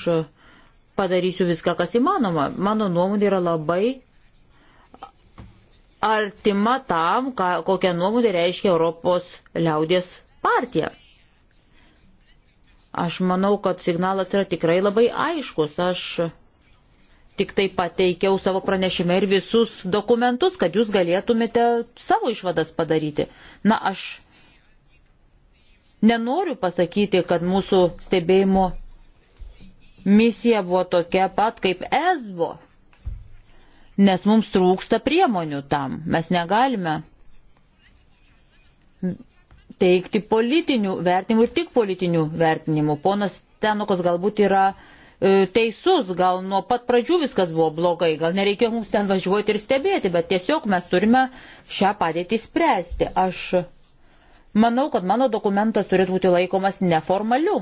padarysiu viską, kas įmanoma. Mano nuomonė yra labai artima tam, ką, kokią nuomonę reiškia Europos liaudės partija. Aš manau, kad signalas yra tikrai labai aiškus. Aš tik tai pateikiau savo pranešime ir visus dokumentus, kad jūs galėtumėte savo išvadas padaryti. Na, aš nenoriu pasakyti, kad mūsų stebėjimo misija buvo tokia pat kaip ESBO nes mums trūksta priemonių tam. Mes negalime teikti politinių vertinimų ir tik politinių vertinimų. Ponas Tenukas galbūt yra e, teisus, gal nuo pat pradžių viskas buvo blogai, gal nereikėjo mums ten važiuoti ir stebėti, bet tiesiog mes turime šią padėtį spręsti. Aš manau, kad mano dokumentas turėtų būti laikomas neformaliu.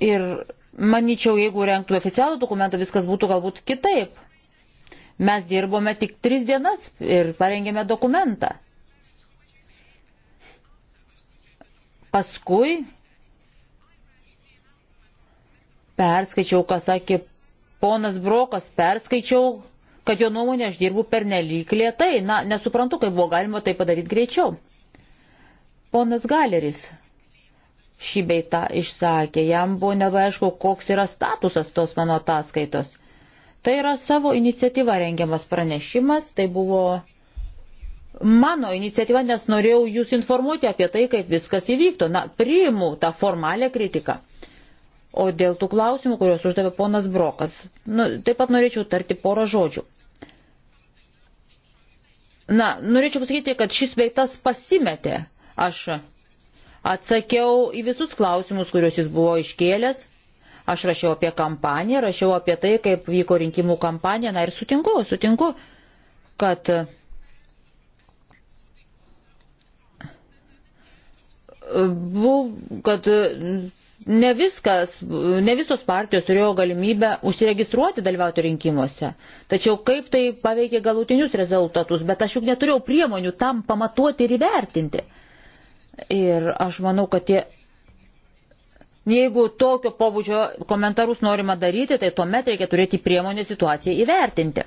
Ir Maničiau, jeigu renktų oficialų dokumentą, viskas būtų galbūt kitaip. Mes dirbome tik tris dienas ir parengėme dokumentą. Paskui perskaičiau, ką sakė ponas Brokas, perskaičiau, kad jo nuomonė aš dirbu pernelyg lietai. Na, nesuprantu, kaip buvo galima tai padaryti greičiau. Ponas Galeris šį beitą išsakė. Jam buvo nebeaišku, koks yra statusas tos mano ataskaitos. Tai yra savo iniciatyva rengiamas pranešimas, tai buvo mano iniciatyva, nes norėjau jūs informuoti apie tai, kaip viskas įvyktų. Na, priimu tą formalią kritiką. O dėl tų klausimų, kuriuos uždavė ponas Brokas, nu, taip pat norėčiau tarti porą žodžių. Na, norėčiau pasakyti, kad šis veiktas pasimetė. Aš Atsakiau į visus klausimus, kuriuos jis buvo iškėlęs. Aš rašiau apie kampaniją, rašiau apie tai, kaip vyko rinkimų kampanija. Na ir sutinku, sutinku, kad buv, kad ne, viskas, ne visos partijos turėjo galimybę užsiregistruoti dalyvauti rinkimuose. Tačiau kaip tai paveikė galutinius rezultatus, bet aš juk neturėjau priemonių tam pamatuoti ir įvertinti. Ir aš manau, kad tie. Jeigu tokio pobūdžio komentarus norima daryti, tai tuomet reikia turėti priemonę situaciją įvertinti.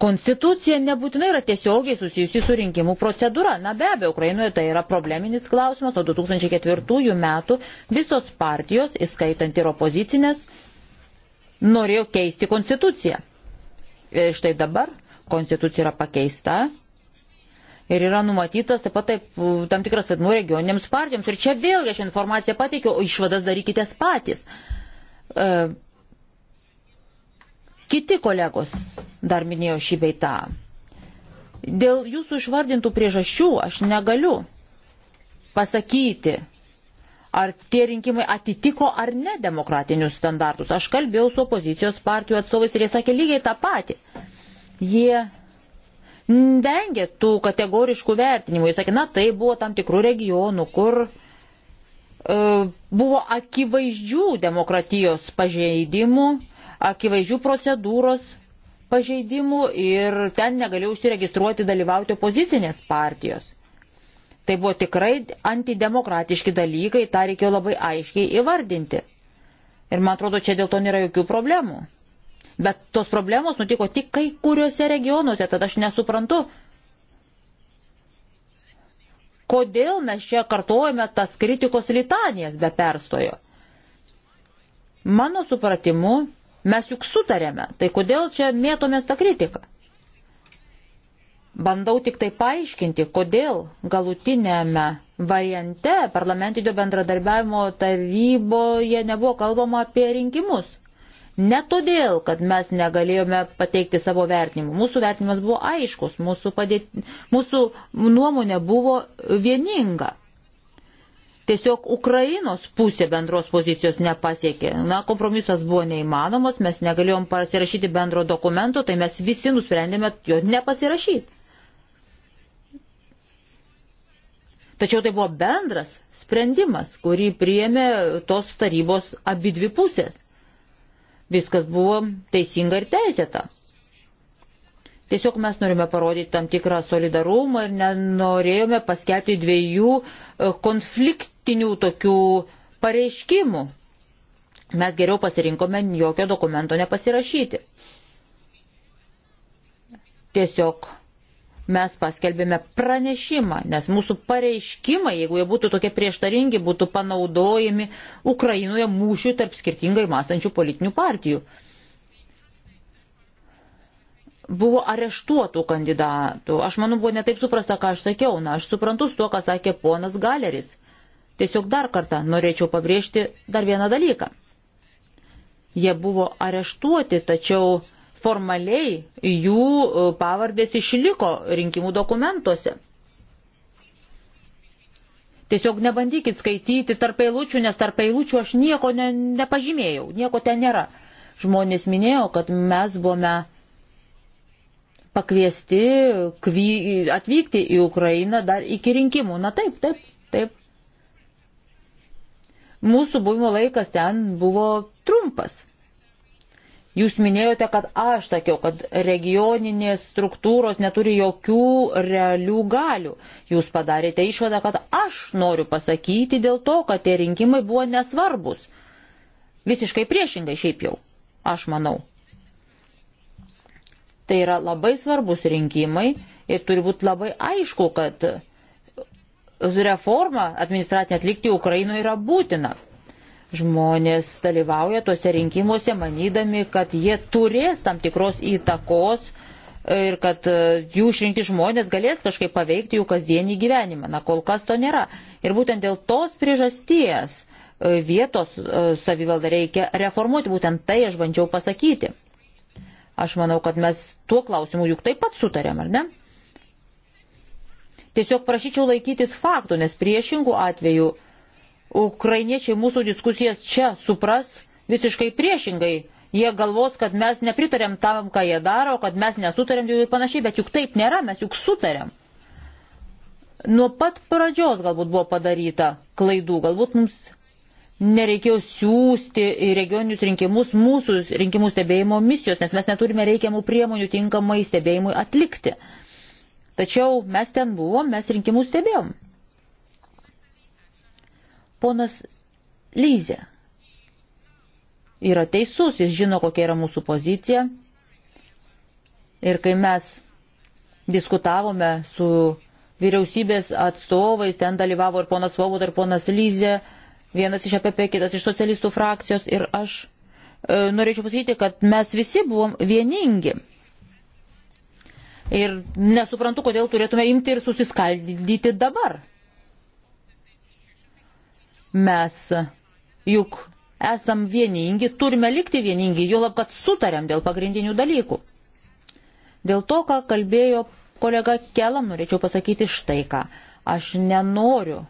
Konstitucija nebūtinai yra tiesiogiai susijusi su rinkimų procedūra. Na be abejo, Ukrainoje tai yra probleminis klausimas. Nuo 2004 metų visos partijos, įskaitant ir opozicinės, norėjo keisti konstituciją. Ir e, štai dabar konstitucija yra pakeista Ir yra numatytas taip pat taip, tam tikras vaidmuo regioniniams partijoms. Ir čia vėlgi aš informaciją pateikiu, o išvadas darykite patys. E, kiti kolegos dar minėjo šį beitą. Dėl jūsų išvardintų priežasčių aš negaliu pasakyti, ar tie rinkimai atitiko ar ne demokratinius standartus. Aš kalbėjau su opozicijos partijų atstovais ir jie sakė lygiai tą patį. Jie vengia tų kategoriškų vertinimų. Jis sakė, na tai buvo tam tikrų regionų, kur e, buvo akivaizdžių demokratijos pažeidimų, akivaizdžių procedūros pažeidimų ir ten negalėjau užsiregistruoti dalyvauti opozicinės partijos. Tai buvo tikrai antidemokratiški dalykai, tą reikėjo labai aiškiai įvardinti. Ir man atrodo, čia dėl to nėra jokių problemų. Bet tos problemos nutiko tik kai kuriuose regionuose, tad aš nesuprantu, kodėl mes čia kartojame tas kritikos litanijas be perstojo. Mano supratimu, mes juk sutarėme, tai kodėl čia mėtomės tą kritiką? Bandau tik tai paaiškinti, kodėl galutinėme variante parlamentinio bendradarbiavimo taryboje nebuvo kalbama apie rinkimus. Ne todėl, kad mes negalėjome pateikti savo vertinimų. Mūsų vertinimas buvo aiškus, mūsų, padėt... mūsų nuomonė buvo vieninga. Tiesiog Ukrainos pusė bendros pozicijos nepasiekė. Na, kompromisas buvo neįmanomas, mes negalėjom pasirašyti bendro dokumento, tai mes visi nusprendėme jo nepasirašyti. Tačiau tai buvo bendras sprendimas, kurį priėmė tos tarybos abi dvi pusės viskas buvo teisinga ir teisėta. Tiesiog mes norime parodyti tam tikrą solidarumą ir nenorėjome paskelbti dviejų e, konfliktinių tokių pareiškimų. Mes geriau pasirinkome jokio dokumento nepasirašyti. Tiesiog mes paskelbėme pranešimą, nes mūsų pareiškimai, jeigu jie būtų tokie prieštaringi, būtų panaudojami Ukrainoje mūšiui tarp skirtingai mąstančių politinių partijų. Buvo areštuotų kandidatų. Aš manau, buvo netaip suprasta, ką aš sakiau. Na, aš suprantu su to, ką sakė ponas Galeris. Tiesiog dar kartą norėčiau pabrėžti dar vieną dalyką. Jie buvo areštuoti, tačiau formaliai jų e, pavardės išliko rinkimų dokumentuose. Tiesiog nebandykit skaityti tarp eilučių, nes tarp eilučių aš nieko ne, nepažymėjau, nieko ten nėra. Žmonės minėjo, kad mes buvome pakviesti kvi, atvykti į Ukrainą dar iki rinkimų. Na taip, taip, taip. Mūsų buvimo laikas ten buvo trumpas. Jūs minėjote, kad aš sakiau, kad regioninės struktūros neturi jokių realių galių. Jūs padarėte išvadą, kad aš noriu pasakyti dėl to, kad tie rinkimai buvo nesvarbus. Visiškai priešingai šiaip jau, aš manau. Tai yra labai svarbus rinkimai ir turi būti labai aišku, kad reformą administracinę atlikti Ukrainoje yra būtina. Žmonės dalyvauja tuose rinkimuose, manydami, kad jie turės tam tikros įtakos ir kad e, jų išrinkti žmonės galės kažkaip paveikti jų kasdienį gyvenimą. Na, kol kas to nėra. Ir būtent dėl tos priežasties e, vietos e, savivaldą reikia reformuoti. Būtent tai aš bandžiau pasakyti. Aš manau, kad mes tuo klausimu juk taip pat sutarėm, ar ne? Tiesiog prašyčiau laikytis faktų, nes priešingų atveju ukrainiečiai mūsų diskusijas čia supras visiškai priešingai. Jie galvos, kad mes nepritarėm tam, ką jie daro, kad mes nesutarėm jų ir panašiai, bet juk taip nėra, mes juk sutarėm. Nuo pat pradžios galbūt buvo padaryta klaidų, galbūt mums nereikėjo siūsti į regioninius rinkimus mūsų rinkimų stebėjimo misijos, nes mes neturime reikiamų priemonių tinkamai stebėjimui atlikti. Tačiau mes ten buvom, mes rinkimus stebėjom. Ponas Lyzė yra teisus, jis žino, kokia yra mūsų pozicija. Ir kai mes diskutavome su vyriausybės atstovais, ten dalyvavo ir ponas Svoboda, ir ponas Lyzė, vienas iš APP, kitas iš socialistų frakcijos ir aš e, norėčiau pasakyti, kad mes visi buvom vieningi. Ir nesuprantu, kodėl turėtume imti ir susiskaldyti dabar. Mes juk esam vieningi, turime likti vieningi, jau lab, kad sutarėm dėl pagrindinių dalykų. Dėl to, ką kalbėjo kolega Kelam, norėčiau pasakyti štai ką. Aš nenoriu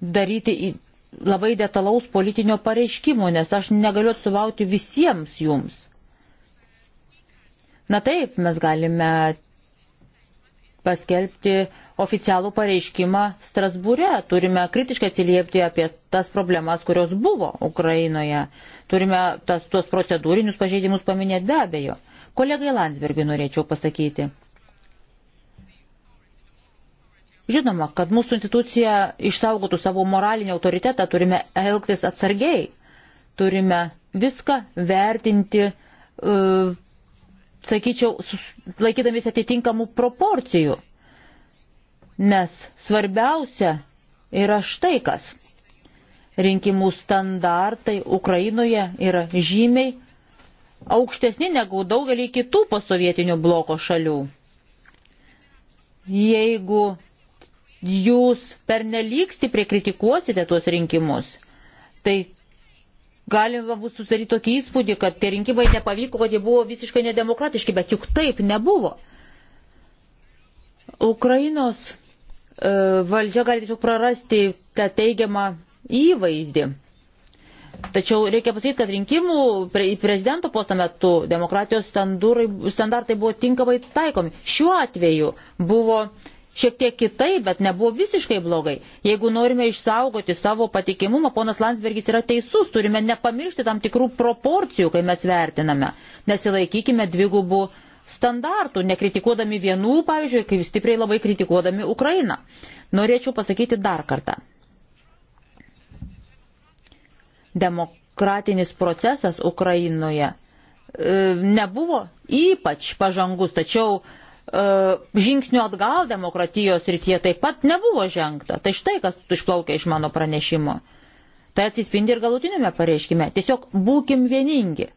daryti labai detalaus politinio pareiškimo, nes aš negaliu atsuvauti visiems jums. Na taip, mes galime paskelbti oficialų pareiškimą Strasbūre. Turime kritiškai atsiliepti apie tas problemas, kurios buvo Ukrainoje. Turime tas, tuos procedūrinius pažeidimus paminėti be abejo. Kolegai Landsbergiui norėčiau pasakyti. Žinoma, kad mūsų institucija išsaugotų savo moralinį autoritetą, turime elgtis atsargiai. Turime viską vertinti. Uh, sakyčiau, laikydamis atitinkamų proporcijų. Nes svarbiausia yra štai kas. Rinkimų standartai Ukrainoje yra žymiai aukštesni negu daugelį kitų posovietinio bloko šalių. Jeigu jūs pernelyg stipriai kritikuosite tuos rinkimus, tai galima bus susidaryti tokį įspūdį, kad tie rinkimai nepavyko, kad jie buvo visiškai nedemokratiški, bet juk taip nebuvo. Ukrainos e, valdžia gali tiesiog prarasti tą teigiamą įvaizdį. Tačiau reikia pasakyti, kad rinkimų į prezidento postą metu demokratijos standartai buvo tinkamai taikomi. Šiuo atveju buvo šiek tiek kitaip, bet nebuvo visiškai blogai. Jeigu norime išsaugoti savo patikimumą, ponas Landsbergis yra teisus, turime nepamiršti tam tikrų proporcijų, kai mes vertiname. Nesilaikykime dvigubų standartų, nekritikuodami vienų, pavyzdžiui, kaip stipriai labai kritikuodami Ukrainą. Norėčiau pasakyti dar kartą. Demokratinis procesas Ukrainoje e, nebuvo ypač pažangus, tačiau uh, E, žingsnių atgal demokratijos rytyje taip pat nebuvo žengta. Tai štai kas išplaukia iš mano pranešimo. Tai atsispindi ir galutinėme pareiškime. Tiesiog būkim vieningi.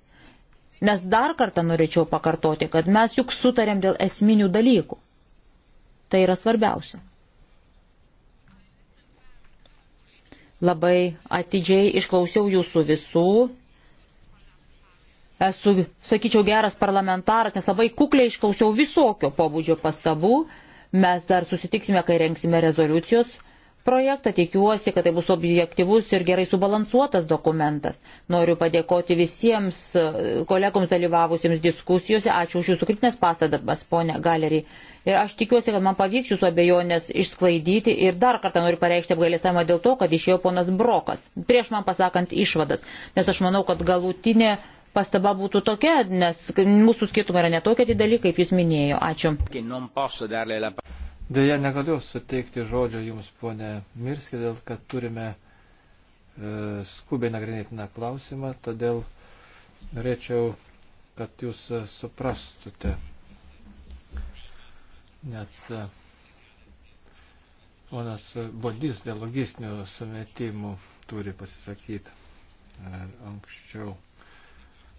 Nes dar kartą norėčiau pakartoti, kad mes juk sutarėm dėl esminių dalykų. Tai yra svarbiausia. Labai atidžiai išklausiau jūsų visų esu, sakyčiau, geras parlamentaras, nes labai kukliai išklausiau visokio pobūdžio pastabų. Mes dar susitiksime, kai renksime rezoliucijos projektą. Tikiuosi, kad tai bus objektivus ir gerai subalansuotas dokumentas. Noriu padėkoti visiems e, kolegoms dalyvavusiems diskusijose. Ačiū už jūsų kritinės pastabas, ponė Galerį. Ir aš tikiuosi, kad man pavyks jūsų abejonės išsklaidyti. Ir dar kartą noriu pareikšti apgailestavimą dėl to, kad išėjo ponas Brokas. Prieš man pasakant išvadas. Nes aš manau, kad galutinė pastaba būtų tokia, nes mūsų skirtumai yra netokia dideli, kaip jūs minėjo. Ačiū. Deja, negaliu suteikti žodžio jums, ponė Mirskė, dėl kad turime e, skubiai nagrinėtiną klausimą, todėl norėčiau, kad jūs e, suprastute. Nes e, ponas Bodys dėl logistinių sumetimų turi pasisakyti e, anksčiau.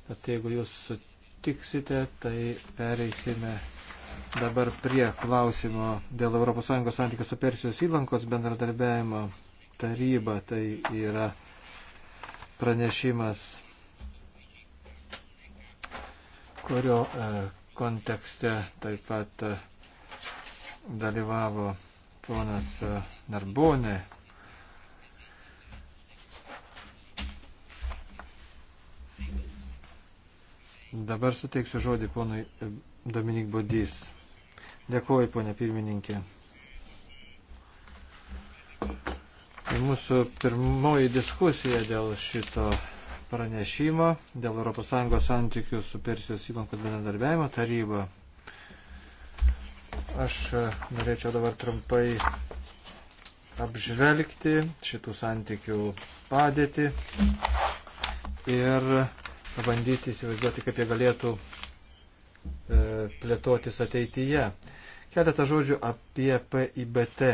Tad jeigu jūs sutiksite, tai pereisime dabar prie klausimo dėl ES santykių su Persijos įlankos bendradarbiajimo taryba. Tai yra pranešimas, kurio e, kontekste taip pat e, dalyvavo ponas e, Narbonė, Dabar suteiksiu žodį ponui Dominik Bodys. Dėkuoju, ponė pirmininkė. Tai mūsų pirmoji diskusija dėl šito pranešimo, dėl ES santykių su Persijos įlankos bendradarbiavimo taryba. Aš e, norėčiau dabar trumpai apžvelgti šitų santykių padėtį ir pabandyti įsivaizduoti, kaip jie galėtų e, plėtotis ateityje. Keletą žodžių apie PIBT,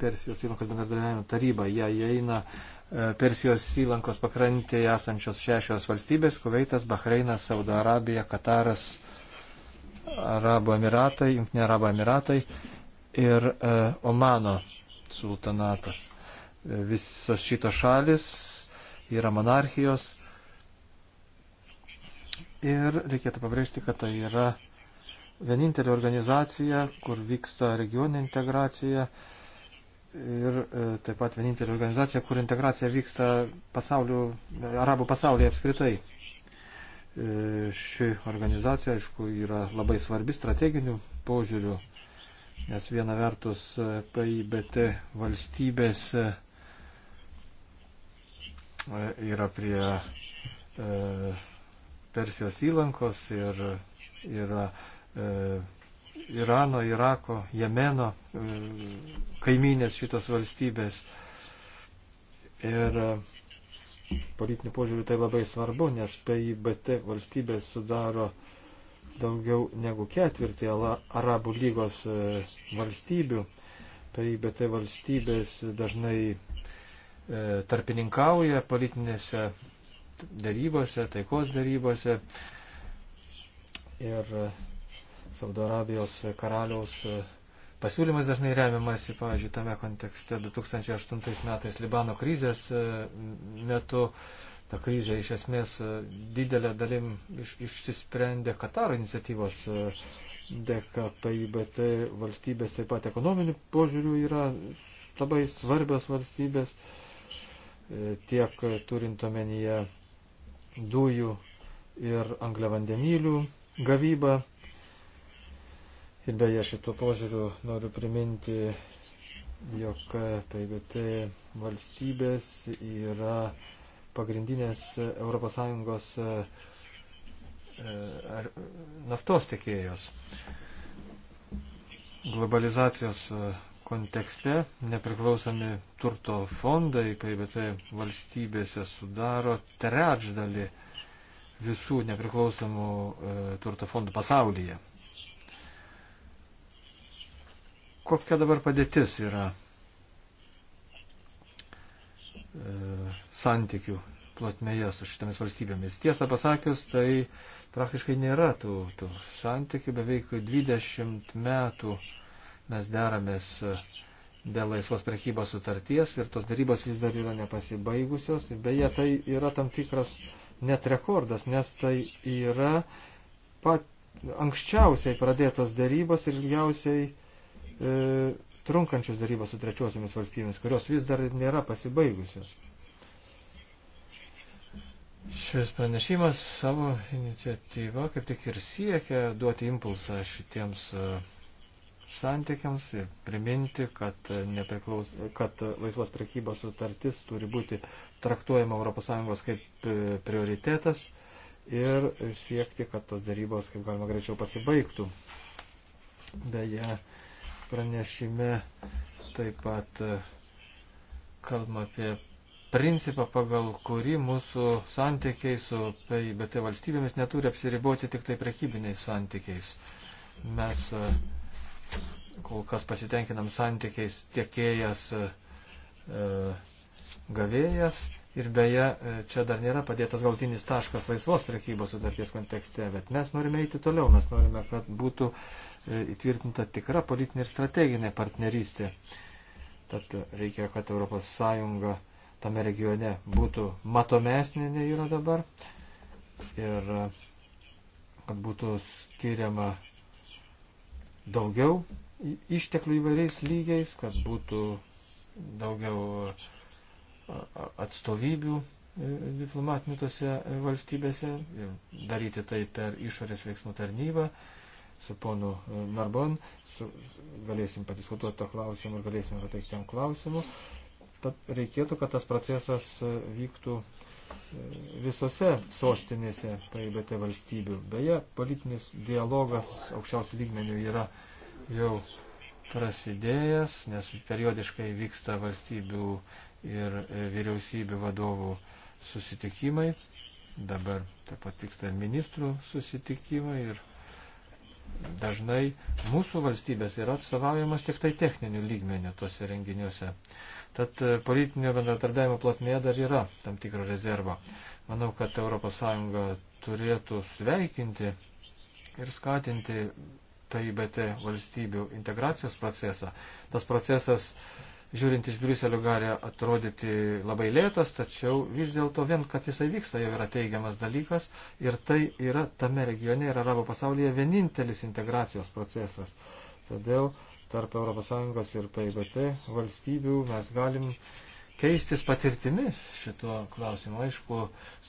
Persijos įlankos bendradarbiavimo tarybą. Jie įeina e, Persijos įlankos pakrantėje esančios šešios valstybės - Kuveitas, Bahreinas, Saudo Arabija, Kataras, Arabų Emiratai, Junktinė Arabų Emiratai ir e, Omano sultanatas. E, visos šitos šalis yra monarchijos Ir reikėtų pabrėžti, kad tai yra vienintelė organizacija, kur vyksta regioninė integracija ir e, taip pat vienintelė organizacija, kur integracija vyksta pasaulių, arabų pasaulyje apskritai. E, ši organizacija, aišku, yra labai svarbi strateginių požiūrių, nes viena vertus e, PIBT valstybės e, yra prie e, Persijos įlankos ir yra e, Irano, Irako, Jemeno e, kaiminės šitos valstybės. Ir e, politinių požiūrių tai labai svarbu, nes PIBT valstybės sudaro daugiau negu ketvirtį Arabų lygos e, valstybių. PIBT valstybės dažnai e, tarpininkauja politinėse darybose, taikos darybose. Ir Saudo Arabijos karaliaus pasiūlymas dažnai remiamasi, pavyzdžiui, tame kontekste 2008 metais Libano krizės e, metu. Ta krizė iš esmės e, didelė dalim iš, išsisprendė Kataro iniciatyvos e, dėka PIBT valstybės, taip pat ekonominių požiūrių yra labai svarbios valstybės, tiek turint omenyje dujų ir angliavandenilių gavybą. Ir beje, šito požiūriu noriu priminti, jog PGT valstybės yra pagrindinės ES e, naftos tiekėjos. Globalizacijos e, kontekste nepriklausomi turto fondai, kaip tai valstybėse sudaro trečdalį visų nepriklausomų e, turto fondų pasaulyje. Kokia dabar padėtis yra e, santykių plotmėje su šitomis valstybėmis? Tiesą pasakius, tai praktiškai nėra tų, tų santykių, beveik 20 metų e, Mes deramės e, dėl laisvos prekybos sutarties ir tos darybos vis dar yra nepasibaigusios. Beje, tai yra tam tikras net rekordas, nes tai yra pat anksčiausiai pradėtos darybos ir ilgiausiai e, trunkančios darybos su trečiosiomis valstybėmis, kurios vis dar nėra pasibaigusios. Šis pranešimas savo iniciatyvą kaip tik ir siekia duoti impulsą šitiems. E, santykiams ir priminti, kad, e, nepriklaus, kad laisvos prekybos sutartis turi būti traktuojama ES kaip e, prioritetas ir siekti, kad tos darybos kaip galima greičiau pasibaigtų. Beje, pranešime taip pat e, kalbama apie principą, pagal kurį mūsų santykiai su PIBT valstybėmis neturi apsiriboti tik tai prekybiniais santykiais. Mes uh, kol kas pasitenkinam santykiais tiekėjas e, e gavėjas. Ir beje, e, čia dar nėra padėtas gautinis taškas laisvos prekybos sutarties kontekste, bet mes norime eiti toliau, mes norime, kad būtų e, įtvirtinta tikra politinė ir strateginė partnerystė. Tad reikia, kad ES tame regione būtų matomesnė nei yra dabar ir kad būtų skiriama daugiau išteklių įvairiais lygiais, kad būtų daugiau atstovybių e, diplomatinių tose valstybėse ir daryti tai per išorės veiksmų tarnybą su ponu e, Narbon. Su, galėsim padiskutuoti to klausimu ir galėsim pateikti jam klausimų. Tad reikėtų, kad tas procesas e, vyktų visose sostinėse PIBT valstybių. Beje, politinis dialogas aukščiausių lygmenių yra jau prasidėjęs, nes periodiškai vyksta valstybių ir vyriausybių vadovų susitikimai. Dabar taip pat vyksta ministrų susitikimai ir dažnai mūsų valstybės yra atstovaujamas tik tai techninių lygmenių tuose renginiuose. Tad e, politinio bendradarbiavimo plotmėje dar yra tam tikro rezervo. Manau, kad ES turėtų sveikinti ir skatinti TIBT valstybių integracijos procesą. Tas procesas, žiūrint iš Briuselio, gali atrodyti labai lėtas, tačiau vis dėlto vien, kad jisai vyksta, jau yra teigiamas dalykas ir tai yra tame regione ir arabo pasaulyje vienintelis integracijos procesas. Todėl uh, tarp ES ir PIBT valstybių mes galim keistis patirtimi šituo klausimu. Aišku,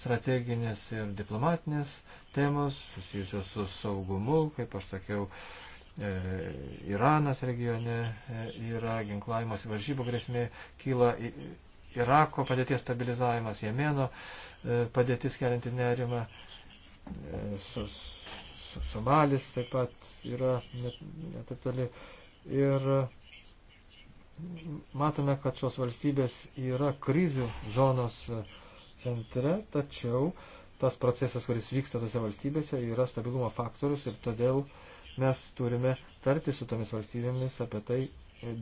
strateginės ir diplomatinės temos susijusios su saugumu, kaip aš sakiau, e, Iranas regione e, yra ginklavimas varžybų grėsmė, kyla Irako padėties stabilizavimas, Jemeno e, padėtis kelianti nerimą. E, sus, Somalis taip pat yra net, net toli Ir matome, kad šios valstybės yra krizių zonos centre, tačiau tas procesas, kuris vyksta tose valstybėse, yra stabilumo faktorius ir todėl mes turime tarti su tomis valstybėmis apie tai,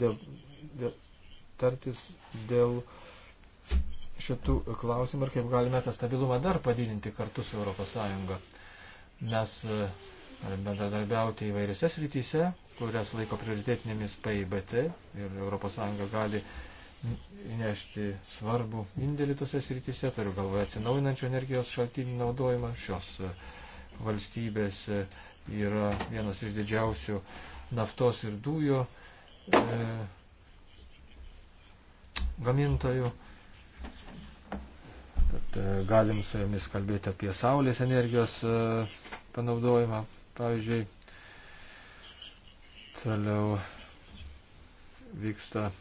dėl, dėl, tartis dėl šitų klausimų ir kaip galime tą stabilumą dar padidinti kartu su ES. Mes e, galime bendradarbiauti įvairiose srityse, kurias laiko prioritetinėmis PIBT ir ES gali nešti svarbų indėlį tose srityse, turiu galvoje atsinaujinančių energijos šaltinių naudojimą. Šios e, valstybės e, yra vienas iš didžiausių naftos ir dujų e, gamintojų. Tad e, galim su jomis kalbėti apie saulės energijos e, panaudojimą. Pavyzdžiui, Toliau vyksta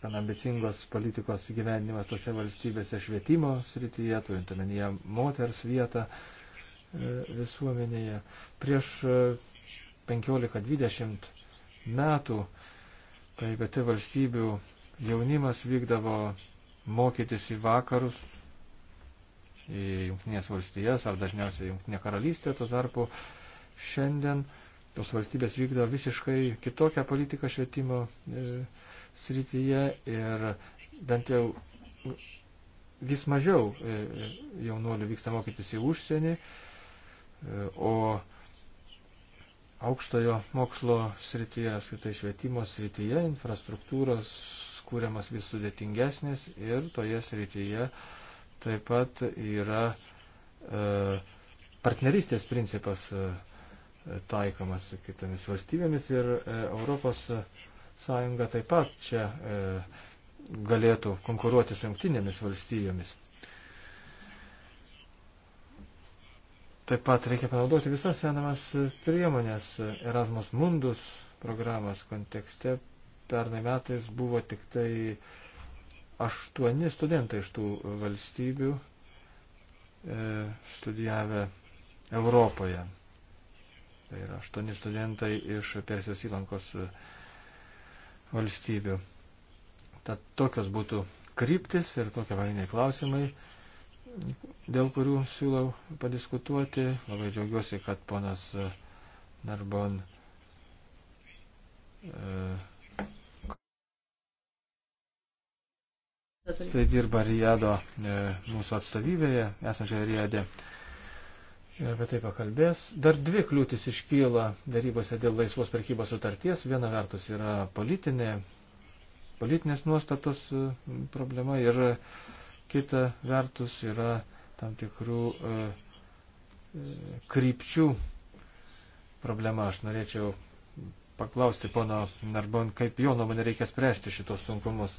ten ambicingos politikos gyvenimas tose valstybėse švietimo srityje, turint omenyje moters vietą e, visuomenėje. Prieš 15-20 e, metų PIBT valstybių jaunimas vykdavo mokytis į vakarus, į Junktinės valstijas ar dažniausiai Junktinė karalystė, tuo tarpu šiandien tos valstybės vykdo visiškai kitokią politiką švietimo e, srityje ir bent jau vis mažiau e, e, jaunuolių vyksta mokytis į užsienį, o aukštojo mokslo srityje, apskritai švietimo srityje, infrastruktūros kūriamas vis sudėtingesnis ir toje srityje uh, taip pat yra e, partnerystės principas e, taikomas su kitomis valstybėmis ir e, Europos Sąjunga taip pat čia e, galėtų konkuruoti su jungtinėmis valstybėmis. Taip pat reikia panaudoti visas senamas priemonės. Erasmus Mundus programos kontekste pernai metais buvo tik tai e, aštuoni studentai iš tų valstybių e, studijavę Europoje. Tai yra aštuoni studentai iš Persijos įlankos e, valstybių. Tad tokios būtų kryptis ir tokie variniai klausimai, dėl kurių siūlau padiskutuoti. Labai džiaugiuosi, kad ponas e, Narbon e, Jisai dirba Rijado e, mūsų atstovybėje, esančioje Rijade. Ir apie tai pakalbės. Dar dvi kliūtis iškyla darybose dėl laisvos prekybos sutarties. Viena vertus yra politinė, politinės nuostatos e, problema ir kita vertus yra tam tikrų e, krypčių problema. Aš norėčiau paklausti pono Narbon, kaip jo nuomonė reikia spręsti šitos sunkumus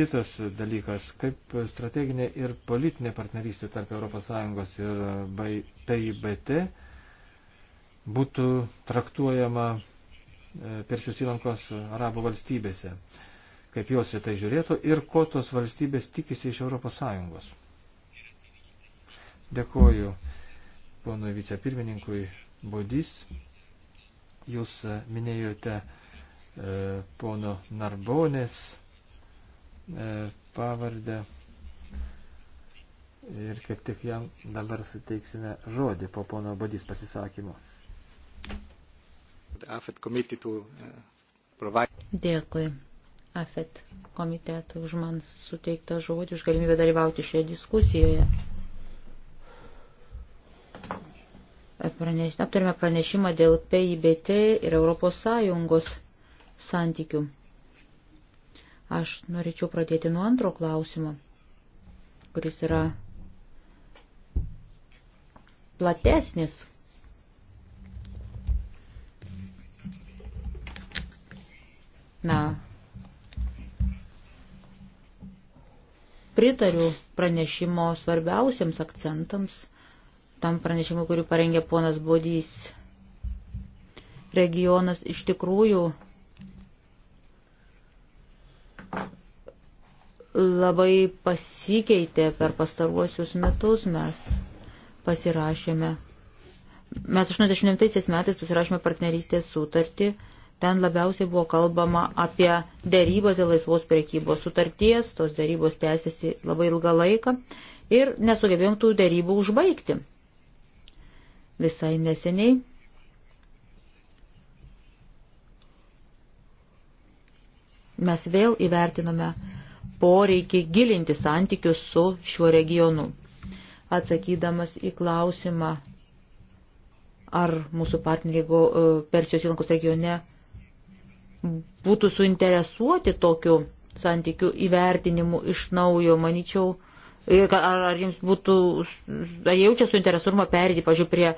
Kitas dalykas, kaip strateginė ir politinė partnerystė tarp ES ir PIBT būtų traktuojama e, Persijos įlankos arabų valstybėse, kaip jos į tai žiūrėtų ir ko tos valstybės tikisi iš ES. Dėkoju ponui vicepirmininkui Bodys. Jūs minėjote e, pono Narbonės E, pavardę ir kaip tik jam dabar suteiksime žodį po pono Badys pasisakymo. E, Dėkui. AFET komitetui už man suteiktą žodį, už galimybę dalyvauti šioje diskusijoje. Praneš, aptarėme pranešimą dėl PIBT ir ES santykių. Aš norėčiau pradėti nuo antro klausimo, kuris yra platesnis. Na, pritariu pranešimo svarbiausiams akcentams, tam pranešimui, kurį parengė ponas Bodys. Regionas iš tikrųjų labai pasikeitė per pastaruosius metus. Mes pasirašėme. Mes 80 metais pasirašėme partnerystės sutartį. Ten labiausiai buvo kalbama apie dėrybas dėl laisvos priekybos sutarties. Tos dėrybos tęsiasi labai ilgą laiką ir nesugebėjom tų dėrybų užbaigti. Visai neseniai mes vėl įvertinome poreikį gilinti santykius su šiuo regionu. Atsakydamas į klausimą, ar mūsų partneriai e, Persijos įlankos regione būtų suinteresuoti tokiu santykių įvertinimu iš naujo, manyčiau, ar, ar jiems būtų, ar jaučia suinteresuojama perėti, pažiūrėjau, prie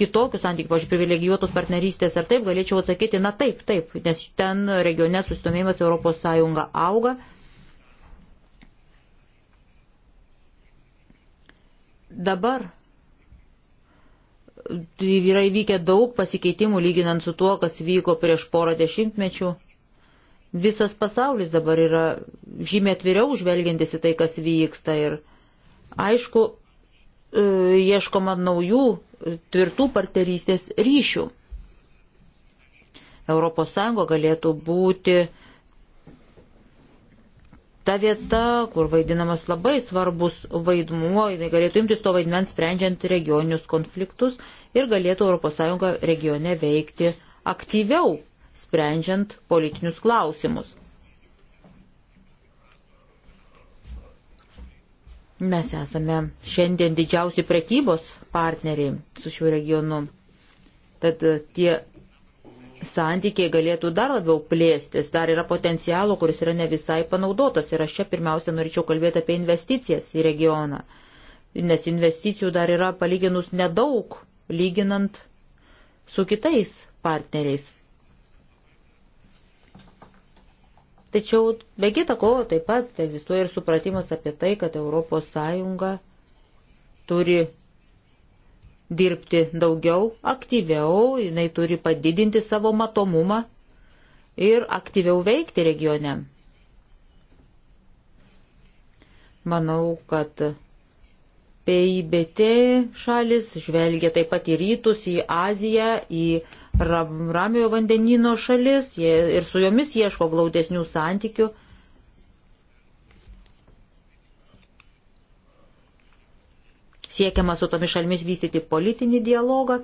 kitokių santykių, pažiūrėjau, privilegijuotos partnerystės, ar taip galėčiau atsakyti, na taip, taip, nes ten regione susidomėjimas ES auga Dabar yra įvykę daug pasikeitimų lyginant su tuo, kas vyko prieš porą dešimtmečių. Visas pasaulis dabar yra žymiai atviriau žvelgiantis į tai, kas vyksta. Ir aišku, e, ieškoma naujų e, tvirtų partnerystės ryšių. ES galėtų būti ta vieta, kur vaidinamas labai svarbus vaidmuo, jinai galėtų imtis to vaidmens sprendžiant regioninius konfliktus ir galėtų ES regione veikti aktyviau, sprendžiant politinius klausimus. Mes esame šiandien didžiausi prekybos partneriai su šiuo regionu. Tad tie santykiai galėtų dar labiau plėstis, dar yra potencialo, kuris yra ne visai panaudotas. Ir aš čia pirmiausia norėčiau kalbėti apie investicijas į regioną, nes investicijų dar yra palyginus nedaug, lyginant su kitais partneriais. Tačiau be kita ko taip pat egzistuoja ir supratimas apie tai, kad ES turi dirbti daugiau, aktyviau, jinai turi padidinti savo matomumą ir aktyviau veikti regione. Manau, kad PIBT šalis žvelgia taip pat į rytus, į Aziją, į Ramiojo vandenino šalis ir su jomis ieško glaudesnių santykių siekiama su tomis šalmis vystyti politinį dialogą.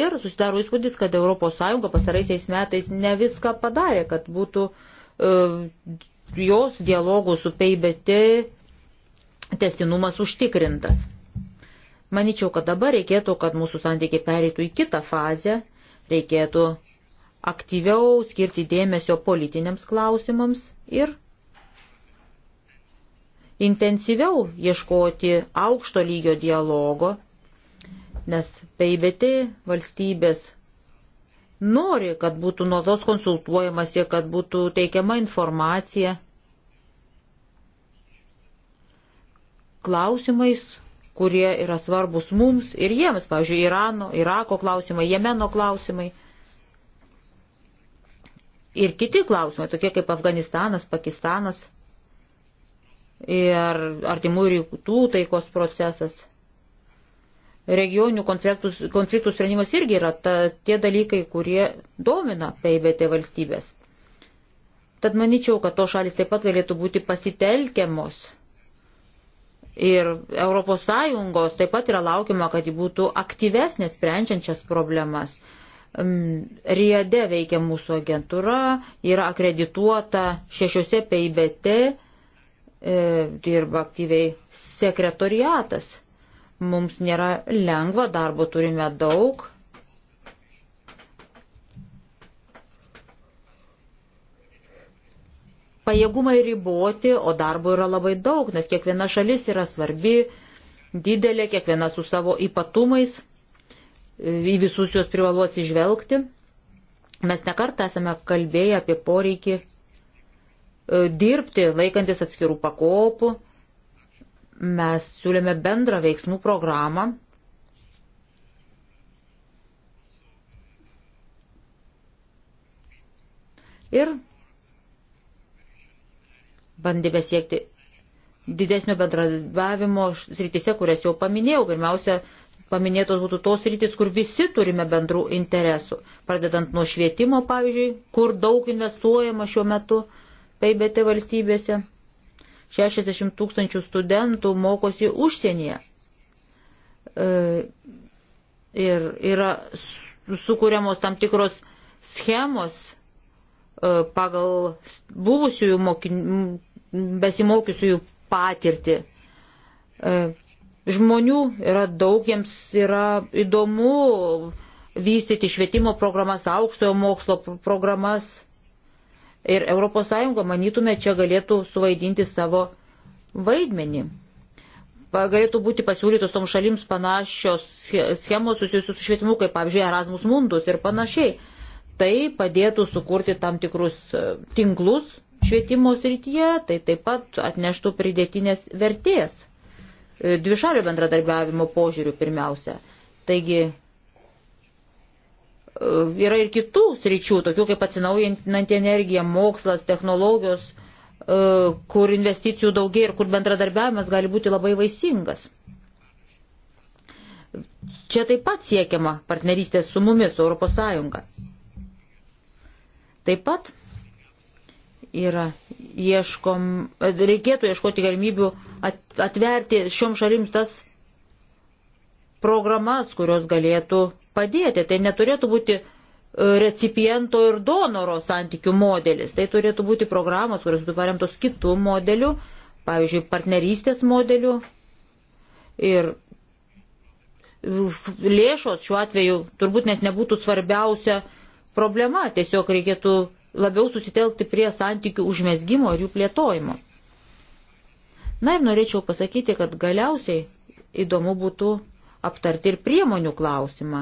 Ir susidaro įspūdis, kad ES pasaraisiais metais ne viską padarė, kad būtų uh, jos dialogų su PIBT testinumas užtikrintas. Maničiau, kad dabar reikėtų, kad mūsų santykiai pereitų į kitą fazę, reikėtų aktyviau skirti dėmesio politiniams klausimams ir intensyviau ieškoti aukšto lygio dialogo, nes PIBT valstybės nori, kad būtų nuotos konsultuojamasi, kad būtų teikiama informacija klausimais, kurie yra svarbus mums ir jiems, pavyzdžiui, Irano, Irako klausimai, Jemeno klausimai. Ir kiti klausimai, tokie kaip Afganistanas, Pakistanas ir artimų rytų taikos procesas. Regioninių konfliktų sprendimas irgi yra ta, tie dalykai, kurie domina PIBT valstybės. Tad manyčiau, kad to šalis taip pat galėtų būti pasitelkiamos. Ir ES taip pat yra laukiama, kad ji būtų aktyvesnė sprendžiančias problemas. Mm, Riede veikia mūsų agentūra, yra akredituota šešiose PIBT E, dirba aktyviai sekretoriatas. Mums nėra lengva, darbo turime daug. Pajėgumai riboti, o darbo yra labai daug, nes kiekviena šalis yra svarbi, didelė, kiekviena su savo ypatumais, e, į visus juos privalu atsižvelgti. Mes nekart esame kalbėję apie poreikį E, dirbti laikantis atskirų pakopų. Mes siūlėme bendrą veiksmų programą. Ir bandėme siekti didesnio bendradarbiavimo srityse, kurias jau paminėjau. Pirmiausia, paminėtos būtų tos rytis, kur visi turime bendrų interesų. Pradedant nuo švietimo, pavyzdžiui, kur daug investuojama šiuo metu, EIBT valstybėse. 60 tūkstančių studentų mokosi užsienyje. E, ir yra sukūriamos tam tikros schemos e, pagal buvusiųjų mokin... besimokiusiųjų patirtį. E, žmonių yra daug, jiems yra įdomu vystyti švietimo programas, aukštojo mokslo programas Ir ES, manytume, čia galėtų suvaidinti savo vaidmenį. Galėtų būti pasiūlytos tom šalims panašios schemos susijusios su švietimu, kaip pavyzdžiui Erasmus Mundus ir panašiai. Tai padėtų sukurti tam tikrus e, tinklus švietimo srityje, tai taip pat atneštų pridėtinės vertės e, dvišalio bendradarbiavimo požiūrių pirmiausia. Taigi E, yra ir kitų sričių, tokių kaip atsinaujinanti energija, mokslas, technologijos, e, kur investicijų daugiai ir kur bendradarbiavimas gali būti labai vaisingas. Čia taip pat siekiama partnerystės su mumis, su ES. Taip pat yra ieškom, reikėtų ieškoti galimybių atverti šioms šalims tas programas, kurios galėtų padėti. Tai neturėtų būti e, recipiento ir donoro santykių modelis. Tai turėtų būti programos, kurios būtų paremtos kitų modelių, pavyzdžiui, partnerystės modelių. Ir lėšos šiuo atveju turbūt net nebūtų svarbiausia problema, tiesiog reikėtų labiau susitelkti prie santykių užmėsgymo ir jų plėtojimo. Na ir norėčiau pasakyti, kad galiausiai įdomu būtų aptarti ir priemonių klausimą.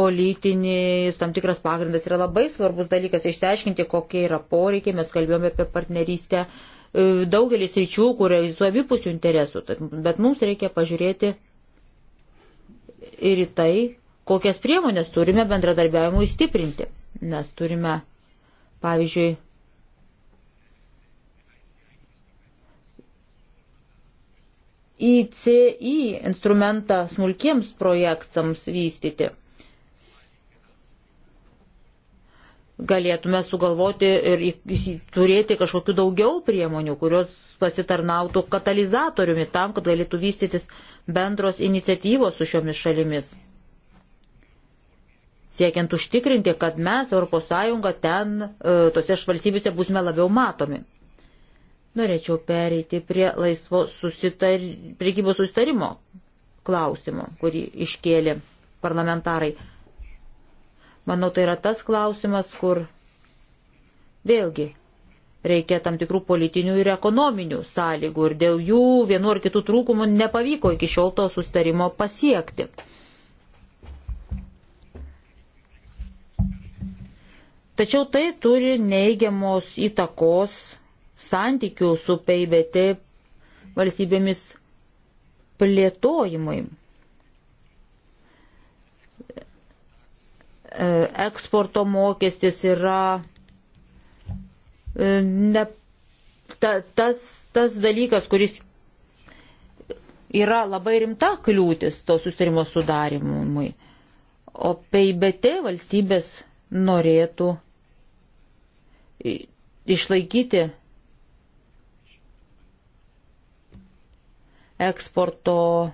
Politinis tam tikras pagrindas yra labai svarbus dalykas išsiaiškinti, kokie yra poreikiai. Mes kalbėjome apie partnerystę e, daugelis ryčių, kur egzistuoja abipusių interesų. Bet mums reikia pažiūrėti ir į tai, kokias priemonės turime bendradarbiavimui stiprinti. Mes turime, pavyzdžiui, ICI instrumentą smulkiems projektams vystyti. Galėtume sugalvoti ir turėti kažkokiu daugiau priemonių, kurios pasitarnautų katalizatoriumi tam, kad galėtų vystytis bendros iniciatyvos su šiomis šalimis. Siekiant užtikrinti, kad mes, ES, ten, e, tose valstybėse būsime labiau matomi. Norėčiau pereiti prie laisvo susitar... priekybos susitarimo klausimo, kurį iškėlė parlamentarai. Manau, tai yra tas klausimas, kur vėlgi reikia tam tikrų politinių ir ekonominių sąlygų ir dėl jų vienu ar kitų trūkumų nepavyko iki šiol to sustarimo pasiekti. Tačiau tai turi neigiamos įtakos santykių su PIBT valstybėmis plėtojimui. E, eksporto mokestis yra e, ne, ta, tas, tas dalykas, kuris yra labai rimta kliūtis to susirimo sudarimui. O PIBT valstybės norėtų išlaikyti eksporto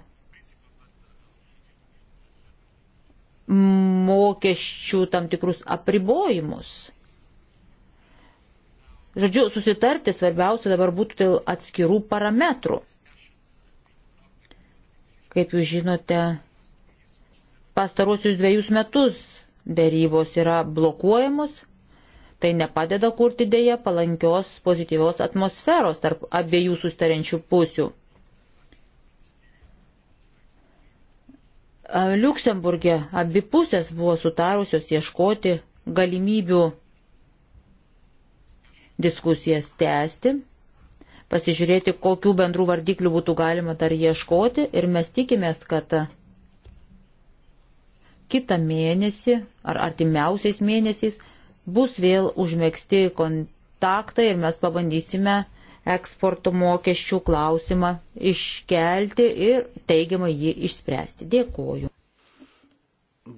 mokesčių tam tikrus apribojimus. Žodžiu, susitarti svarbiausia dabar būtų dėl atskirų parametrų. Kaip jūs žinote, pastarosius dviejus metus dėrybos yra blokuojamos, tai nepadeda kurti dėje palankios pozityvios atmosferos tarp abiejų sustarenčių pusių. Liuksemburgė abi pusės buvo sutarusios ieškoti galimybių diskusijas tęsti, pasižiūrėti, kokių bendrų vardiklių būtų galima dar ieškoti ir mes tikimės, kad kitą mėnesį ar artimiausiais mėnesiais bus vėl užmėgsti kontaktai ir mes pabandysime eksporto mokesčių klausimą iškelti ir teigiamai jį išspręsti. Dėkuoju.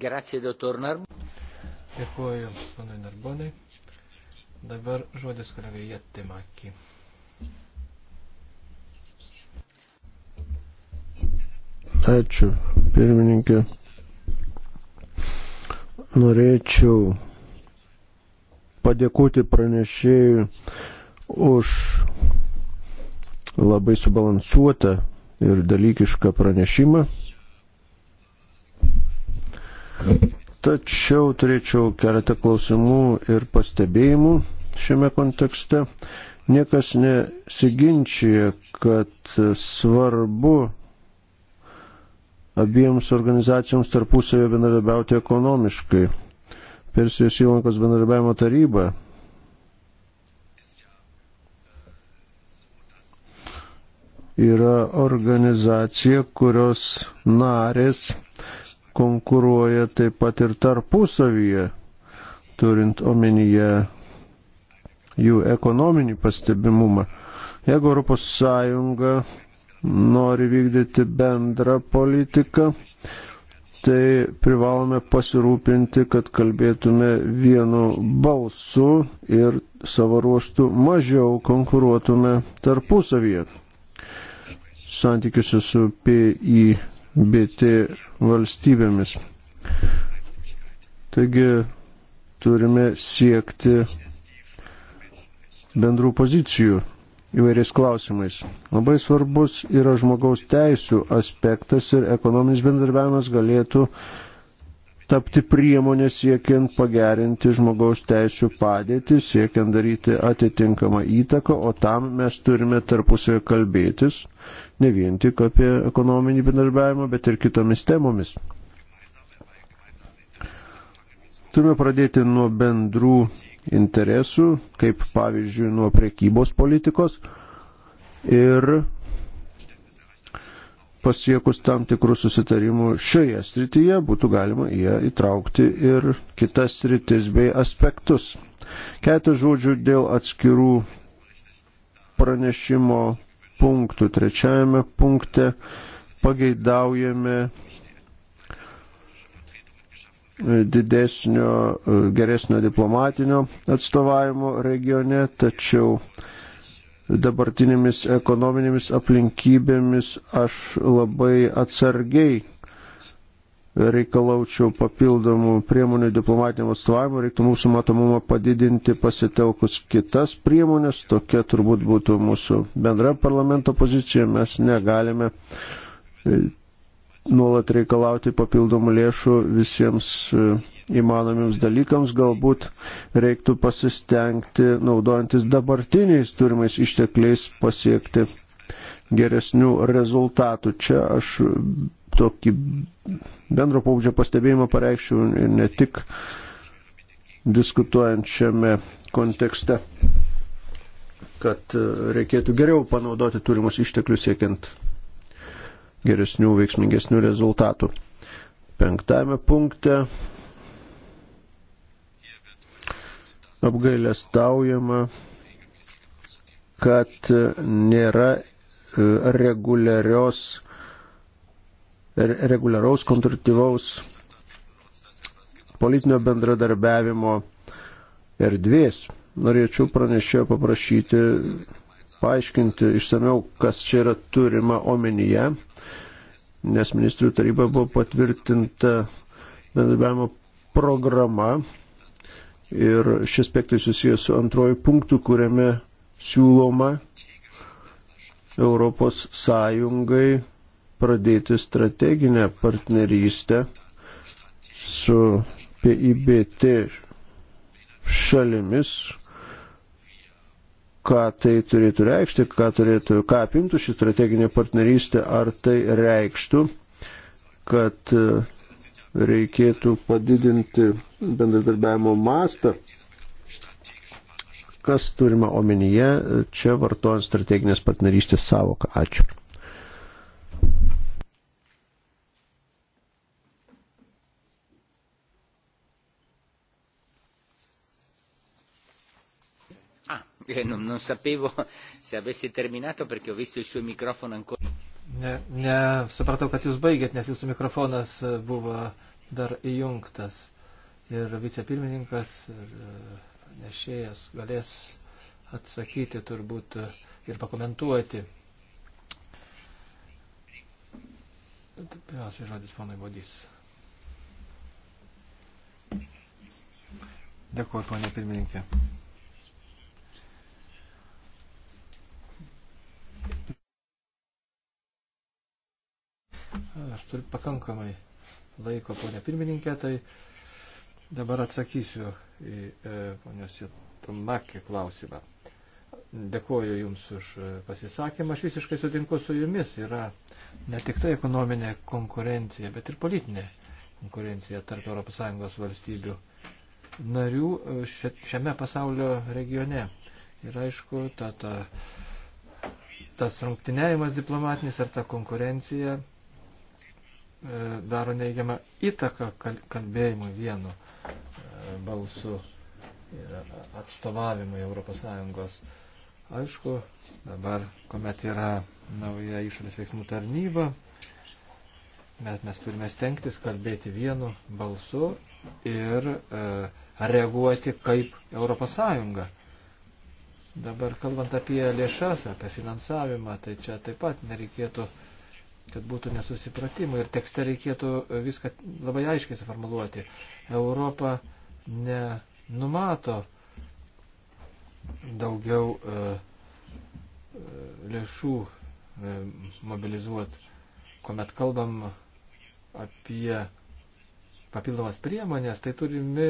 Grazie, doktor Narbonai. Dėkuoju, panai Narbonai. Dabar žodis kolegai Jattimaki. Ačiū, pirmininkė. Norėčiau padėkoti pranešėjui už labai subalansuotą ir dalykišką pranešimą. Tačiau turėčiau keletą klausimų ir pastebėjimų šiame kontekste. Niekas nesiginčia, kad svarbu abiems organizacijoms tarpusavio bendradarbiauti ekonomiškai. Persijos įlankos bendradarbiavimo taryba yra organizacija, kurios narės konkuruoja taip pat ir tarpusavyje, turint omenyje jų ekonominį pastebimumą. Jeigu ES nori vykdyti bendrą politiką, tai privalome pasirūpinti, kad kalbėtume vienu balsu ir savo ruoštų mažiau konkuruotume tarpusavyje santykiuose su PIBT valstybėmis. Taigi turime siekti bendrų pozicijų įvairiais klausimais. Labai svarbus yra žmogaus teisų aspektas ir ekonominis bendarbiavimas galėtų tapti priemonė siekiant pagerinti žmogaus teisų padėtį, siekiant daryti atitinkamą įtaką, o tam mes turime tarpusavį kalbėtis ne vien tik apie ekonominį bendarbiavimą, bet ir kitomis temomis. Turime pradėti nuo bendrų interesų, kaip pavyzdžiui nuo prekybos politikos ir pasiekus tam tikrų susitarimų šioje srityje būtų galima ją įtraukti ir kitas sritis bei aspektus. Ketas žodžių dėl atskirų pranešimo punktų. Trečiajame punkte pageidaujame didesnio, geresnio diplomatinio atstovavimo regione, tačiau dabartinėmis ekonominėmis aplinkybėmis aš labai atsargiai reikalaučiau papildomų priemonių diplomatiniam atstovavimui, reiktų mūsų matomumą padidinti pasitelkus kitas priemonės, tokia turbūt būtų mūsų bendra parlamento pozicija, mes negalime e, nuolat reikalauti papildomų lėšų visiems e, įmanomiems dalykams, galbūt reiktų pasistengti, naudojantis dabartiniais turimais ištekliais, pasiekti geresnių rezultatų. Čia aš tokį bendro paudžio pastebėjimą pareikščiau ne tik diskutuojančiame kontekste, kad e, reikėtų geriau panaudoti turimus išteklius siekiant geresnių, veiksmingesnių rezultatų. Penktame punkte apgailestaujama, kad nėra e, reguliarios reguliaraus, konstruktyvaus politinio bendradarbiavimo erdvės. Norėčiau pranešėjo paprašyti paaiškinti išsameu, kas čia yra turima omenyje, nes ministrių taryba buvo patvirtinta bendradarbiavimo programa ir šis aspektai susijęs su antroju punktu, kuriame siūloma Europos Sąjungai pradėti strateginę partnerystę su PIBT šalimis, ką tai turėtų reikšti, ką, turėtų, ką apimtų ši strateginė partnerystė, ar tai reikštų, kad e, reikėtų padidinti bendradarbiavimo mastą, kas turima omenyje e, čia vartojant strateginės partnerystės savoką. Ačiū. che non, non sapevo se avessi terminato perché ho visto il suo microfono ancora. Ne, ne, supratau, kad jūs baigėt, nes jūsų mikrofonas e, buvo dar įjungtas. Ir vicepirmininkas, ir e, nešėjas galės atsakyti turbūt ir pakomentuoti. Pirmiausia, žodis ponui Bodys. Dėkuoju, ponė pirmininkė. Aš turiu pakankamai laiko, ponia pirmininkė, tai dabar atsakysiu į e, ponios Jutumakį klausimą. Dėkuoju Jums už e, pasisakymą. Aš visiškai sutinku su Jumis. Yra ne tik tai ekonominė konkurencija, bet ir politinė konkurencija tarp ES valstybių narių e, šiame pasaulio regione. Ir aišku, ta, ta tas rungtiniavimas diplomatinis ar ta konkurencija e, daro neigiamą įtaką kalbėjimui vienu e, balsu ir atstovavimui ES. Aišku, dabar, kuomet yra nauja išorės veiksmų tarnyba, mes, mes turime stengtis kalbėti vienu balsu ir e, reaguoti kaip ES. Dabar kalbant apie lėšas, apie finansavimą, tai čia taip pat nereikėtų, kad būtų nesusipratimų ir tekste reikėtų viską labai aiškiai suformuluoti. Europa nenumato daugiau e, e lėšų e, mobilizuoti, kuomet kalbam apie papildomas priemonės, tai turime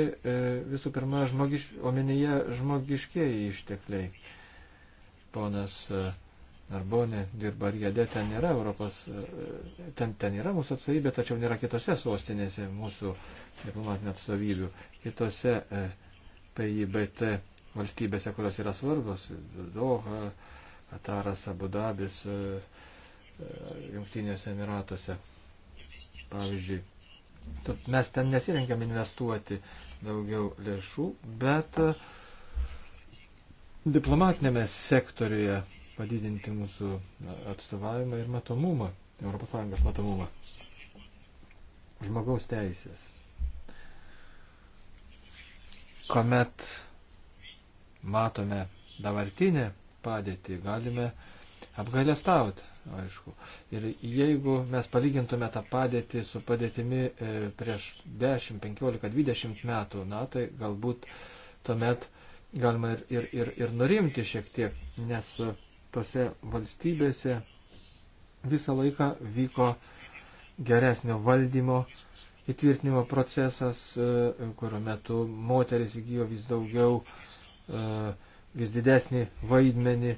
visų pirma žmogiš, omenyje žmogiškieji ištekliai. Ponas e, Narbonė dirba Riede, ten nėra Europos, e, ten, ten yra mūsų atstovybė, tačiau nėra kitose sostinėse mūsų diplomatinių atstovybių, kitose e, PIBT valstybėse, kurios yra svarbos, Doha, Ataras, Abu Dabis, Jungtinėse Emiratuose. Pavyzdžiui, Tad mes ten nesirengiam investuoti daugiau lėšų, bet e, diplomatinėme sektoriuje padidinti mūsų atstovavimą ir matomumą, ES matomumą. Žmogaus teisės. Komet matome dabartinę padėtį, galime apgailestauti aišku. Ir jeigu mes palygintume tą padėtį su padėtimi e, prieš 10, 15, 20 metų, na, tai galbūt tuomet galima ir, ir, ir, ir nurimti šiek tiek, nes tose valstybėse visą laiką vyko geresnio valdymo įtvirtinimo procesas, e, kurio metu moteris įgyjo vis daugiau, e, vis didesnį vaidmenį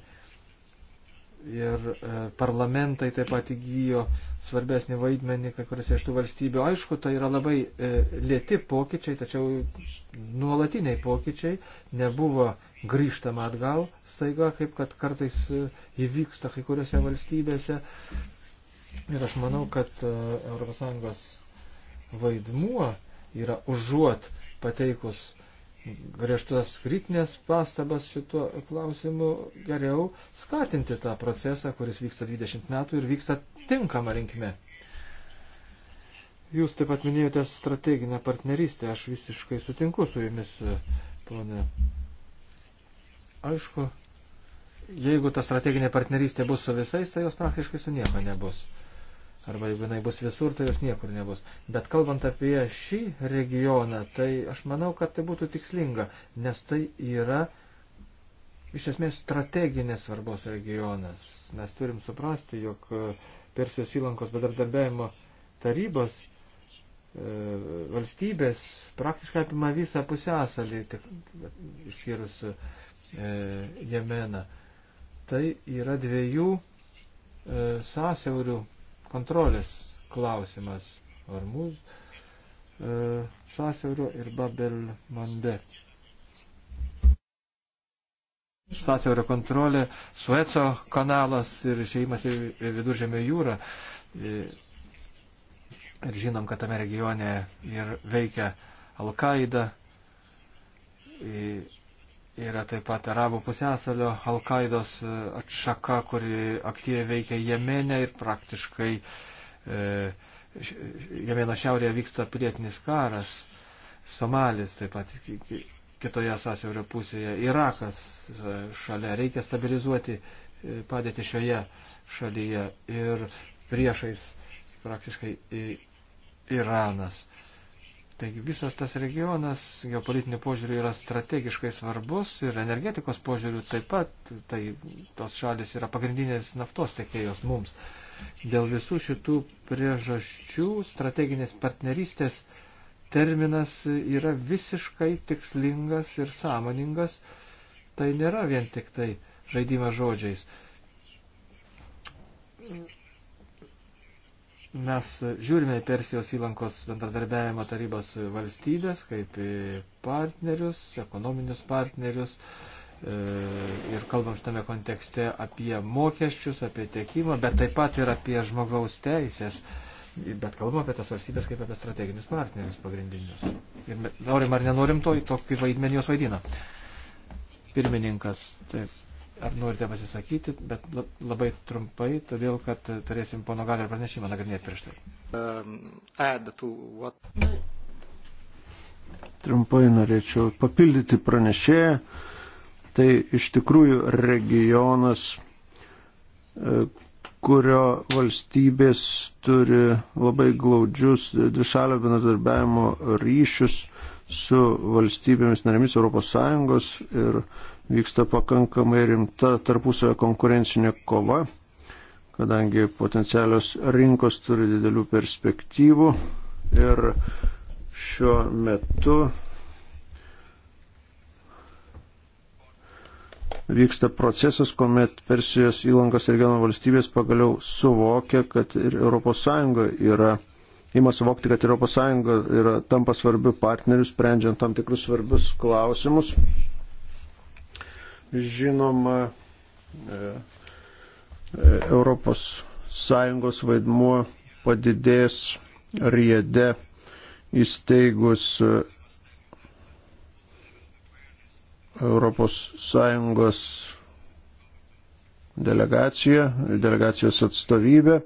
ir e, parlamentai taip pat įgyjo svarbesnį vaidmenį kai kuriuose iš tų valstybių. Aišku, tai yra labai e, lėti pokyčiai, tačiau nuolatiniai pokyčiai nebuvo grįžtama atgal staiga, kaip kad kartais e, įvyksta kai kuriuose valstybėse. Ir aš manau, kad ES vaidmuo yra užuot pateikus griežtas kritinės pastabas šituo klausimu, geriau skatinti tą procesą, kuris vyksta 20 metų ir vyksta tinkama rinkime. Jūs taip pat minėjote strateginę partnerystę, aš visiškai sutinku su jumis, ponė. Aišku, jeigu ta strateginė partnerystė bus su visais, tai jos praktiškai su nieko nebus arba jeigu jinai bus visur, tai jos niekur nebus. Bet kalbant apie šį regioną, tai aš manau, kad tai būtų tikslinga, nes tai yra iš esmės strateginės svarbos regionas. Mes turim suprasti, jog e, Persijos įlankos bedardarbiavimo tarybos e, valstybės praktiškai apima visą pusęsalį, išskyrus e, Jemeną. Tai yra dviejų e, sąsiaurių kontrolės klausimas Ormuz e, sąsiaurio ir Babel Mande. Sąsiaurio kontrolė, Sueco kanalas ir išėjimas į viduržėmio jūrą. E, ir žinom, kad tame regione ir veikia Al-Qaida. E, Yra taip pat Arabų pusėsalio Al-Qaidos e, atšaka, kuri aktyviai veikia Jemenė ir praktiškai e, Jemeno šiaurėje vyksta pilietinis karas. Somalis taip pat kitoje sąsiaurio pusėje. Irakas e, šalia. Reikia stabilizuoti e, padėti šioje šalyje ir priešais praktiškai Iranas. E, Taigi visas tas regionas geopolitiniu požiūriu yra strategiškai svarbus ir energetikos požiūriu taip pat, tai tos šalis yra pagrindinės naftos tiekėjos mums. Dėl visų šitų priežasčių strateginės partnerystės terminas yra visiškai tikslingas ir sąmoningas, tai nėra vien tik tai žaidimas žodžiais. Mes žiūrime į Persijos įlankos bendradarbiavimo tarybos valstybės kaip į partnerius, ekonominius partnerius e, ir kalbam šitame kontekste apie mokesčius, apie tiekimą, bet taip pat ir apie žmogaus teisės. Bet kalbam apie tas valstybės kaip apie strateginius partnerius pagrindinius. Ir norim ar nenorim to, tokį vaidmenį jos vaidina. Pirmininkas, taip ar norite pasisakyti, bet labai trumpai, todėl kad turėsim pono galio pranešimą nagrinėti prieš tai. Um, trumpai norėčiau papildyti pranešėją. Tai iš tikrųjų regionas, e, kurio valstybės turi labai glaudžius dvišalio bendradarbiavimo ryšius su valstybėmis narėmis ES ir vyksta pakankamai rimta tarpusavio konkurencinė kova, kadangi potencialios rinkos turi didelių perspektyvų ir šiuo metu vyksta procesas, kuomet Persijos įlankos regiono valstybės pagaliau suvokia, kad ir ES yra, ima suvokti, kad ES yra tampa svarbiu partneriu, sprendžiant tam tikrus svarbius klausimus žinoma, ES e, vaidmuo padidės riede įsteigus ES delegaciją, delegacijos atstovybę.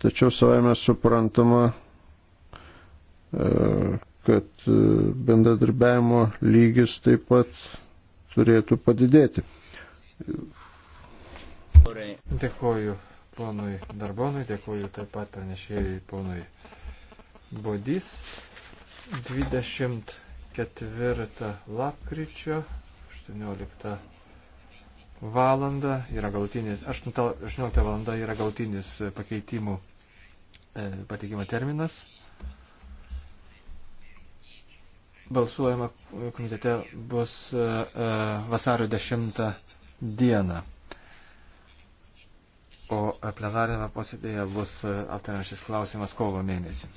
Tačiau savame suprantama, e, kad e, bendradarbiavimo lygis taip pat turėtų padidėti. Dėkuoju ponui Darbonui, dėkuoju taip pat pranešėjai ponui Bodys. 24 lapkričio 18 valanda yra galutinis, 18 valanda yra galutinis pakeitimų e, pateikimo terminas. balsuojama komitete bus e, e, vasario 10 dieną. O e, plenarinėme posėdėje bus aptariamas šis klausimas kovo mėnesį.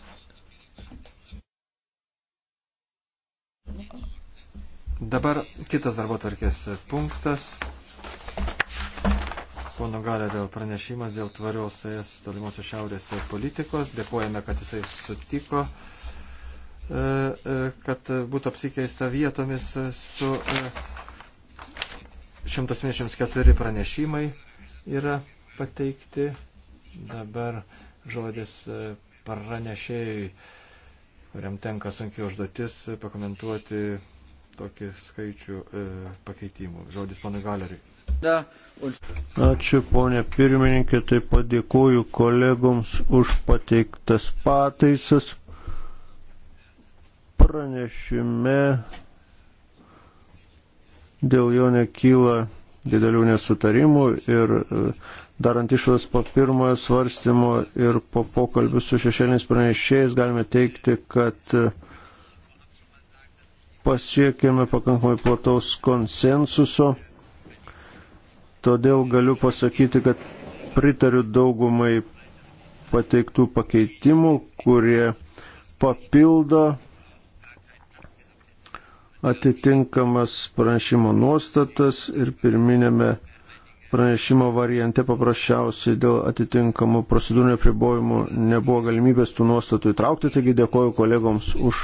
Dabar kitas darbo tvarkės punktas. Pono Galerio pranešimas dėl tvarios ES tolimosios šiaurės politikos. Dėkojame, kad jisai sutiko. E, e, kad būtų apsikeista vietomis su 174 e, pranešimai yra pateikti. Dabar žodis pranešėjai, kuriam tenka sunkiai užduotis pakomentuoti tokį skaičių pakeitimų. Žodis pana galeriui. Ačiū ponė pirmininkė, taip pat dėkuoju kolegoms už pateiktas pataisas pranešime dėl jo nekyla didelių nesutarimų ir e, darant išvadas po pirmojo svarstymo ir po pokalbių su šešėliniais pranešėjais galime teikti, kad e, pasiekėme pakankamai plataus konsensuso. Todėl galiu pasakyti, kad pritariu daugumai pateiktų pakeitimų, kurie papildo atitinkamas pranešimo nuostatas ir pirminėme pranešimo variante paprasčiausiai dėl atitinkamų procedūrinių pribojimų nebuvo galimybės tų nuostatų įtraukti, taigi dėkoju kolegoms už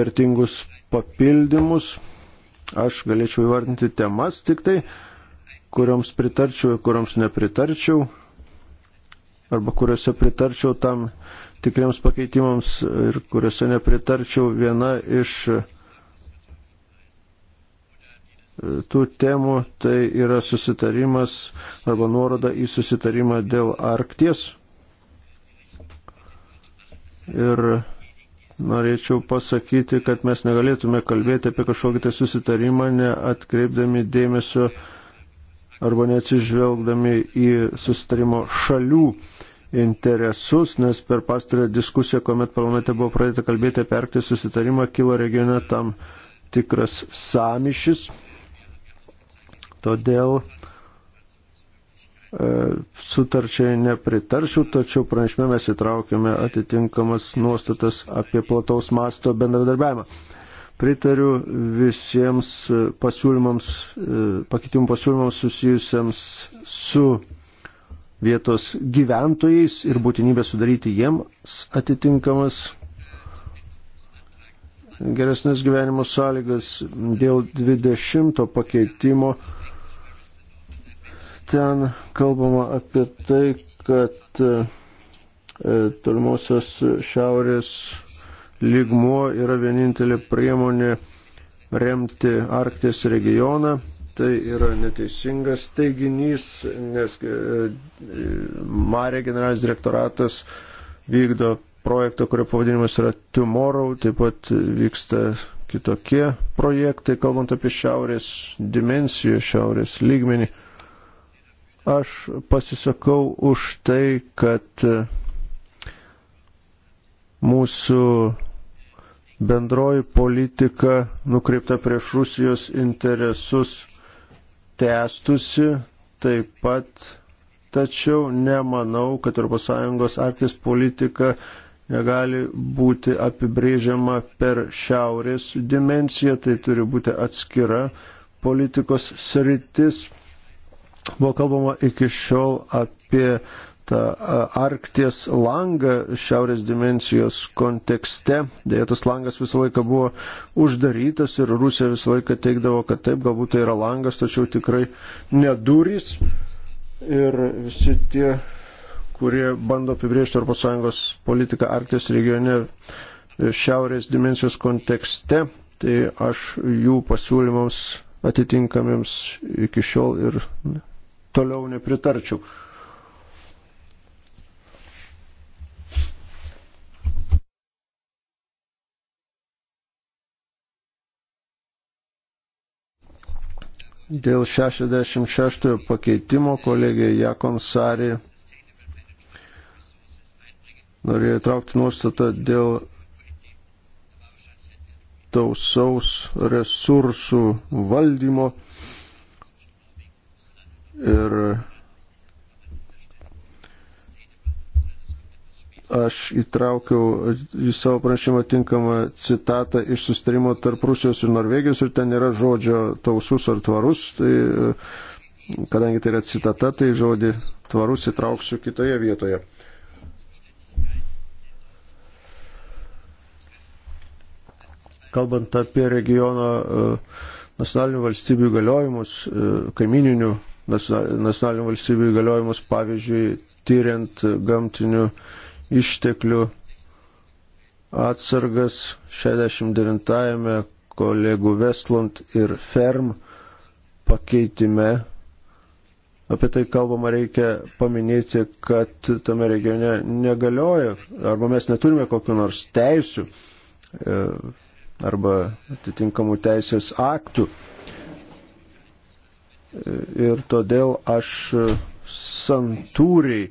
vertingus papildymus. Aš galėčiau įvardinti temas tik tai, kurioms pritarčiau ir kurioms nepritarčiau, arba kuriuose pritarčiau tam tikriems pakeitimams ir kuriuose nepritarčiau viena iš tų temų, tai yra susitarimas arba nuoroda į susitarimą dėl Arkties. Ir norėčiau pasakyti, kad mes negalėtume kalbėti apie kažkokį tai susitarimą, neatkreipdami dėmesio arba neatsižvelgdami į susitarimo šalių interesus, nes per pastarę diskusiją, kuomet parlamente buvo pradėta kalbėti apie Arkties susitarimą, kilo regione tam tikras samišis Todėl e, sutarčiai nepritarčiau, tačiau pranešime mes įtraukėme atitinkamas nuostatas apie plataus masto bendradarbiavimą. Pritariu visiems e, pasiūlymams, e, pakeitimų pasiūlymams susijusiems su vietos gyventojais ir būtinybė sudaryti jiems atitinkamas geresnės gyvenimo sąlygas dėl 20 pakeitimo Ten kalbama apie tai, kad e, e, tolimosios šiaurės lygmuo yra vienintelė priemonė remti Arkties regioną. Tai yra neteisingas teiginys, nes e, Marė generalinis direktoratas vykdo projektą, kurio pavadinimas yra Tomorrow, taip pat vyksta kitokie projektai, kalbant apie šiaurės dimensiją, šiaurės lygmenį. Aš pasisakau už tai, kad e, mūsų bendroji politika nukreipta prieš Rusijos interesus tęstusi taip pat, tačiau nemanau, kad ES arktis politika negali būti apibrėžiama per šiaurės dimenciją, tai turi būti atskira politikos sritis. Buvo kalbama iki šiol apie tą Arkties langą šiaurės dimensijos kontekste. Dėja, tas langas visą laiką buvo uždarytas ir Rusija visą laiką teikdavo, kad taip, galbūt tai yra langas, tačiau tikrai nedūrys. Ir visi tie, kurie bando apibriežti ES politiką Arkties regione e, šiaurės dimensijos kontekste, tai aš jų pasiūlymams atitinkamiems iki šiol ir toliau nepritarčiau. Dėl 66 pakeitimo kolegija Jakonsari norėjo įtraukti nuostatą dėl tausaus resursų valdymo. Ir aš įtraukiau į savo prašymą tinkamą citatą iš sustarimo tarp Rusijos ir Norvegijos ir ten nėra žodžio tausus ar tvarus. Tai, e, kadangi tai yra citata, tai žodį tvarus įtrauksiu kitoje vietoje. Kalbant apie regiono e, nacionalinių valstybių galiojimus, e, kaimininių nacionalinių valstybių įgaliojimus, pavyzdžiui, tyriant gamtinių išteklių atsargas 69-ame kolegų Westland ir Ferm pakeitime. Apie tai kalbama reikia paminėti, kad tame regione negalioja, arba mes neturime kokiu nors teisių, e, arba atitinkamų teisės aktų ir todėl aš santūriai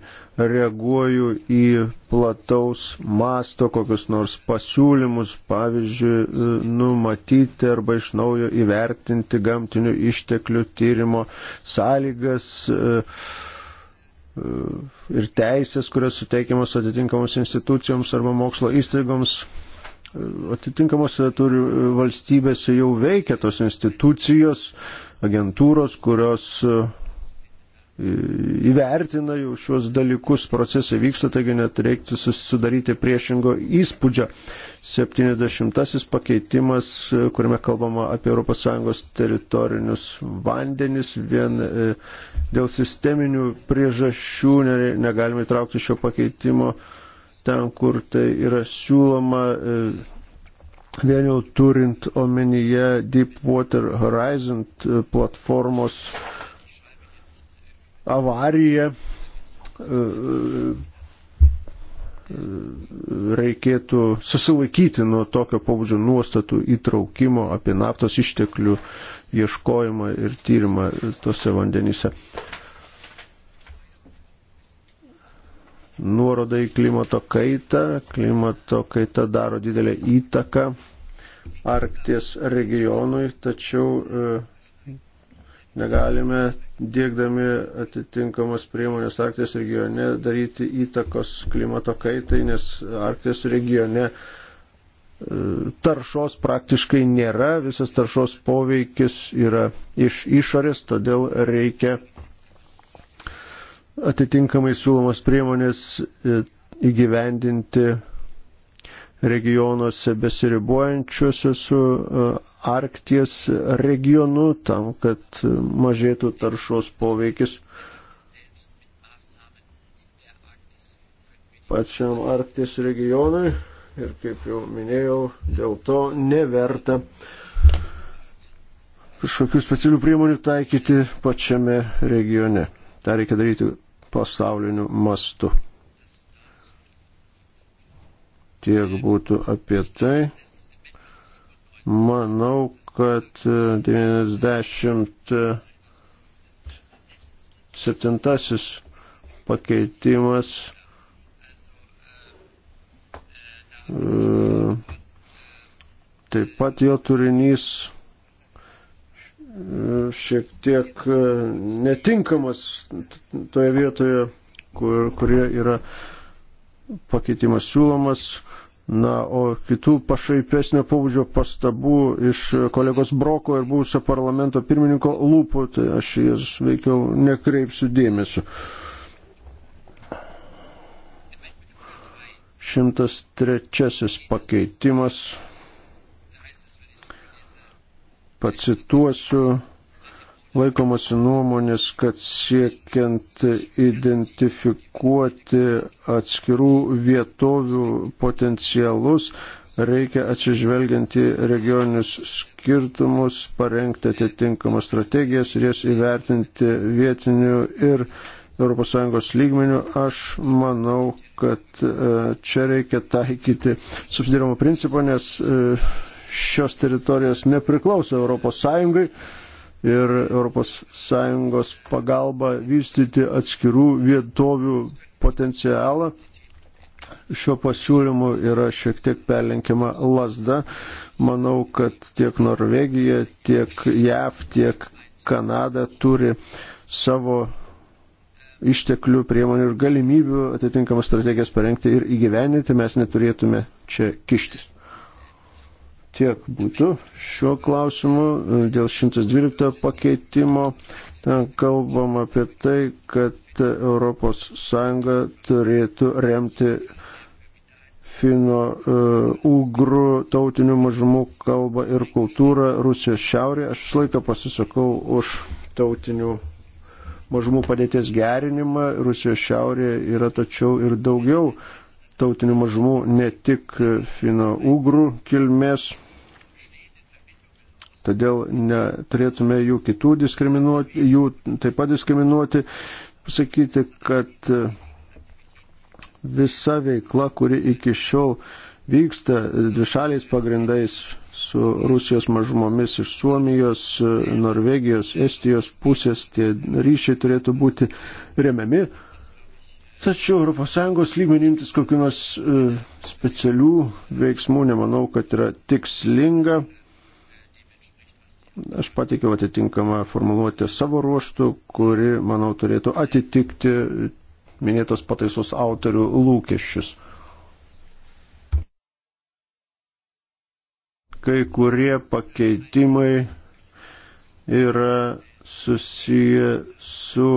reaguoju į plataus masto kokius nors pasiūlymus, pavyzdžiui, numatyti arba iš naujo įvertinti gamtinių išteklių tyrimo sąlygas e, e, ir teisės, kurios suteikiamos atitinkamos institucijoms arba mokslo įstaigoms. E, atitinkamos turi valstybėse jau veikia tos institucijos, uh, agentūros, kurios e, įvertina jau šios dalykus, procesai vyksta, taigi net reiktų susidaryti priešingo įspūdžio. 70-asis pakeitimas, e, kuriame kalbama apie ES teritorinius vandenis, vien e, dėl sisteminių priežasčių negalime įtraukti šio pakeitimo ten, kur tai yra siūloma vien jau turint omenyje Deepwater Horizon platformos avariją, e, e, reikėtų susilaikyti nuo tokio pobūdžio nuostatų įtraukimo apie naftos išteklių ieškojimą ir tyrimą tuose vandenyse. nuoroda į klimato kaitą. Klimato kaita daro didelę įtaką Arkties regionui, tačiau e, negalime dėkdami atitinkamas priemonės Arkties regione daryti įtakos klimato kaitai, nes Arkties regione e, taršos praktiškai nėra, visas taršos poveikis yra iš išorės, todėl reikia atitinkamai siūlomos priemonės e, įgyvendinti regionuose besiribuojančiuosius su e, Arkties regionu, tam, kad e, mažėtų taršos poveikis pačiam Arkties regionui. Ir kaip jau minėjau, dėl to neverta kažkokių specialių priemonių taikyti pačiame regione. Ta reikia daryti pasauliniu mastu. Tiek būtų apie tai. Manau, kad 97 e, e, pakeitimas e, taip pat jo turinys šiek tiek e, netinkamas toje vietoje, kur, kurie yra pakeitimas siūlomas. Na, o kitų pašaipesnio paudžio pastabų iš kolegos Broko ir buvusio parlamento pirmininko lūpų, tai aš jas veikiau nekreipsiu dėmesio. 103 pakeitimas pacituosiu, laikomasi nuomonės, kad siekiant identifikuoti atskirų vietovių potencialus, reikia atsižvelgiant į regioninius skirtumus, parengti atitinkamas strategijas ir jas įvertinti vietiniu ir ES lygmeniu. Aš manau, kad e, čia reikia taikyti subsidirimo principą, nes e, šios teritorijos nepriklauso Europos Sąjungai ir Europos Sąjungos pagalba vystyti atskirų vietovių potencialą. Šiuo pasiūlymu yra šiek tiek perlenkiama lasda. Manau, kad tiek Norvegija, tiek JAV, tiek Kanada turi savo išteklių, priemonių ir galimybių atitinkamas strategijas parengti ir įgyveninti, mes neturėtume čia kištis. Tiek būtų šiuo klausimu dėl 112 pakeitimo. Ten kalbam apie tai, kad ES turėtų remti fino uh, ugrų tautinių mažumų kalbą ir kultūrą Rusijos šiaurėje. Aš visą laiką pasisakau už tautinių mažumų padėties gerinimą. Rusijos šiaurėje yra tačiau ir daugiau tautinių mažumų, ne tik fino ugrų kilmės Todėl neturėtume jų kitų diskriminuoti, jų taip pat diskriminuoti, sakyti, kad e, visa veikla, kuri iki šiol vyksta dvišaliais pagrindais su Rusijos mažumomis iš Suomijos, e, Norvegijos, Estijos pusės, tie ryšiai turėtų būti remiami. Tačiau ES lygmenintis kokiu nors e, specialių veiksmų nemanau, kad yra tikslinga. Aš patikiau atitinkamą formuluotę savo ruoštų, kuri, manau, turėtų atitikti minėtos pataisos autorių lūkesčius. Kai kurie pakeitimai yra susiję su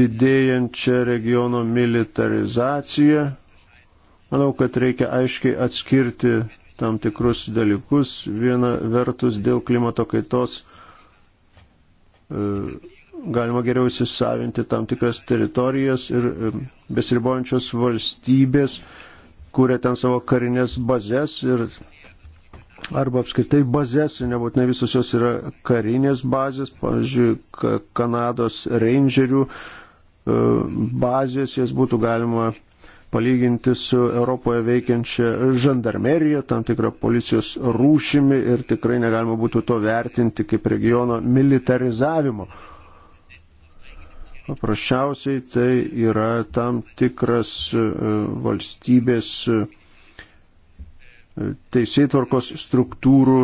didėjančia regiono militarizacija. Manau, kad reikia aiškiai atskirti tam tikrus dalykus. Viena vertus dėl klimato kaitos e, galima geriau įsisavinti tam tikras teritorijas ir e, besiribojančios valstybės kūrė ten savo karinės bazės ir arba apskritai bazės, nebūtinai visos jos yra karinės bazės, pavyzdžiui, Kanados rangerių e, bazės, jas būtų galima palyginti su Europoje veikiančia žandarmerija, tam tikrą policijos rūšimi ir tikrai negalima būtų to vertinti kaip regiono militarizavimo. Paprasčiausiai tai yra tam tikras e, valstybės e, teisėtvarkos struktūrų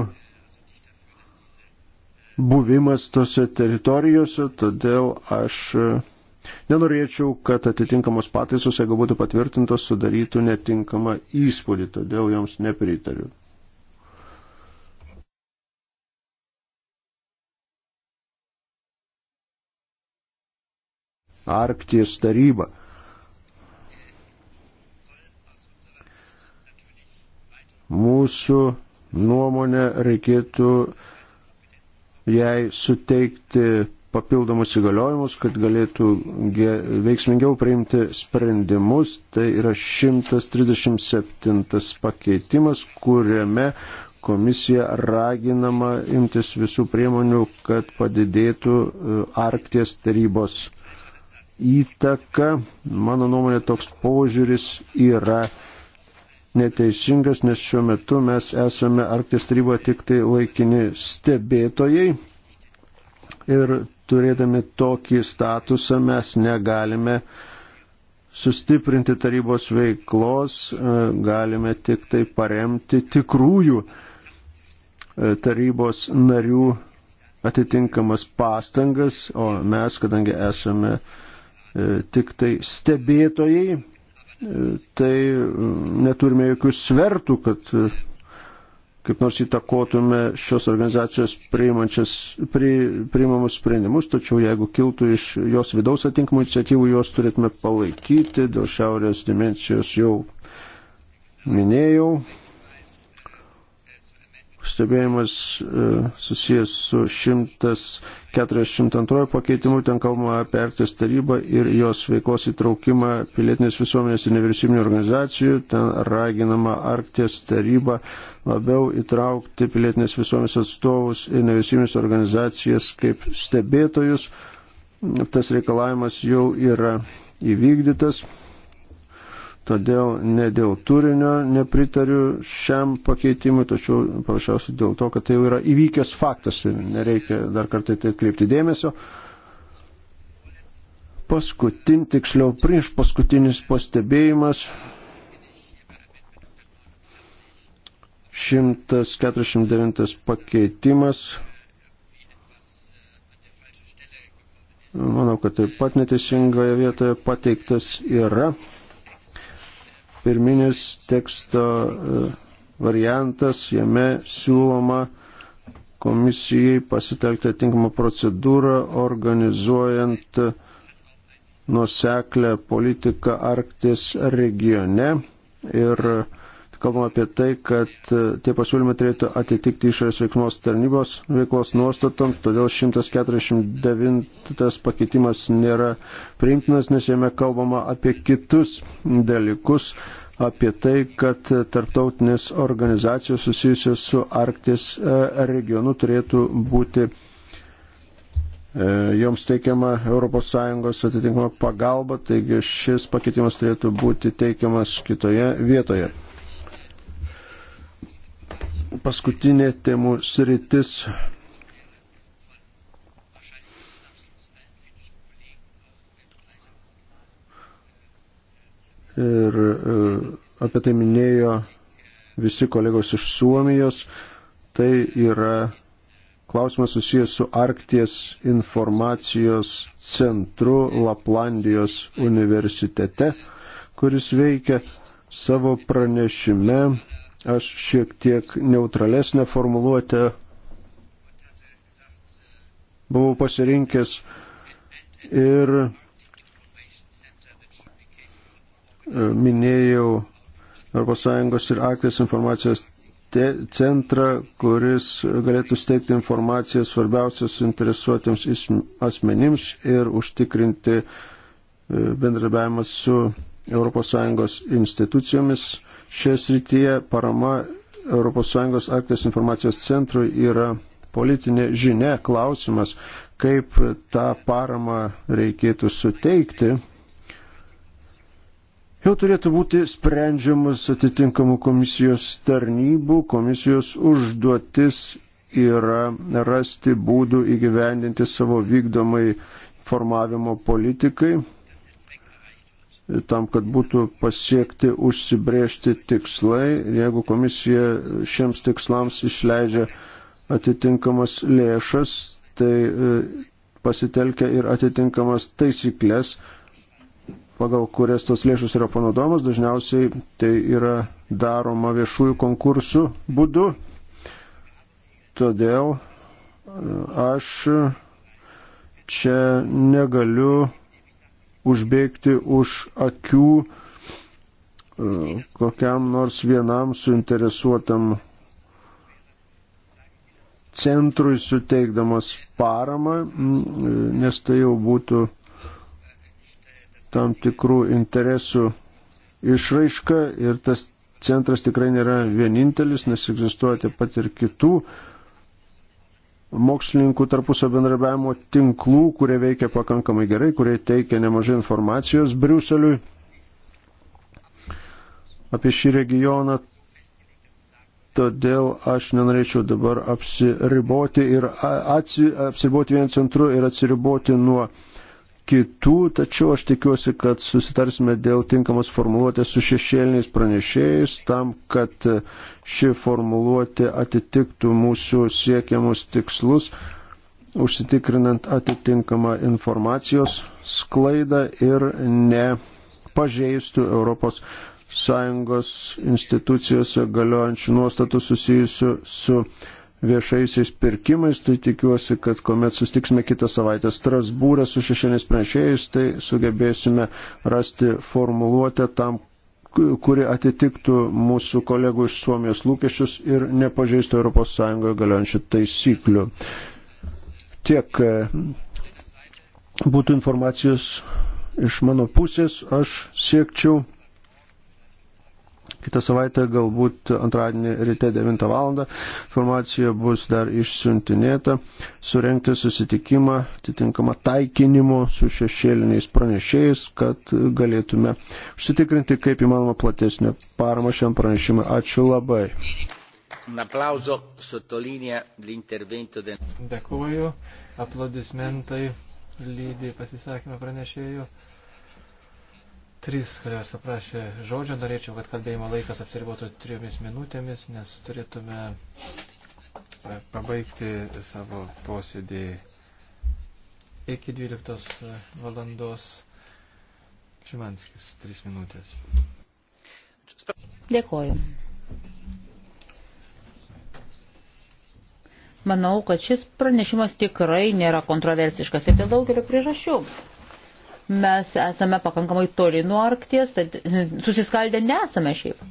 buvimas tose teritorijose, todėl aš e, Nenorėčiau, kad atitinkamos pataisos, jeigu būtų patvirtintos, sudarytų netinkamą įspūdį, todėl joms nepritariu. Arkties taryba. Mūsų nuomonę reikėtų jai suteikti papildomus įgaliojimus, kad galėtų veiksmingiau priimti sprendimus. Tai yra 137 pakeitimas, kuriame komisija raginama imtis visų priemonių, kad padidėtų e, Arkties tarybos įtaka. Mano nuomonė toks požiūris yra neteisingas, nes šiuo metu mes esame Arkties taryboje tik tai laikini stebėtojai ir turėdami tokį statusą mes negalime sustiprinti tarybos veiklos, e, galime tik tai paremti tikrųjų e, tarybos narių atitinkamas pastangas, o mes, kadangi esame e, tik tai stebėtojai, tai neturime jokių svertų, kad kaip nors įtakotume šios organizacijos pri, priimamus sprendimus, tačiau jeigu kiltų iš jos vidaus atinkamų iniciatyvų, juos turėtume palaikyti. Dėl šiaurės dimensijos jau minėjau. Stebėjimas e, susijęs su 142 pakeitimu, ten kalbama apie Arktis tarybą ir jos veiklos įtraukimą pilietinės visuomenės ir nevyriausybinio organizacijų, ten raginama Arktis taryba uh, labiau įtraukti pilietinės visuomis atstovus ir nevyriausybinės organizacijas kaip stebėtojus. Tas reikalavimas jau yra įvykdytas, todėl ne dėl turinio nepritariu šiam pakeitimui, tačiau paprasčiausiai dėl to, kad tai jau yra įvykęs faktas ir nereikia dar kartą tai atkreipti dėmesio paskutin, tiksliau prieš paskutinis pastebėjimas 149 pakeitimas. Manau, kad taip pat neteisingoje vietoje pateiktas yra pirminis teksto e, variantas, jame siūloma komisijai pasitelkti atinkamą procedūrą, organizuojant nuseklę politiką Arktis regione ir kalbama apie tai, kad e, tie pasiūlymai turėtų atitikti išorės veiklos tarnybos veiklos nuostatoms, todėl 149 pakeitimas nėra priimtinas, nes jame kalbama apie kitus dalykus apie tai, kad tarptautinės organizacijos susijusios su Arktis e, regionu turėtų būti e, joms teikiama ES atitinkama pagalba, taigi šis pakeitimas turėtų būti teikiamas kitoje vietoje paskutinė temų sritis. Ir e, apie tai minėjo visi kolegos iš Suomijos. Tai yra klausimas susijęs su Arkties informacijos centru Laplandijos universitete, kuris veikia savo pranešime Aš šiek tiek neutralesnę formuluotę buvau pasirinkęs ir e, minėjau ES ir Akvės informacijos centrą, kuris galėtų steigti informaciją svarbiausias interesuotiems asmenims ir užtikrinti e, bendradarbiavimą su ES institucijomis. Šioje srityje parama ES Arktis informacijos centrui yra politinė žinia, klausimas, kaip tą paramą reikėtų suteikti. Jau turėtų būti sprendžiamas atitinkamų komisijos tarnybų, komisijos užduotis yra rasti būdų įgyvendinti savo vykdomai formavimo politikai, tam, kad būtų pasiekti užsibriežti tikslai. Jeigu komisija šiems tikslams išleidžia atitinkamas lėšas, tai e, pasitelkia ir atitinkamas taisyklės, pagal kurias tos lėšus yra panaudomas. Dažniausiai tai yra daroma viešųjų konkursų būdu. Todėl e, aš čia negaliu užbėgti už akių e, kokiam nors vienam suinteresuotam centrui suteikdamas paramą, e, nes tai jau būtų tam tikrų interesų išraiška ir tas centras tikrai nėra vienintelis, nes egzistuoja taip pat ir kitų uh, mokslininkų tarpusio bendrabiavimo tinklų, kurie veikia pakankamai gerai, kurie teikia nemažai informacijos Briuseliui apie šį regioną. Todėl aš nenorėčiau dabar apsiriboti ir atsi, apsiriboti vienu centru ir atsiriboti nuo kitų, tačiau aš tikiuosi, kad susitarsime dėl tinkamos formuluotės su šešėliniais pranešėjais tam, kad uh, ši formuluotė atitiktų mūsų siekiamus tikslus, užsitikrinant atitinkamą informacijos sklaidą ir nepažeistų Europos Sąjungos institucijose galiojančių nuostatų susijusių su viešaisiais pirkimais, tai tikiuosi, kad kuomet sustiksime kitą savaitę Strasbūrę su šešėliais pranešėjais, tai sugebėsime rasti formuluotę tam, kuri atitiktų mūsų kolegų iš Suomijos lūkesčius ir nepažeistų ES galiojančių taisyklių. Tiek e, būtų informacijos iš mano pusės, aš siekčiau kitą savaitę, galbūt antradienį ryte 9 val. Informacija bus dar išsiuntinėta, surenkti susitikimą, atitinkamą taikinimo su šešėliniais pranešėjais, kad galėtume užsitikrinti kaip įmanoma platesnę paramą šiam pranešimui. Ačiū labai. Un applauso sottolinea l'intervento del. Dėkuoju, aplodismentai lydi pasisakymą pranešėjų. Trys, kurios paprašė žodžio, norėčiau, kad kalbėjimo laikas apsiribotų trijomis minutėmis, nes turėtume e, pabaigti savo posėdį iki 12 valandos. Šimanskis, 3 minutės. Dėkoju. Manau, kad šis pranešimas tikrai nėra kontroversiškas ir dėl daugelio priežasčių mes esame pakankamai toli nuo Arkties, tad e, susiskaldę nesame šiaip.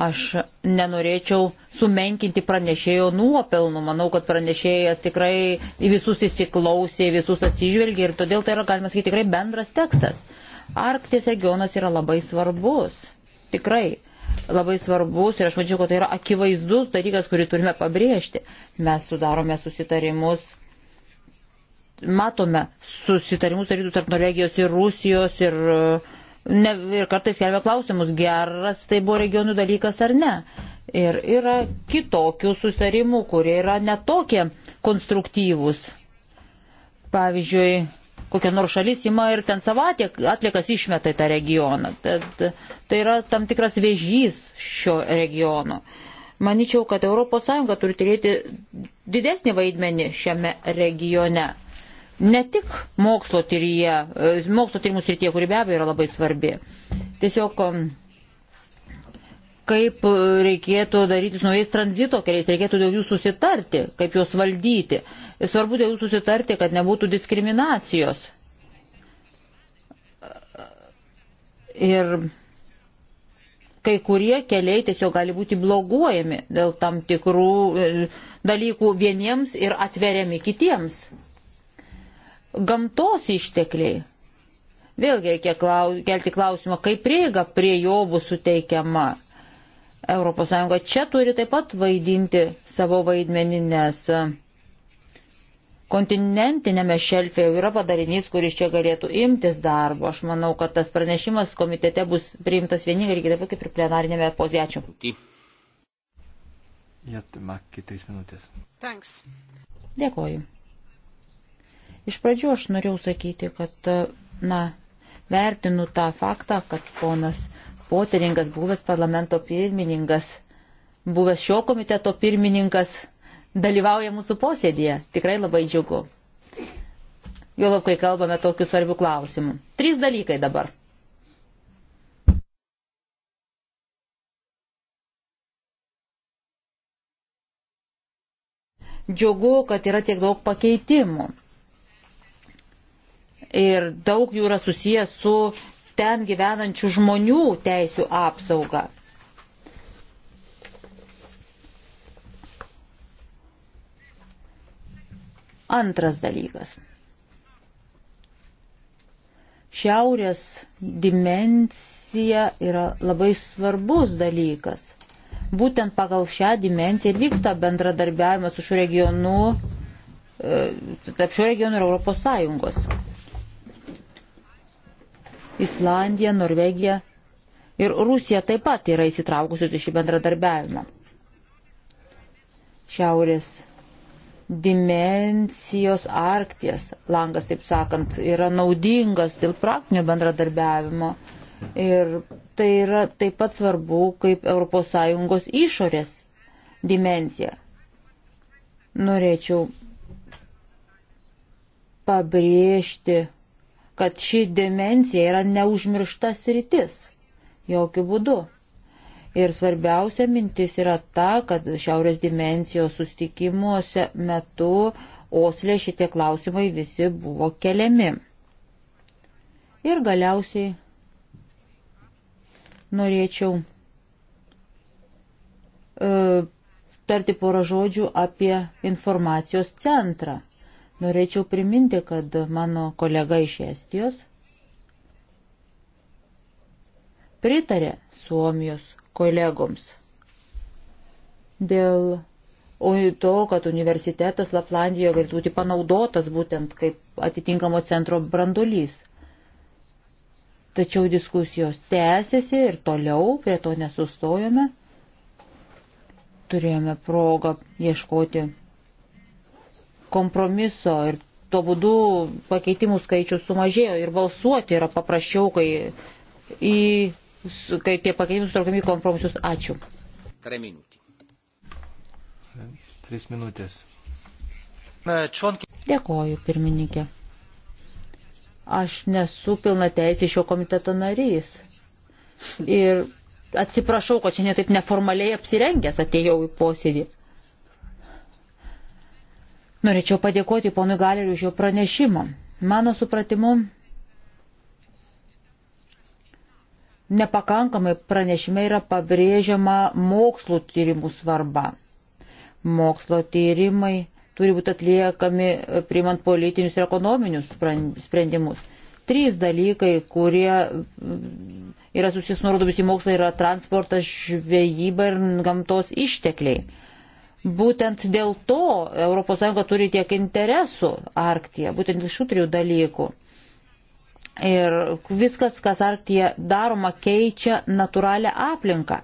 Aš nenorėčiau sumenkinti pranešėjo nuopelnų. Manau, kad pranešėjas tikrai visus įsiklausė, visus atsižvelgė ir todėl tai yra, galima sakyti, tikrai bendras tekstas. Arkties regionas yra labai svarbus. Tikrai labai svarbus ir aš mačiau, kad tai yra akivaizdus dalykas, kurį turime pabrėžti. Mes sudarome susitarimus matome susitarimus darytus tarp Norvegijos ir Rusijos ir, e, ne, ir kartais kelbė klausimus, geras tai buvo regionų dalykas ar ne. Ir yra kitokių susitarimų, kurie yra netokie konstruktyvūs. Pavyzdžiui, kokia nors šalis ima ir ten savatė atlikas išmeta į tą regioną. Tad, tai yra tam tikras vėžys šio regiono. Maničiau, kad ES turi turėti didesnį vaidmenį šiame regione ne tik mokslo, tyryje, e, mokslo tyrimų srityje, kuri be abejo yra labai svarbi. Tiesiog um, kaip reikėtų daryti su naujais tranzito keliais, reikėtų dėl jų susitarti, kaip juos valdyti. Svarbu dėl jų susitarti, kad nebūtų diskriminacijos. Ir kai kurie keliai tiesiog gali būti bloguojami dėl tam tikrų e, dalykų vieniems ir atveriami kitiems gamtos ištekliai. Vėlgi reikia klau, kelti klausimą, kaip prieiga prie jo bus suteikiama. ES čia turi taip pat vaidinti savo vaidmenį, nes kontinentinėme šelfė jau yra padarinys, kuris čia galėtų imtis darbo. Aš manau, kad tas pranešimas komitete bus priimtas vieningai ir kitaip kaip ir plenarinėme posėdėje. Ačiū. Jatma kitais minutės. Thanks. Dėkoju. Iš pradžių aš norėjau sakyti, kad, na, vertinu tą faktą, kad ponas Poteringas, buvęs parlamento pirmininkas, buvęs šio komiteto pirmininkas, dalyvauja mūsų posėdėje. Tikrai labai džiugu. Jo lab, kai kalbame tokių svarbių klausimų. Trys dalykai dabar. Džiugu, kad yra tiek daug pakeitimų ir daug jų yra susijęs su ten gyvenančių žmonių teisų apsauga. Antras dalykas. Šiaurės dimensija yra labai svarbus dalykas. Būtent pagal šią dimensiją ir vyksta bendradarbiavimas su šiuo regionu, e, tarp šio regionų ir Europos Sąjungos. Islandija, Norvegija ir Rusija taip pat yra įsitraukusios į šį bendradarbiavimą. Šiaurės dimensijos arkties langas, taip sakant, yra naudingas dėl praktinio bendradarbiavimo. Ir tai yra taip pat svarbu kaip ES išorės dimensija. Norėčiau pabrėžti kad ši dimencija yra neužmiršta sritis. Jokių būdų. Ir svarbiausia mintis yra ta, kad šiaurės dimensijos sustikimuose metu Oslė šitie klausimai visi buvo keliami. Ir galiausiai norėčiau e, tarti porą žodžių apie informacijos centrą. Norėčiau priminti, kad mano kolega iš Estijos pritarė Suomijos kolegoms dėl o to, kad universitetas Laplandijoje galėtų būti panaudotas būtent kaip atitinkamo centro brandolys. Tačiau diskusijos tęsiasi ir toliau, prie to nesustojome. Turėjome progą ieškoti kompromiso ir tuo būdu pakeitimų skaičius sumažėjo ir balsuoti yra paprasčiau, kai, į, kai tie pakeitimai sutraukiami į kompromisus. Ačiū. Tris minutės. E, Dėkoju, pirmininkė. Aš nesu pilna teisė šio komiteto narys. Ir atsiprašau, kad šiandien taip neformaliai apsirengęs atėjau į posėdį. Norėčiau padėkoti ponui Galeriu už jo pranešimą. Mano supratimu, nepakankamai pranešime yra pabrėžiama mokslo tyrimų svarba. Mokslo tyrimai turi būti atliekami priimant politinius ir ekonominius sprendimus. Trys dalykai, kurie mm, yra susijęs nuorodomis į mokslą, yra transportas, žvejyba ir gamtos ištekliai Būtent dėl to ES turi tiek interesų Arktyje, būtent iš šių trijų dalykų. Ir viskas, kas Arktyje daroma, keičia natūralią aplinką.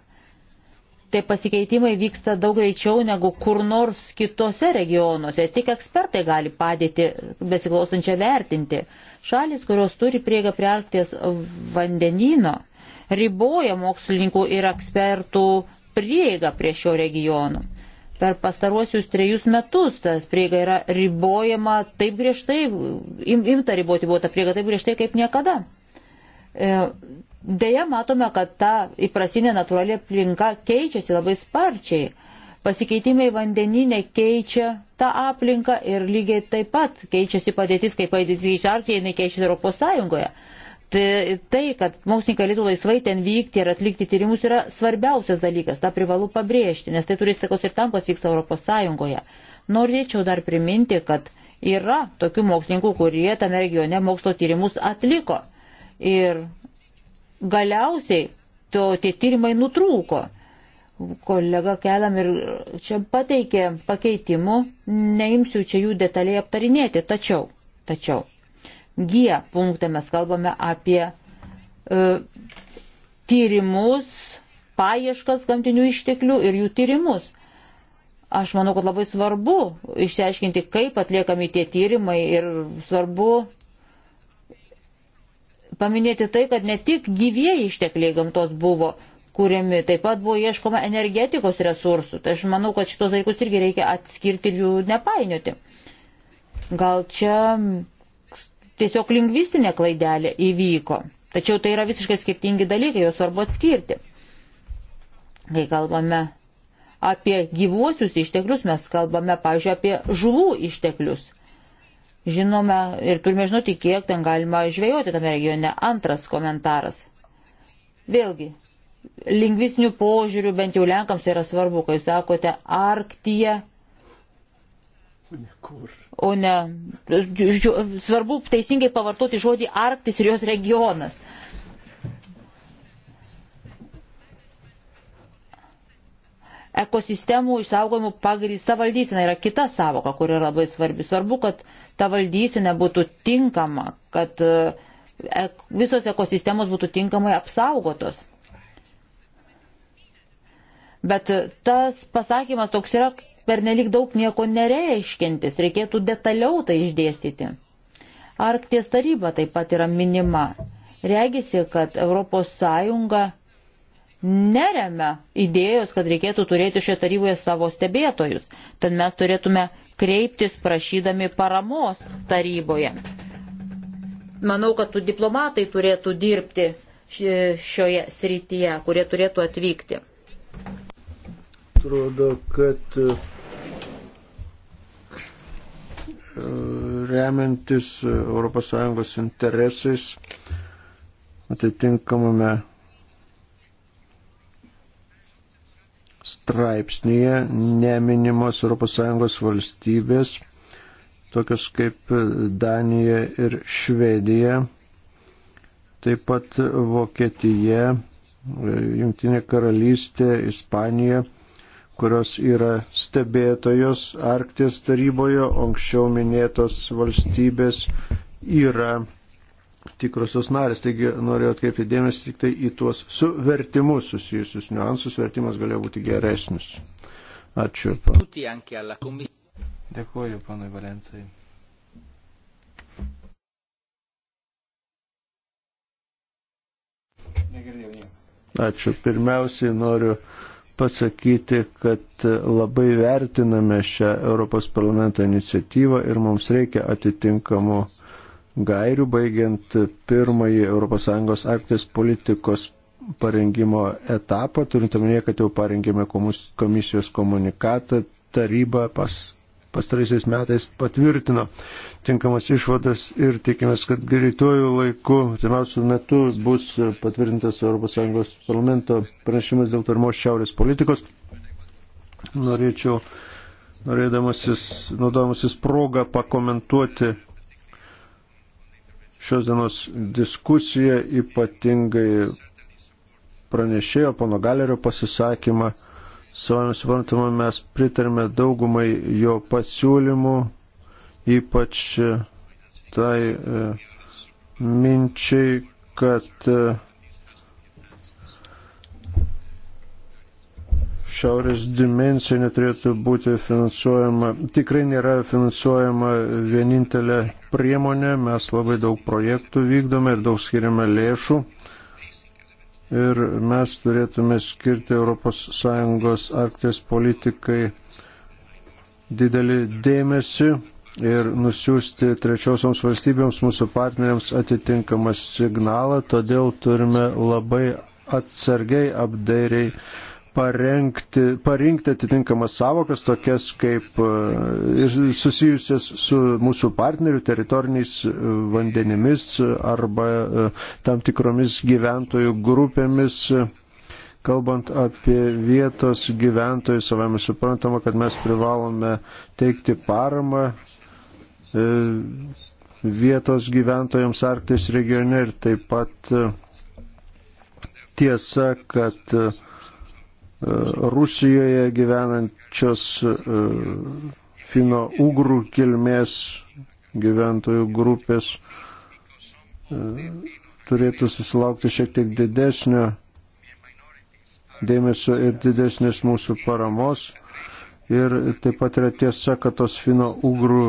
Tai pasikeitimai vyksta daug greičiau negu kur nors kitose regionuose. Tik ekspertai gali padėti besiklausančią vertinti. Šalis, kurios turi prieigą prie Arkties vandenyno, riboja mokslininkų ir ekspertų prieigą prie šio regionų. Per pastaruosius trejus metus tas prieiga yra ribojama taip griežtai, im, imta riboti buvo ta prieiga taip griežtai kaip niekada. E, deja, matome, kad ta įprasinė natūrali aplinka keičiasi labai sparčiai. Pasikeitimai vandeninė keičia tą aplinką ir lygiai taip pat keičiasi padėtis, kaip padėtis iš Arkijai, jinai keičiasi Europos Sąjungoje. Tai, tai, kad mokslininkai galėtų laisvai ten vykti ir atlikti tyrimus, yra svarbiausias dalykas. Ta privalu pabrėžti, nes tai turės takos ir tam, kas vyksta Europos Sąjungoje. Norėčiau dar priminti, kad yra tokių mokslininkų, kurie tame regione mokslo tyrimus atliko. Ir galiausiai to, tie tyrimai nutrūko. Kolega Kelam ir čia pateikė pakeitimų, neimsiu čia jų detaliai aptarinėti, tačiau, tačiau G punktą mes kalbame apie e, tyrimus, paieškas gamtinių išteklių ir jų tyrimus. Aš manau, kad labai svarbu išsiaiškinti, kaip atliekami tie tyrimai ir svarbu paminėti tai, kad ne tik gyvieji ištekliai gamtos buvo kūriami, taip pat buvo ieškoma energetikos resursų. Tai aš manau, kad šitos dalykus irgi reikia atskirti ir jų nepainioti. Gal čia tiesiog lingvistinė klaidelė įvyko. Tačiau tai yra visiškai skirtingi dalykai, juos svarbu atskirti. Kai kalbame apie gyvuosius išteklius, mes kalbame, pažiūrėjau, apie žuvų išteklius. Žinome ir turime žinoti, kiek ten galima žvejoti tame regione. Antras komentaras. Vėlgi, lingvisnių požiūrių bent jau Lenkams tai yra svarbu, kai sakote Arktija. Ne kur o ne svarbu teisingai pavartoti žodį Arktis ir jos regionas. Ekosistemų išsaugojimų pagrįsta valdysena yra kita savoka, kuri yra labai svarbi. Svarbu, kad ta valdysena būtų tinkama, kad e, visos ekosistemos būtų tinkamai apsaugotos. Bet tas pasakymas toks yra, pernelik daug nieko nereiškintis, reikėtų detaliau tai išdėstyti. Arkties taryba taip pat yra minima. Regisi, kad ES neremia idėjos, kad reikėtų turėti šioje taryboje savo stebėtojus. Tad mes turėtume kreiptis prašydami paramos taryboje. Manau, kad tų diplomatai turėtų dirbti šioje srityje, kurie turėtų atvykti. Atrodo, kad remiantis ES interesais atitinkamame straipsnėje neminimos ES valstybės, tokios kaip Danija ir Švedija, taip pat Vokietija, e, Jungtinė karalystė, Ispanija kurios yra stebėtojos Arktis taryboje, anksčiau minėtos valstybės yra tikrosios narės. Taigi noriu atkreipti dėmesį tik tai į tuos su vertimu susijusius niuansus. Vertimas galėjo būti geresnis. Ačiū. Dėkuoju, panui Valencijai. Ačiū. Pirmiausiai noriu pasakyti, kad labai vertiname šią Europos parlamento iniciatyvą ir mums reikia atitinkamų gairių, baigiant pirmąjį ES aktės politikos parengimo etapą, turint omenyje, kad jau parengėme komisijos komunikatą, taryba pas, pastaraisiais metais patvirtino tinkamas išvadas ir tikimės, kad greitojų laiku, artimiausių metų bus patvirtintas ES parlamento pranešimas dėl tarmos šiaurės politikos. Norėčiau, norėdamasis, naudodamasis progą pakomentuoti šios dienos diskusiją, ypatingai pranešėjo pono Galerio pasisakymą Savame suprantama, mes pritarime daugumai jo pasiūlymų, ypač e, tai e, minčiai, kad e, šiaurės dimensija neturėtų būti finansuojama, tikrai nėra finansuojama vienintelė priemonė, mes labai daug projektų vykdome ir daug skiriame lėšų ir mes turėtume skirti ES Arkties politikai didelį dėmesį ir nusiųsti trečiosioms valstybėms, mūsų partneriams atitinkamą signalą, todėl turime labai atsargiai, apdairiai parengti, parinkti atitinkamas savokas, tokias kaip e, susijusias su mūsų partnerių teritoriniais e, vandenimis arba e, tam tikromis gyventojų grupėmis. Kalbant apie vietos gyventojų, savame suprantama, kad mes privalome teikti paramą vietos gyventojams Arktis regione ir taip pat tiesa, kad uh, E, Rusijoje gyvenančios e, fino-ugrų kilmės gyventojų grupės e, turėtų susilaukti šiek tiek didesnio dėmesio ir didesnės mūsų paramos. Ir taip pat yra tiesa, kad tos fino-ugrų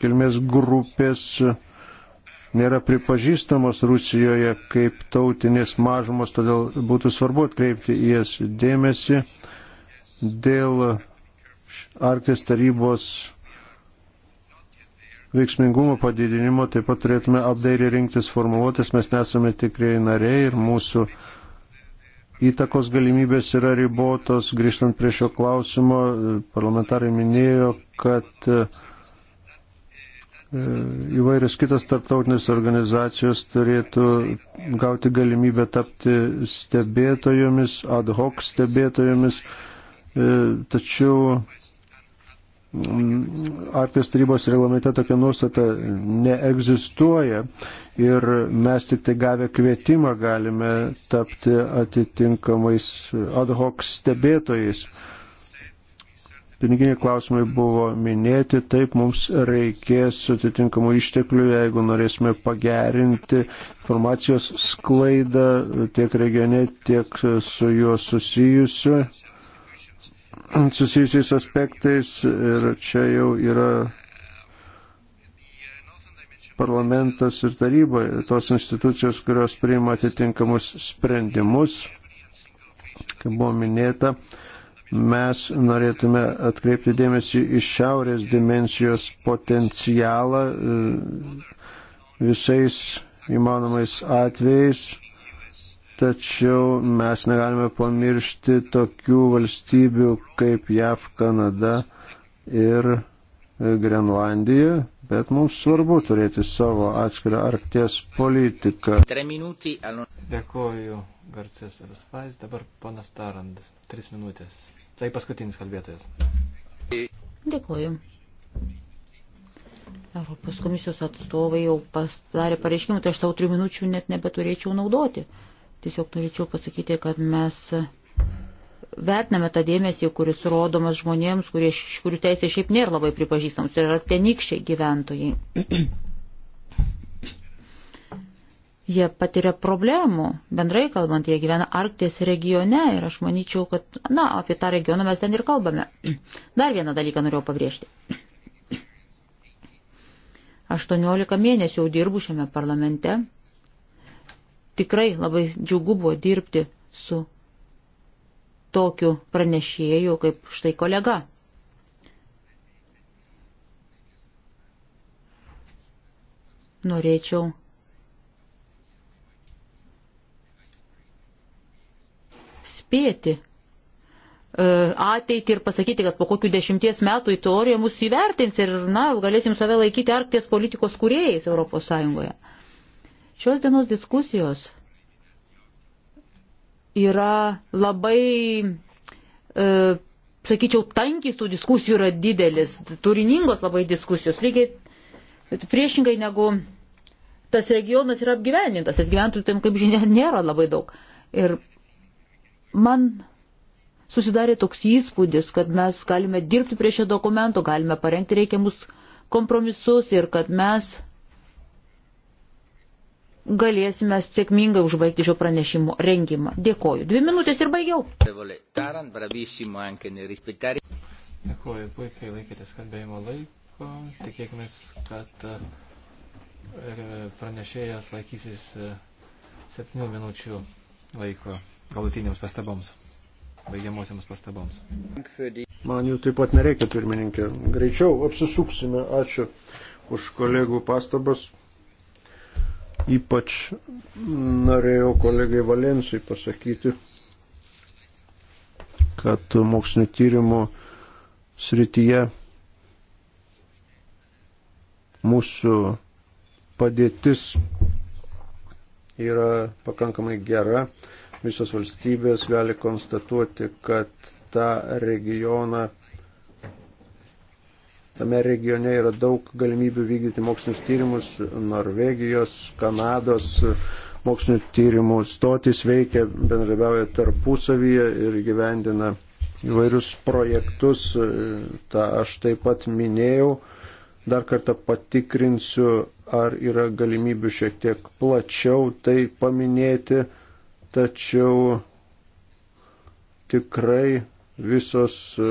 kilmės grupės uh, nėra pripažįstamos Rusijoje kaip tautinės mažumos, todėl būtų svarbu atkreipti į jas dėmesį dėl Arktis tarybos veiksmingumo padidinimo, taip pat turėtume apdairiai rinktis formuluotės, mes nesame tikrieji nariai ir mūsų įtakos galimybės yra ribotos. Grįžtant prie šio klausimo, parlamentarai minėjo, kad uh, įvairios kitos tarptautinės organizacijos turėtų gauti galimybę tapti stebėtojomis, ad hoc stebėtojomis, e, tačiau Arkties tarybos reglamente tokia nuostata neegzistuoja ir mes tik tai gavę kvietimą galime tapti atitinkamais ad hoc stebėtojais. Piniginiai klausimai buvo minėti, taip mums reikės atitinkamų išteklių, jeigu norėsime pagerinti informacijos sklaidą tiek regione, tiek su juo susijusiu susijusiais aspektais ir čia jau yra parlamentas ir taryba, tos institucijos, kurios priima atitinkamus sprendimus, kaip buvo minėta, mes norėtume atkreipti dėmesį iš šiaurės dimensijos potencialą e, visais įmanomais atvejais, tačiau mes negalime pamiršti tokių valstybių kaip JAV, Kanada ir e, Grenlandija, bet mums svarbu turėti savo atskirą arkties politiką. Dėkuoju, Garcės Ruspais, dabar ponas Tarandas, tris minutės. Tai paskutinis kalbėtojas. Dėkuoju. Europos komisijos atstovai jau padarė pareiškimą, tai aš savo trijų minučių net nebeturėčiau naudoti. Tiesiog norėčiau pasakyti, kad mes vertiname tą dėmesį, kuris rodomas žmonėms, kurie, kurių teisė šiaip nėra labai pripažįstams, tai yra tenykščiai gyventojai. Jie patiria problemų, bendrai kalbant, jie gyvena Arkties regione ir aš manyčiau, kad, na, apie tą regioną mes ten ir kalbame. Dar vieną dalyką norėjau pabrėžti. 18 mėnesių jau dirbu šiame parlamente. Tikrai labai džiugu buvo dirbti su tokiu pranešėju kaip štai kolega. Norėčiau spėti e, ateitį ir pasakyti, kad po kokių dešimties metų į teoriją mus įvertins ir, na, galėsim save laikyti arkties politikos kuriejais Europos Sąjungoje. Šios dienos diskusijos yra labai, e, sakyčiau, tankis tų diskusijų yra didelis, turiningos labai diskusijos, lygiai priešingai negu tas regionas yra apgyvenintas, nes gyventojų tam, kaip žinia, nėra labai daug. Ir Man susidarė toks įspūdis, kad mes galime dirbti prie šio dokumento, galime parengti reikiamus kompromisus ir kad mes galėsime sėkmingai užbaigti šio pranešimo rengimą. Dėkoju. Dvi minutės ir baigiau. Dėkoju, puikiai laikėtės kalbėjimo laiko. Tikėkime, kad e, pranešėjas laikysis e, septynių minučių laiko galutiniams pastaboms, baigiamosiams pastaboms. Man jų taip pat nereikia, pirmininkė. Greičiau apsisuksime. Ačiū už kolegų pastabas. Ypač norėjau kolegai Valensui pasakyti, kad mokslinio tyrimo srityje mūsų padėtis yra pakankamai gera visos valstybės gali konstatuoti, kad tą regioną, tame regione yra daug galimybių vykdyti mokslinius tyrimus, Norvegijos, Kanados mokslinių tyrimų stotis veikia, bendrabiauja tarpusavyje ir gyvendina įvairius projektus. Ta aš taip pat minėjau. Dar kartą patikrinsiu, ar yra galimybių šiek tiek plačiau tai paminėti tačiau tikrai visos e,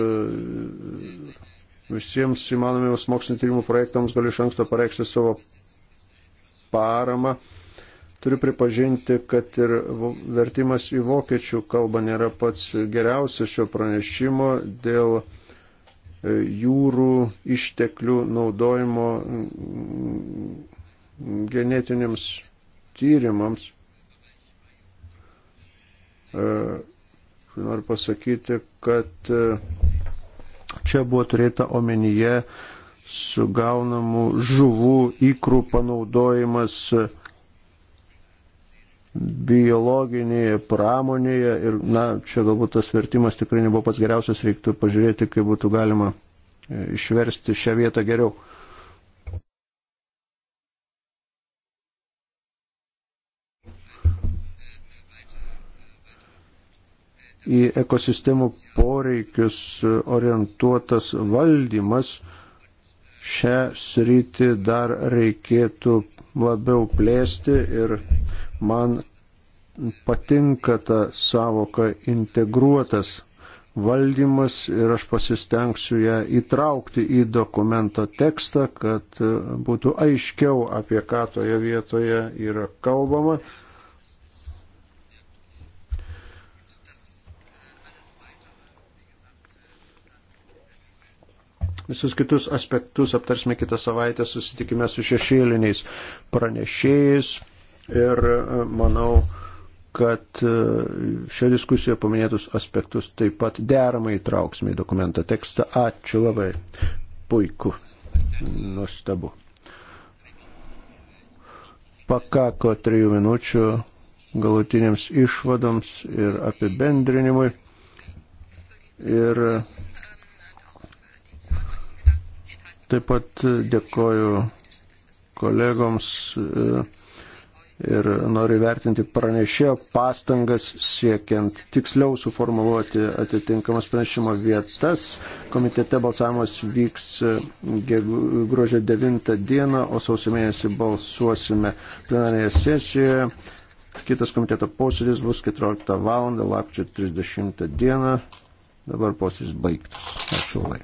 visiems įmanomiems mokslinio tyrimų projektams galiu iš anksto pareikšti savo paramą. Turiu pripažinti, kad ir vertimas į vokiečių kalbą nėra pats geriausias šio pranešimo dėl e, jūrų išteklių naudojimo genetiniams tyrimams. E, noriu pasakyti, kad e, čia buvo turėta omenyje sugaunamų žuvų įkrų panaudojimas e, biologinėje pramonėje ir, na, čia galbūt tas vertimas tikrai nebuvo pats geriausias, reiktų pažiūrėti, kaip būtų galima išversti šią vietą geriau. į ekosistemų poreikius orientuotas valdymas. Šią sritį dar reikėtų labiau plėsti ir man patinka ta savoka integruotas valdymas ir aš pasistengsiu ją įtraukti į dokumento tekstą, kad būtų aiškiau, apie ką toje vietoje yra kalbama. Visus kitus aspektus aptarsime kitą savaitę, susitikime su šešėliniais pranešėjais ir e, manau, kad e, šio diskusijoje paminėtus aspektus taip pat deramai įtrauksime į dokumento tekstą. Ačiū labai. Puiku. Nustabu. Pakako trijų minučių galutiniams išvadoms ir apibendrinimui. Ir Taip pat dėkoju kolegoms e, ir noriu vertinti pranešėjo pastangas siekiant tiksliau suformuluoti atitinkamas pranešimo vietas. Komitete balsavimas vyks e, gruodžio 9 dieną, o sausio mėnesį balsuosime plenarėje sesijoje. Kitas komiteto posėdis bus 14 val. lapčio 30 dieną. Dabar posėdis baigtas. Ačiū labai.